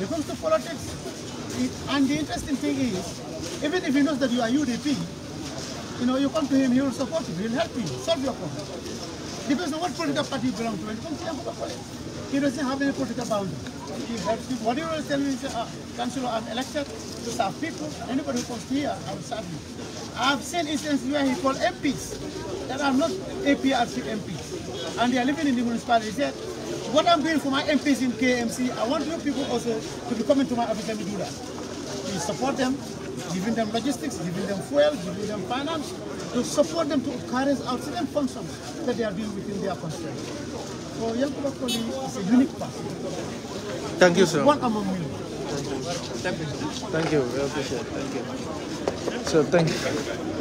When it comes to politics, it, and the interesting thing is, even if he knows that you are UDP, you know, you come to him, he will support you, he'll help you, solve your problem. Depends on what political party you belong to. When it comes to Yambuka politics, he doesn't have any political boundary. He helps you. What he will tell you uh, Councillor, I'm elected to serve people. Anybody who comes here, I will serve you. I've seen instances where he called MPs that are not APRC MPs, and they are living in the municipality. He what I'm doing for my MPs in KMC, I want you people also to be coming to my office and do that. To support them, giving them logistics, giving them fuel, giving them finance, to support them to carry out certain functions that they are doing within their constraints. So Yanko Bakoli is a unique person. Thank you, sir. One among you. Thank you. Thank you. We appreciate it. Thank you. So thank you.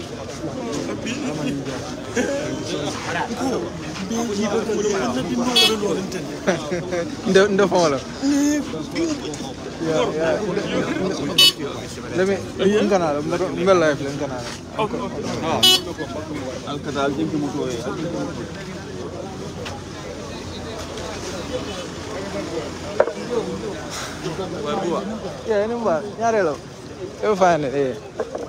nde nde foola ndemi ɗum kanala mbella efle kanala alkatal jimki muto e Yeah, anyway, yeah, hello. You're fine, yeah.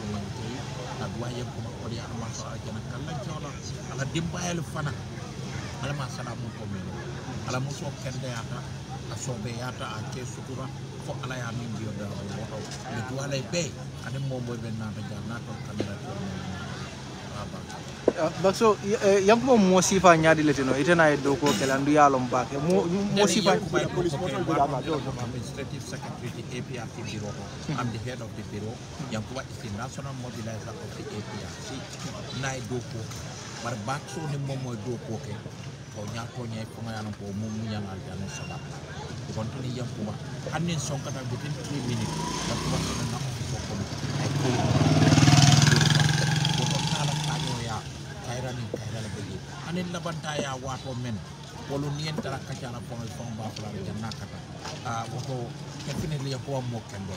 അതുവായപ്പോ മക്കളെ അടമാ സഹായിക്കണം കള്ളം ചോളം അള ഡിമ്പായാലും ഫന അളമാ സലാമു കൊമ്മേനു അള മുസോ കെണ്ടയാട്ട a sɔbɛyaata a kɛ sutura fo ala y'a min diyɔ da o wɔrɔ le duwala ye bɛɛ ani mɔmɔ bɛ n'a jan n'a ka kamera tɔ bakso mau mo sifa di le no, itu ye dow ko kela ya lom mo administrative secretary APRC bureau I'm the head of the bureau is the national mobilizer of the APRC bar bakso ni ke ko nya ko nya ko mo nya sala ko kon minutes anin ah, ya wato men wolu niyen tara kacala kono fon bafulare janna kata woto definitely ko mo kendol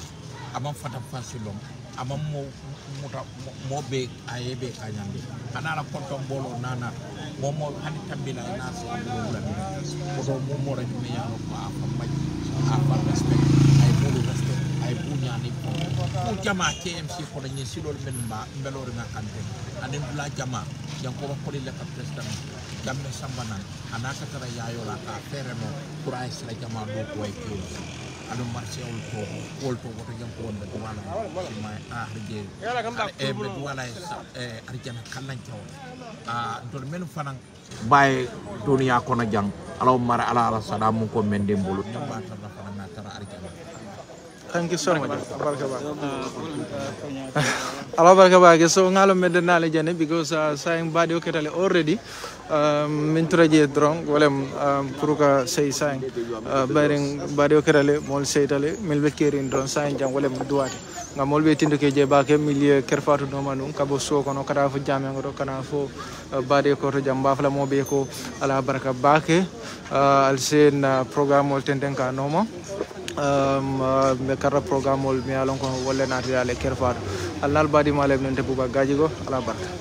ama fata fasilom aman mo mota mo be ayebe kanyande anala konton bolo nana mo mo hani tambila ina so wala woto mo mo rajum yaro ko afa maji afa respect ay buñani ko ko jama KMC ko dañe si lol men kante anen dula jama yang ko ko le ka prestam jambe sambana anaka tara yayo la ka feremo pour ay sala jama do ko ay KMC ado marché ol ko ol to woto jam ko wonde ko wala si ma ahrije e be wala e arjana kallan taw a men bay jang alaw mara ala ala sadamu ko men thank you so much barka ala barka ba so ngalo medde nale jane because uh, saying body oketale already Um, min turaje dron walem kuruka um, sey sain uh, barin badio kerale mol seytale mil be kerin dron sain jam walem duwate ngam mol be tindo ke je baake milieu kerfatu do manum kabo so kono kada fo jame ngodo kana fo uh, badio ko to jam bafla mo be ko ala baraka bake uh, al sen programme mol tenden ka noma ɓe um, karra programme ol mi alon ko wolle natidale kerfatu allah albadima lebnente bouba gaji go ala barka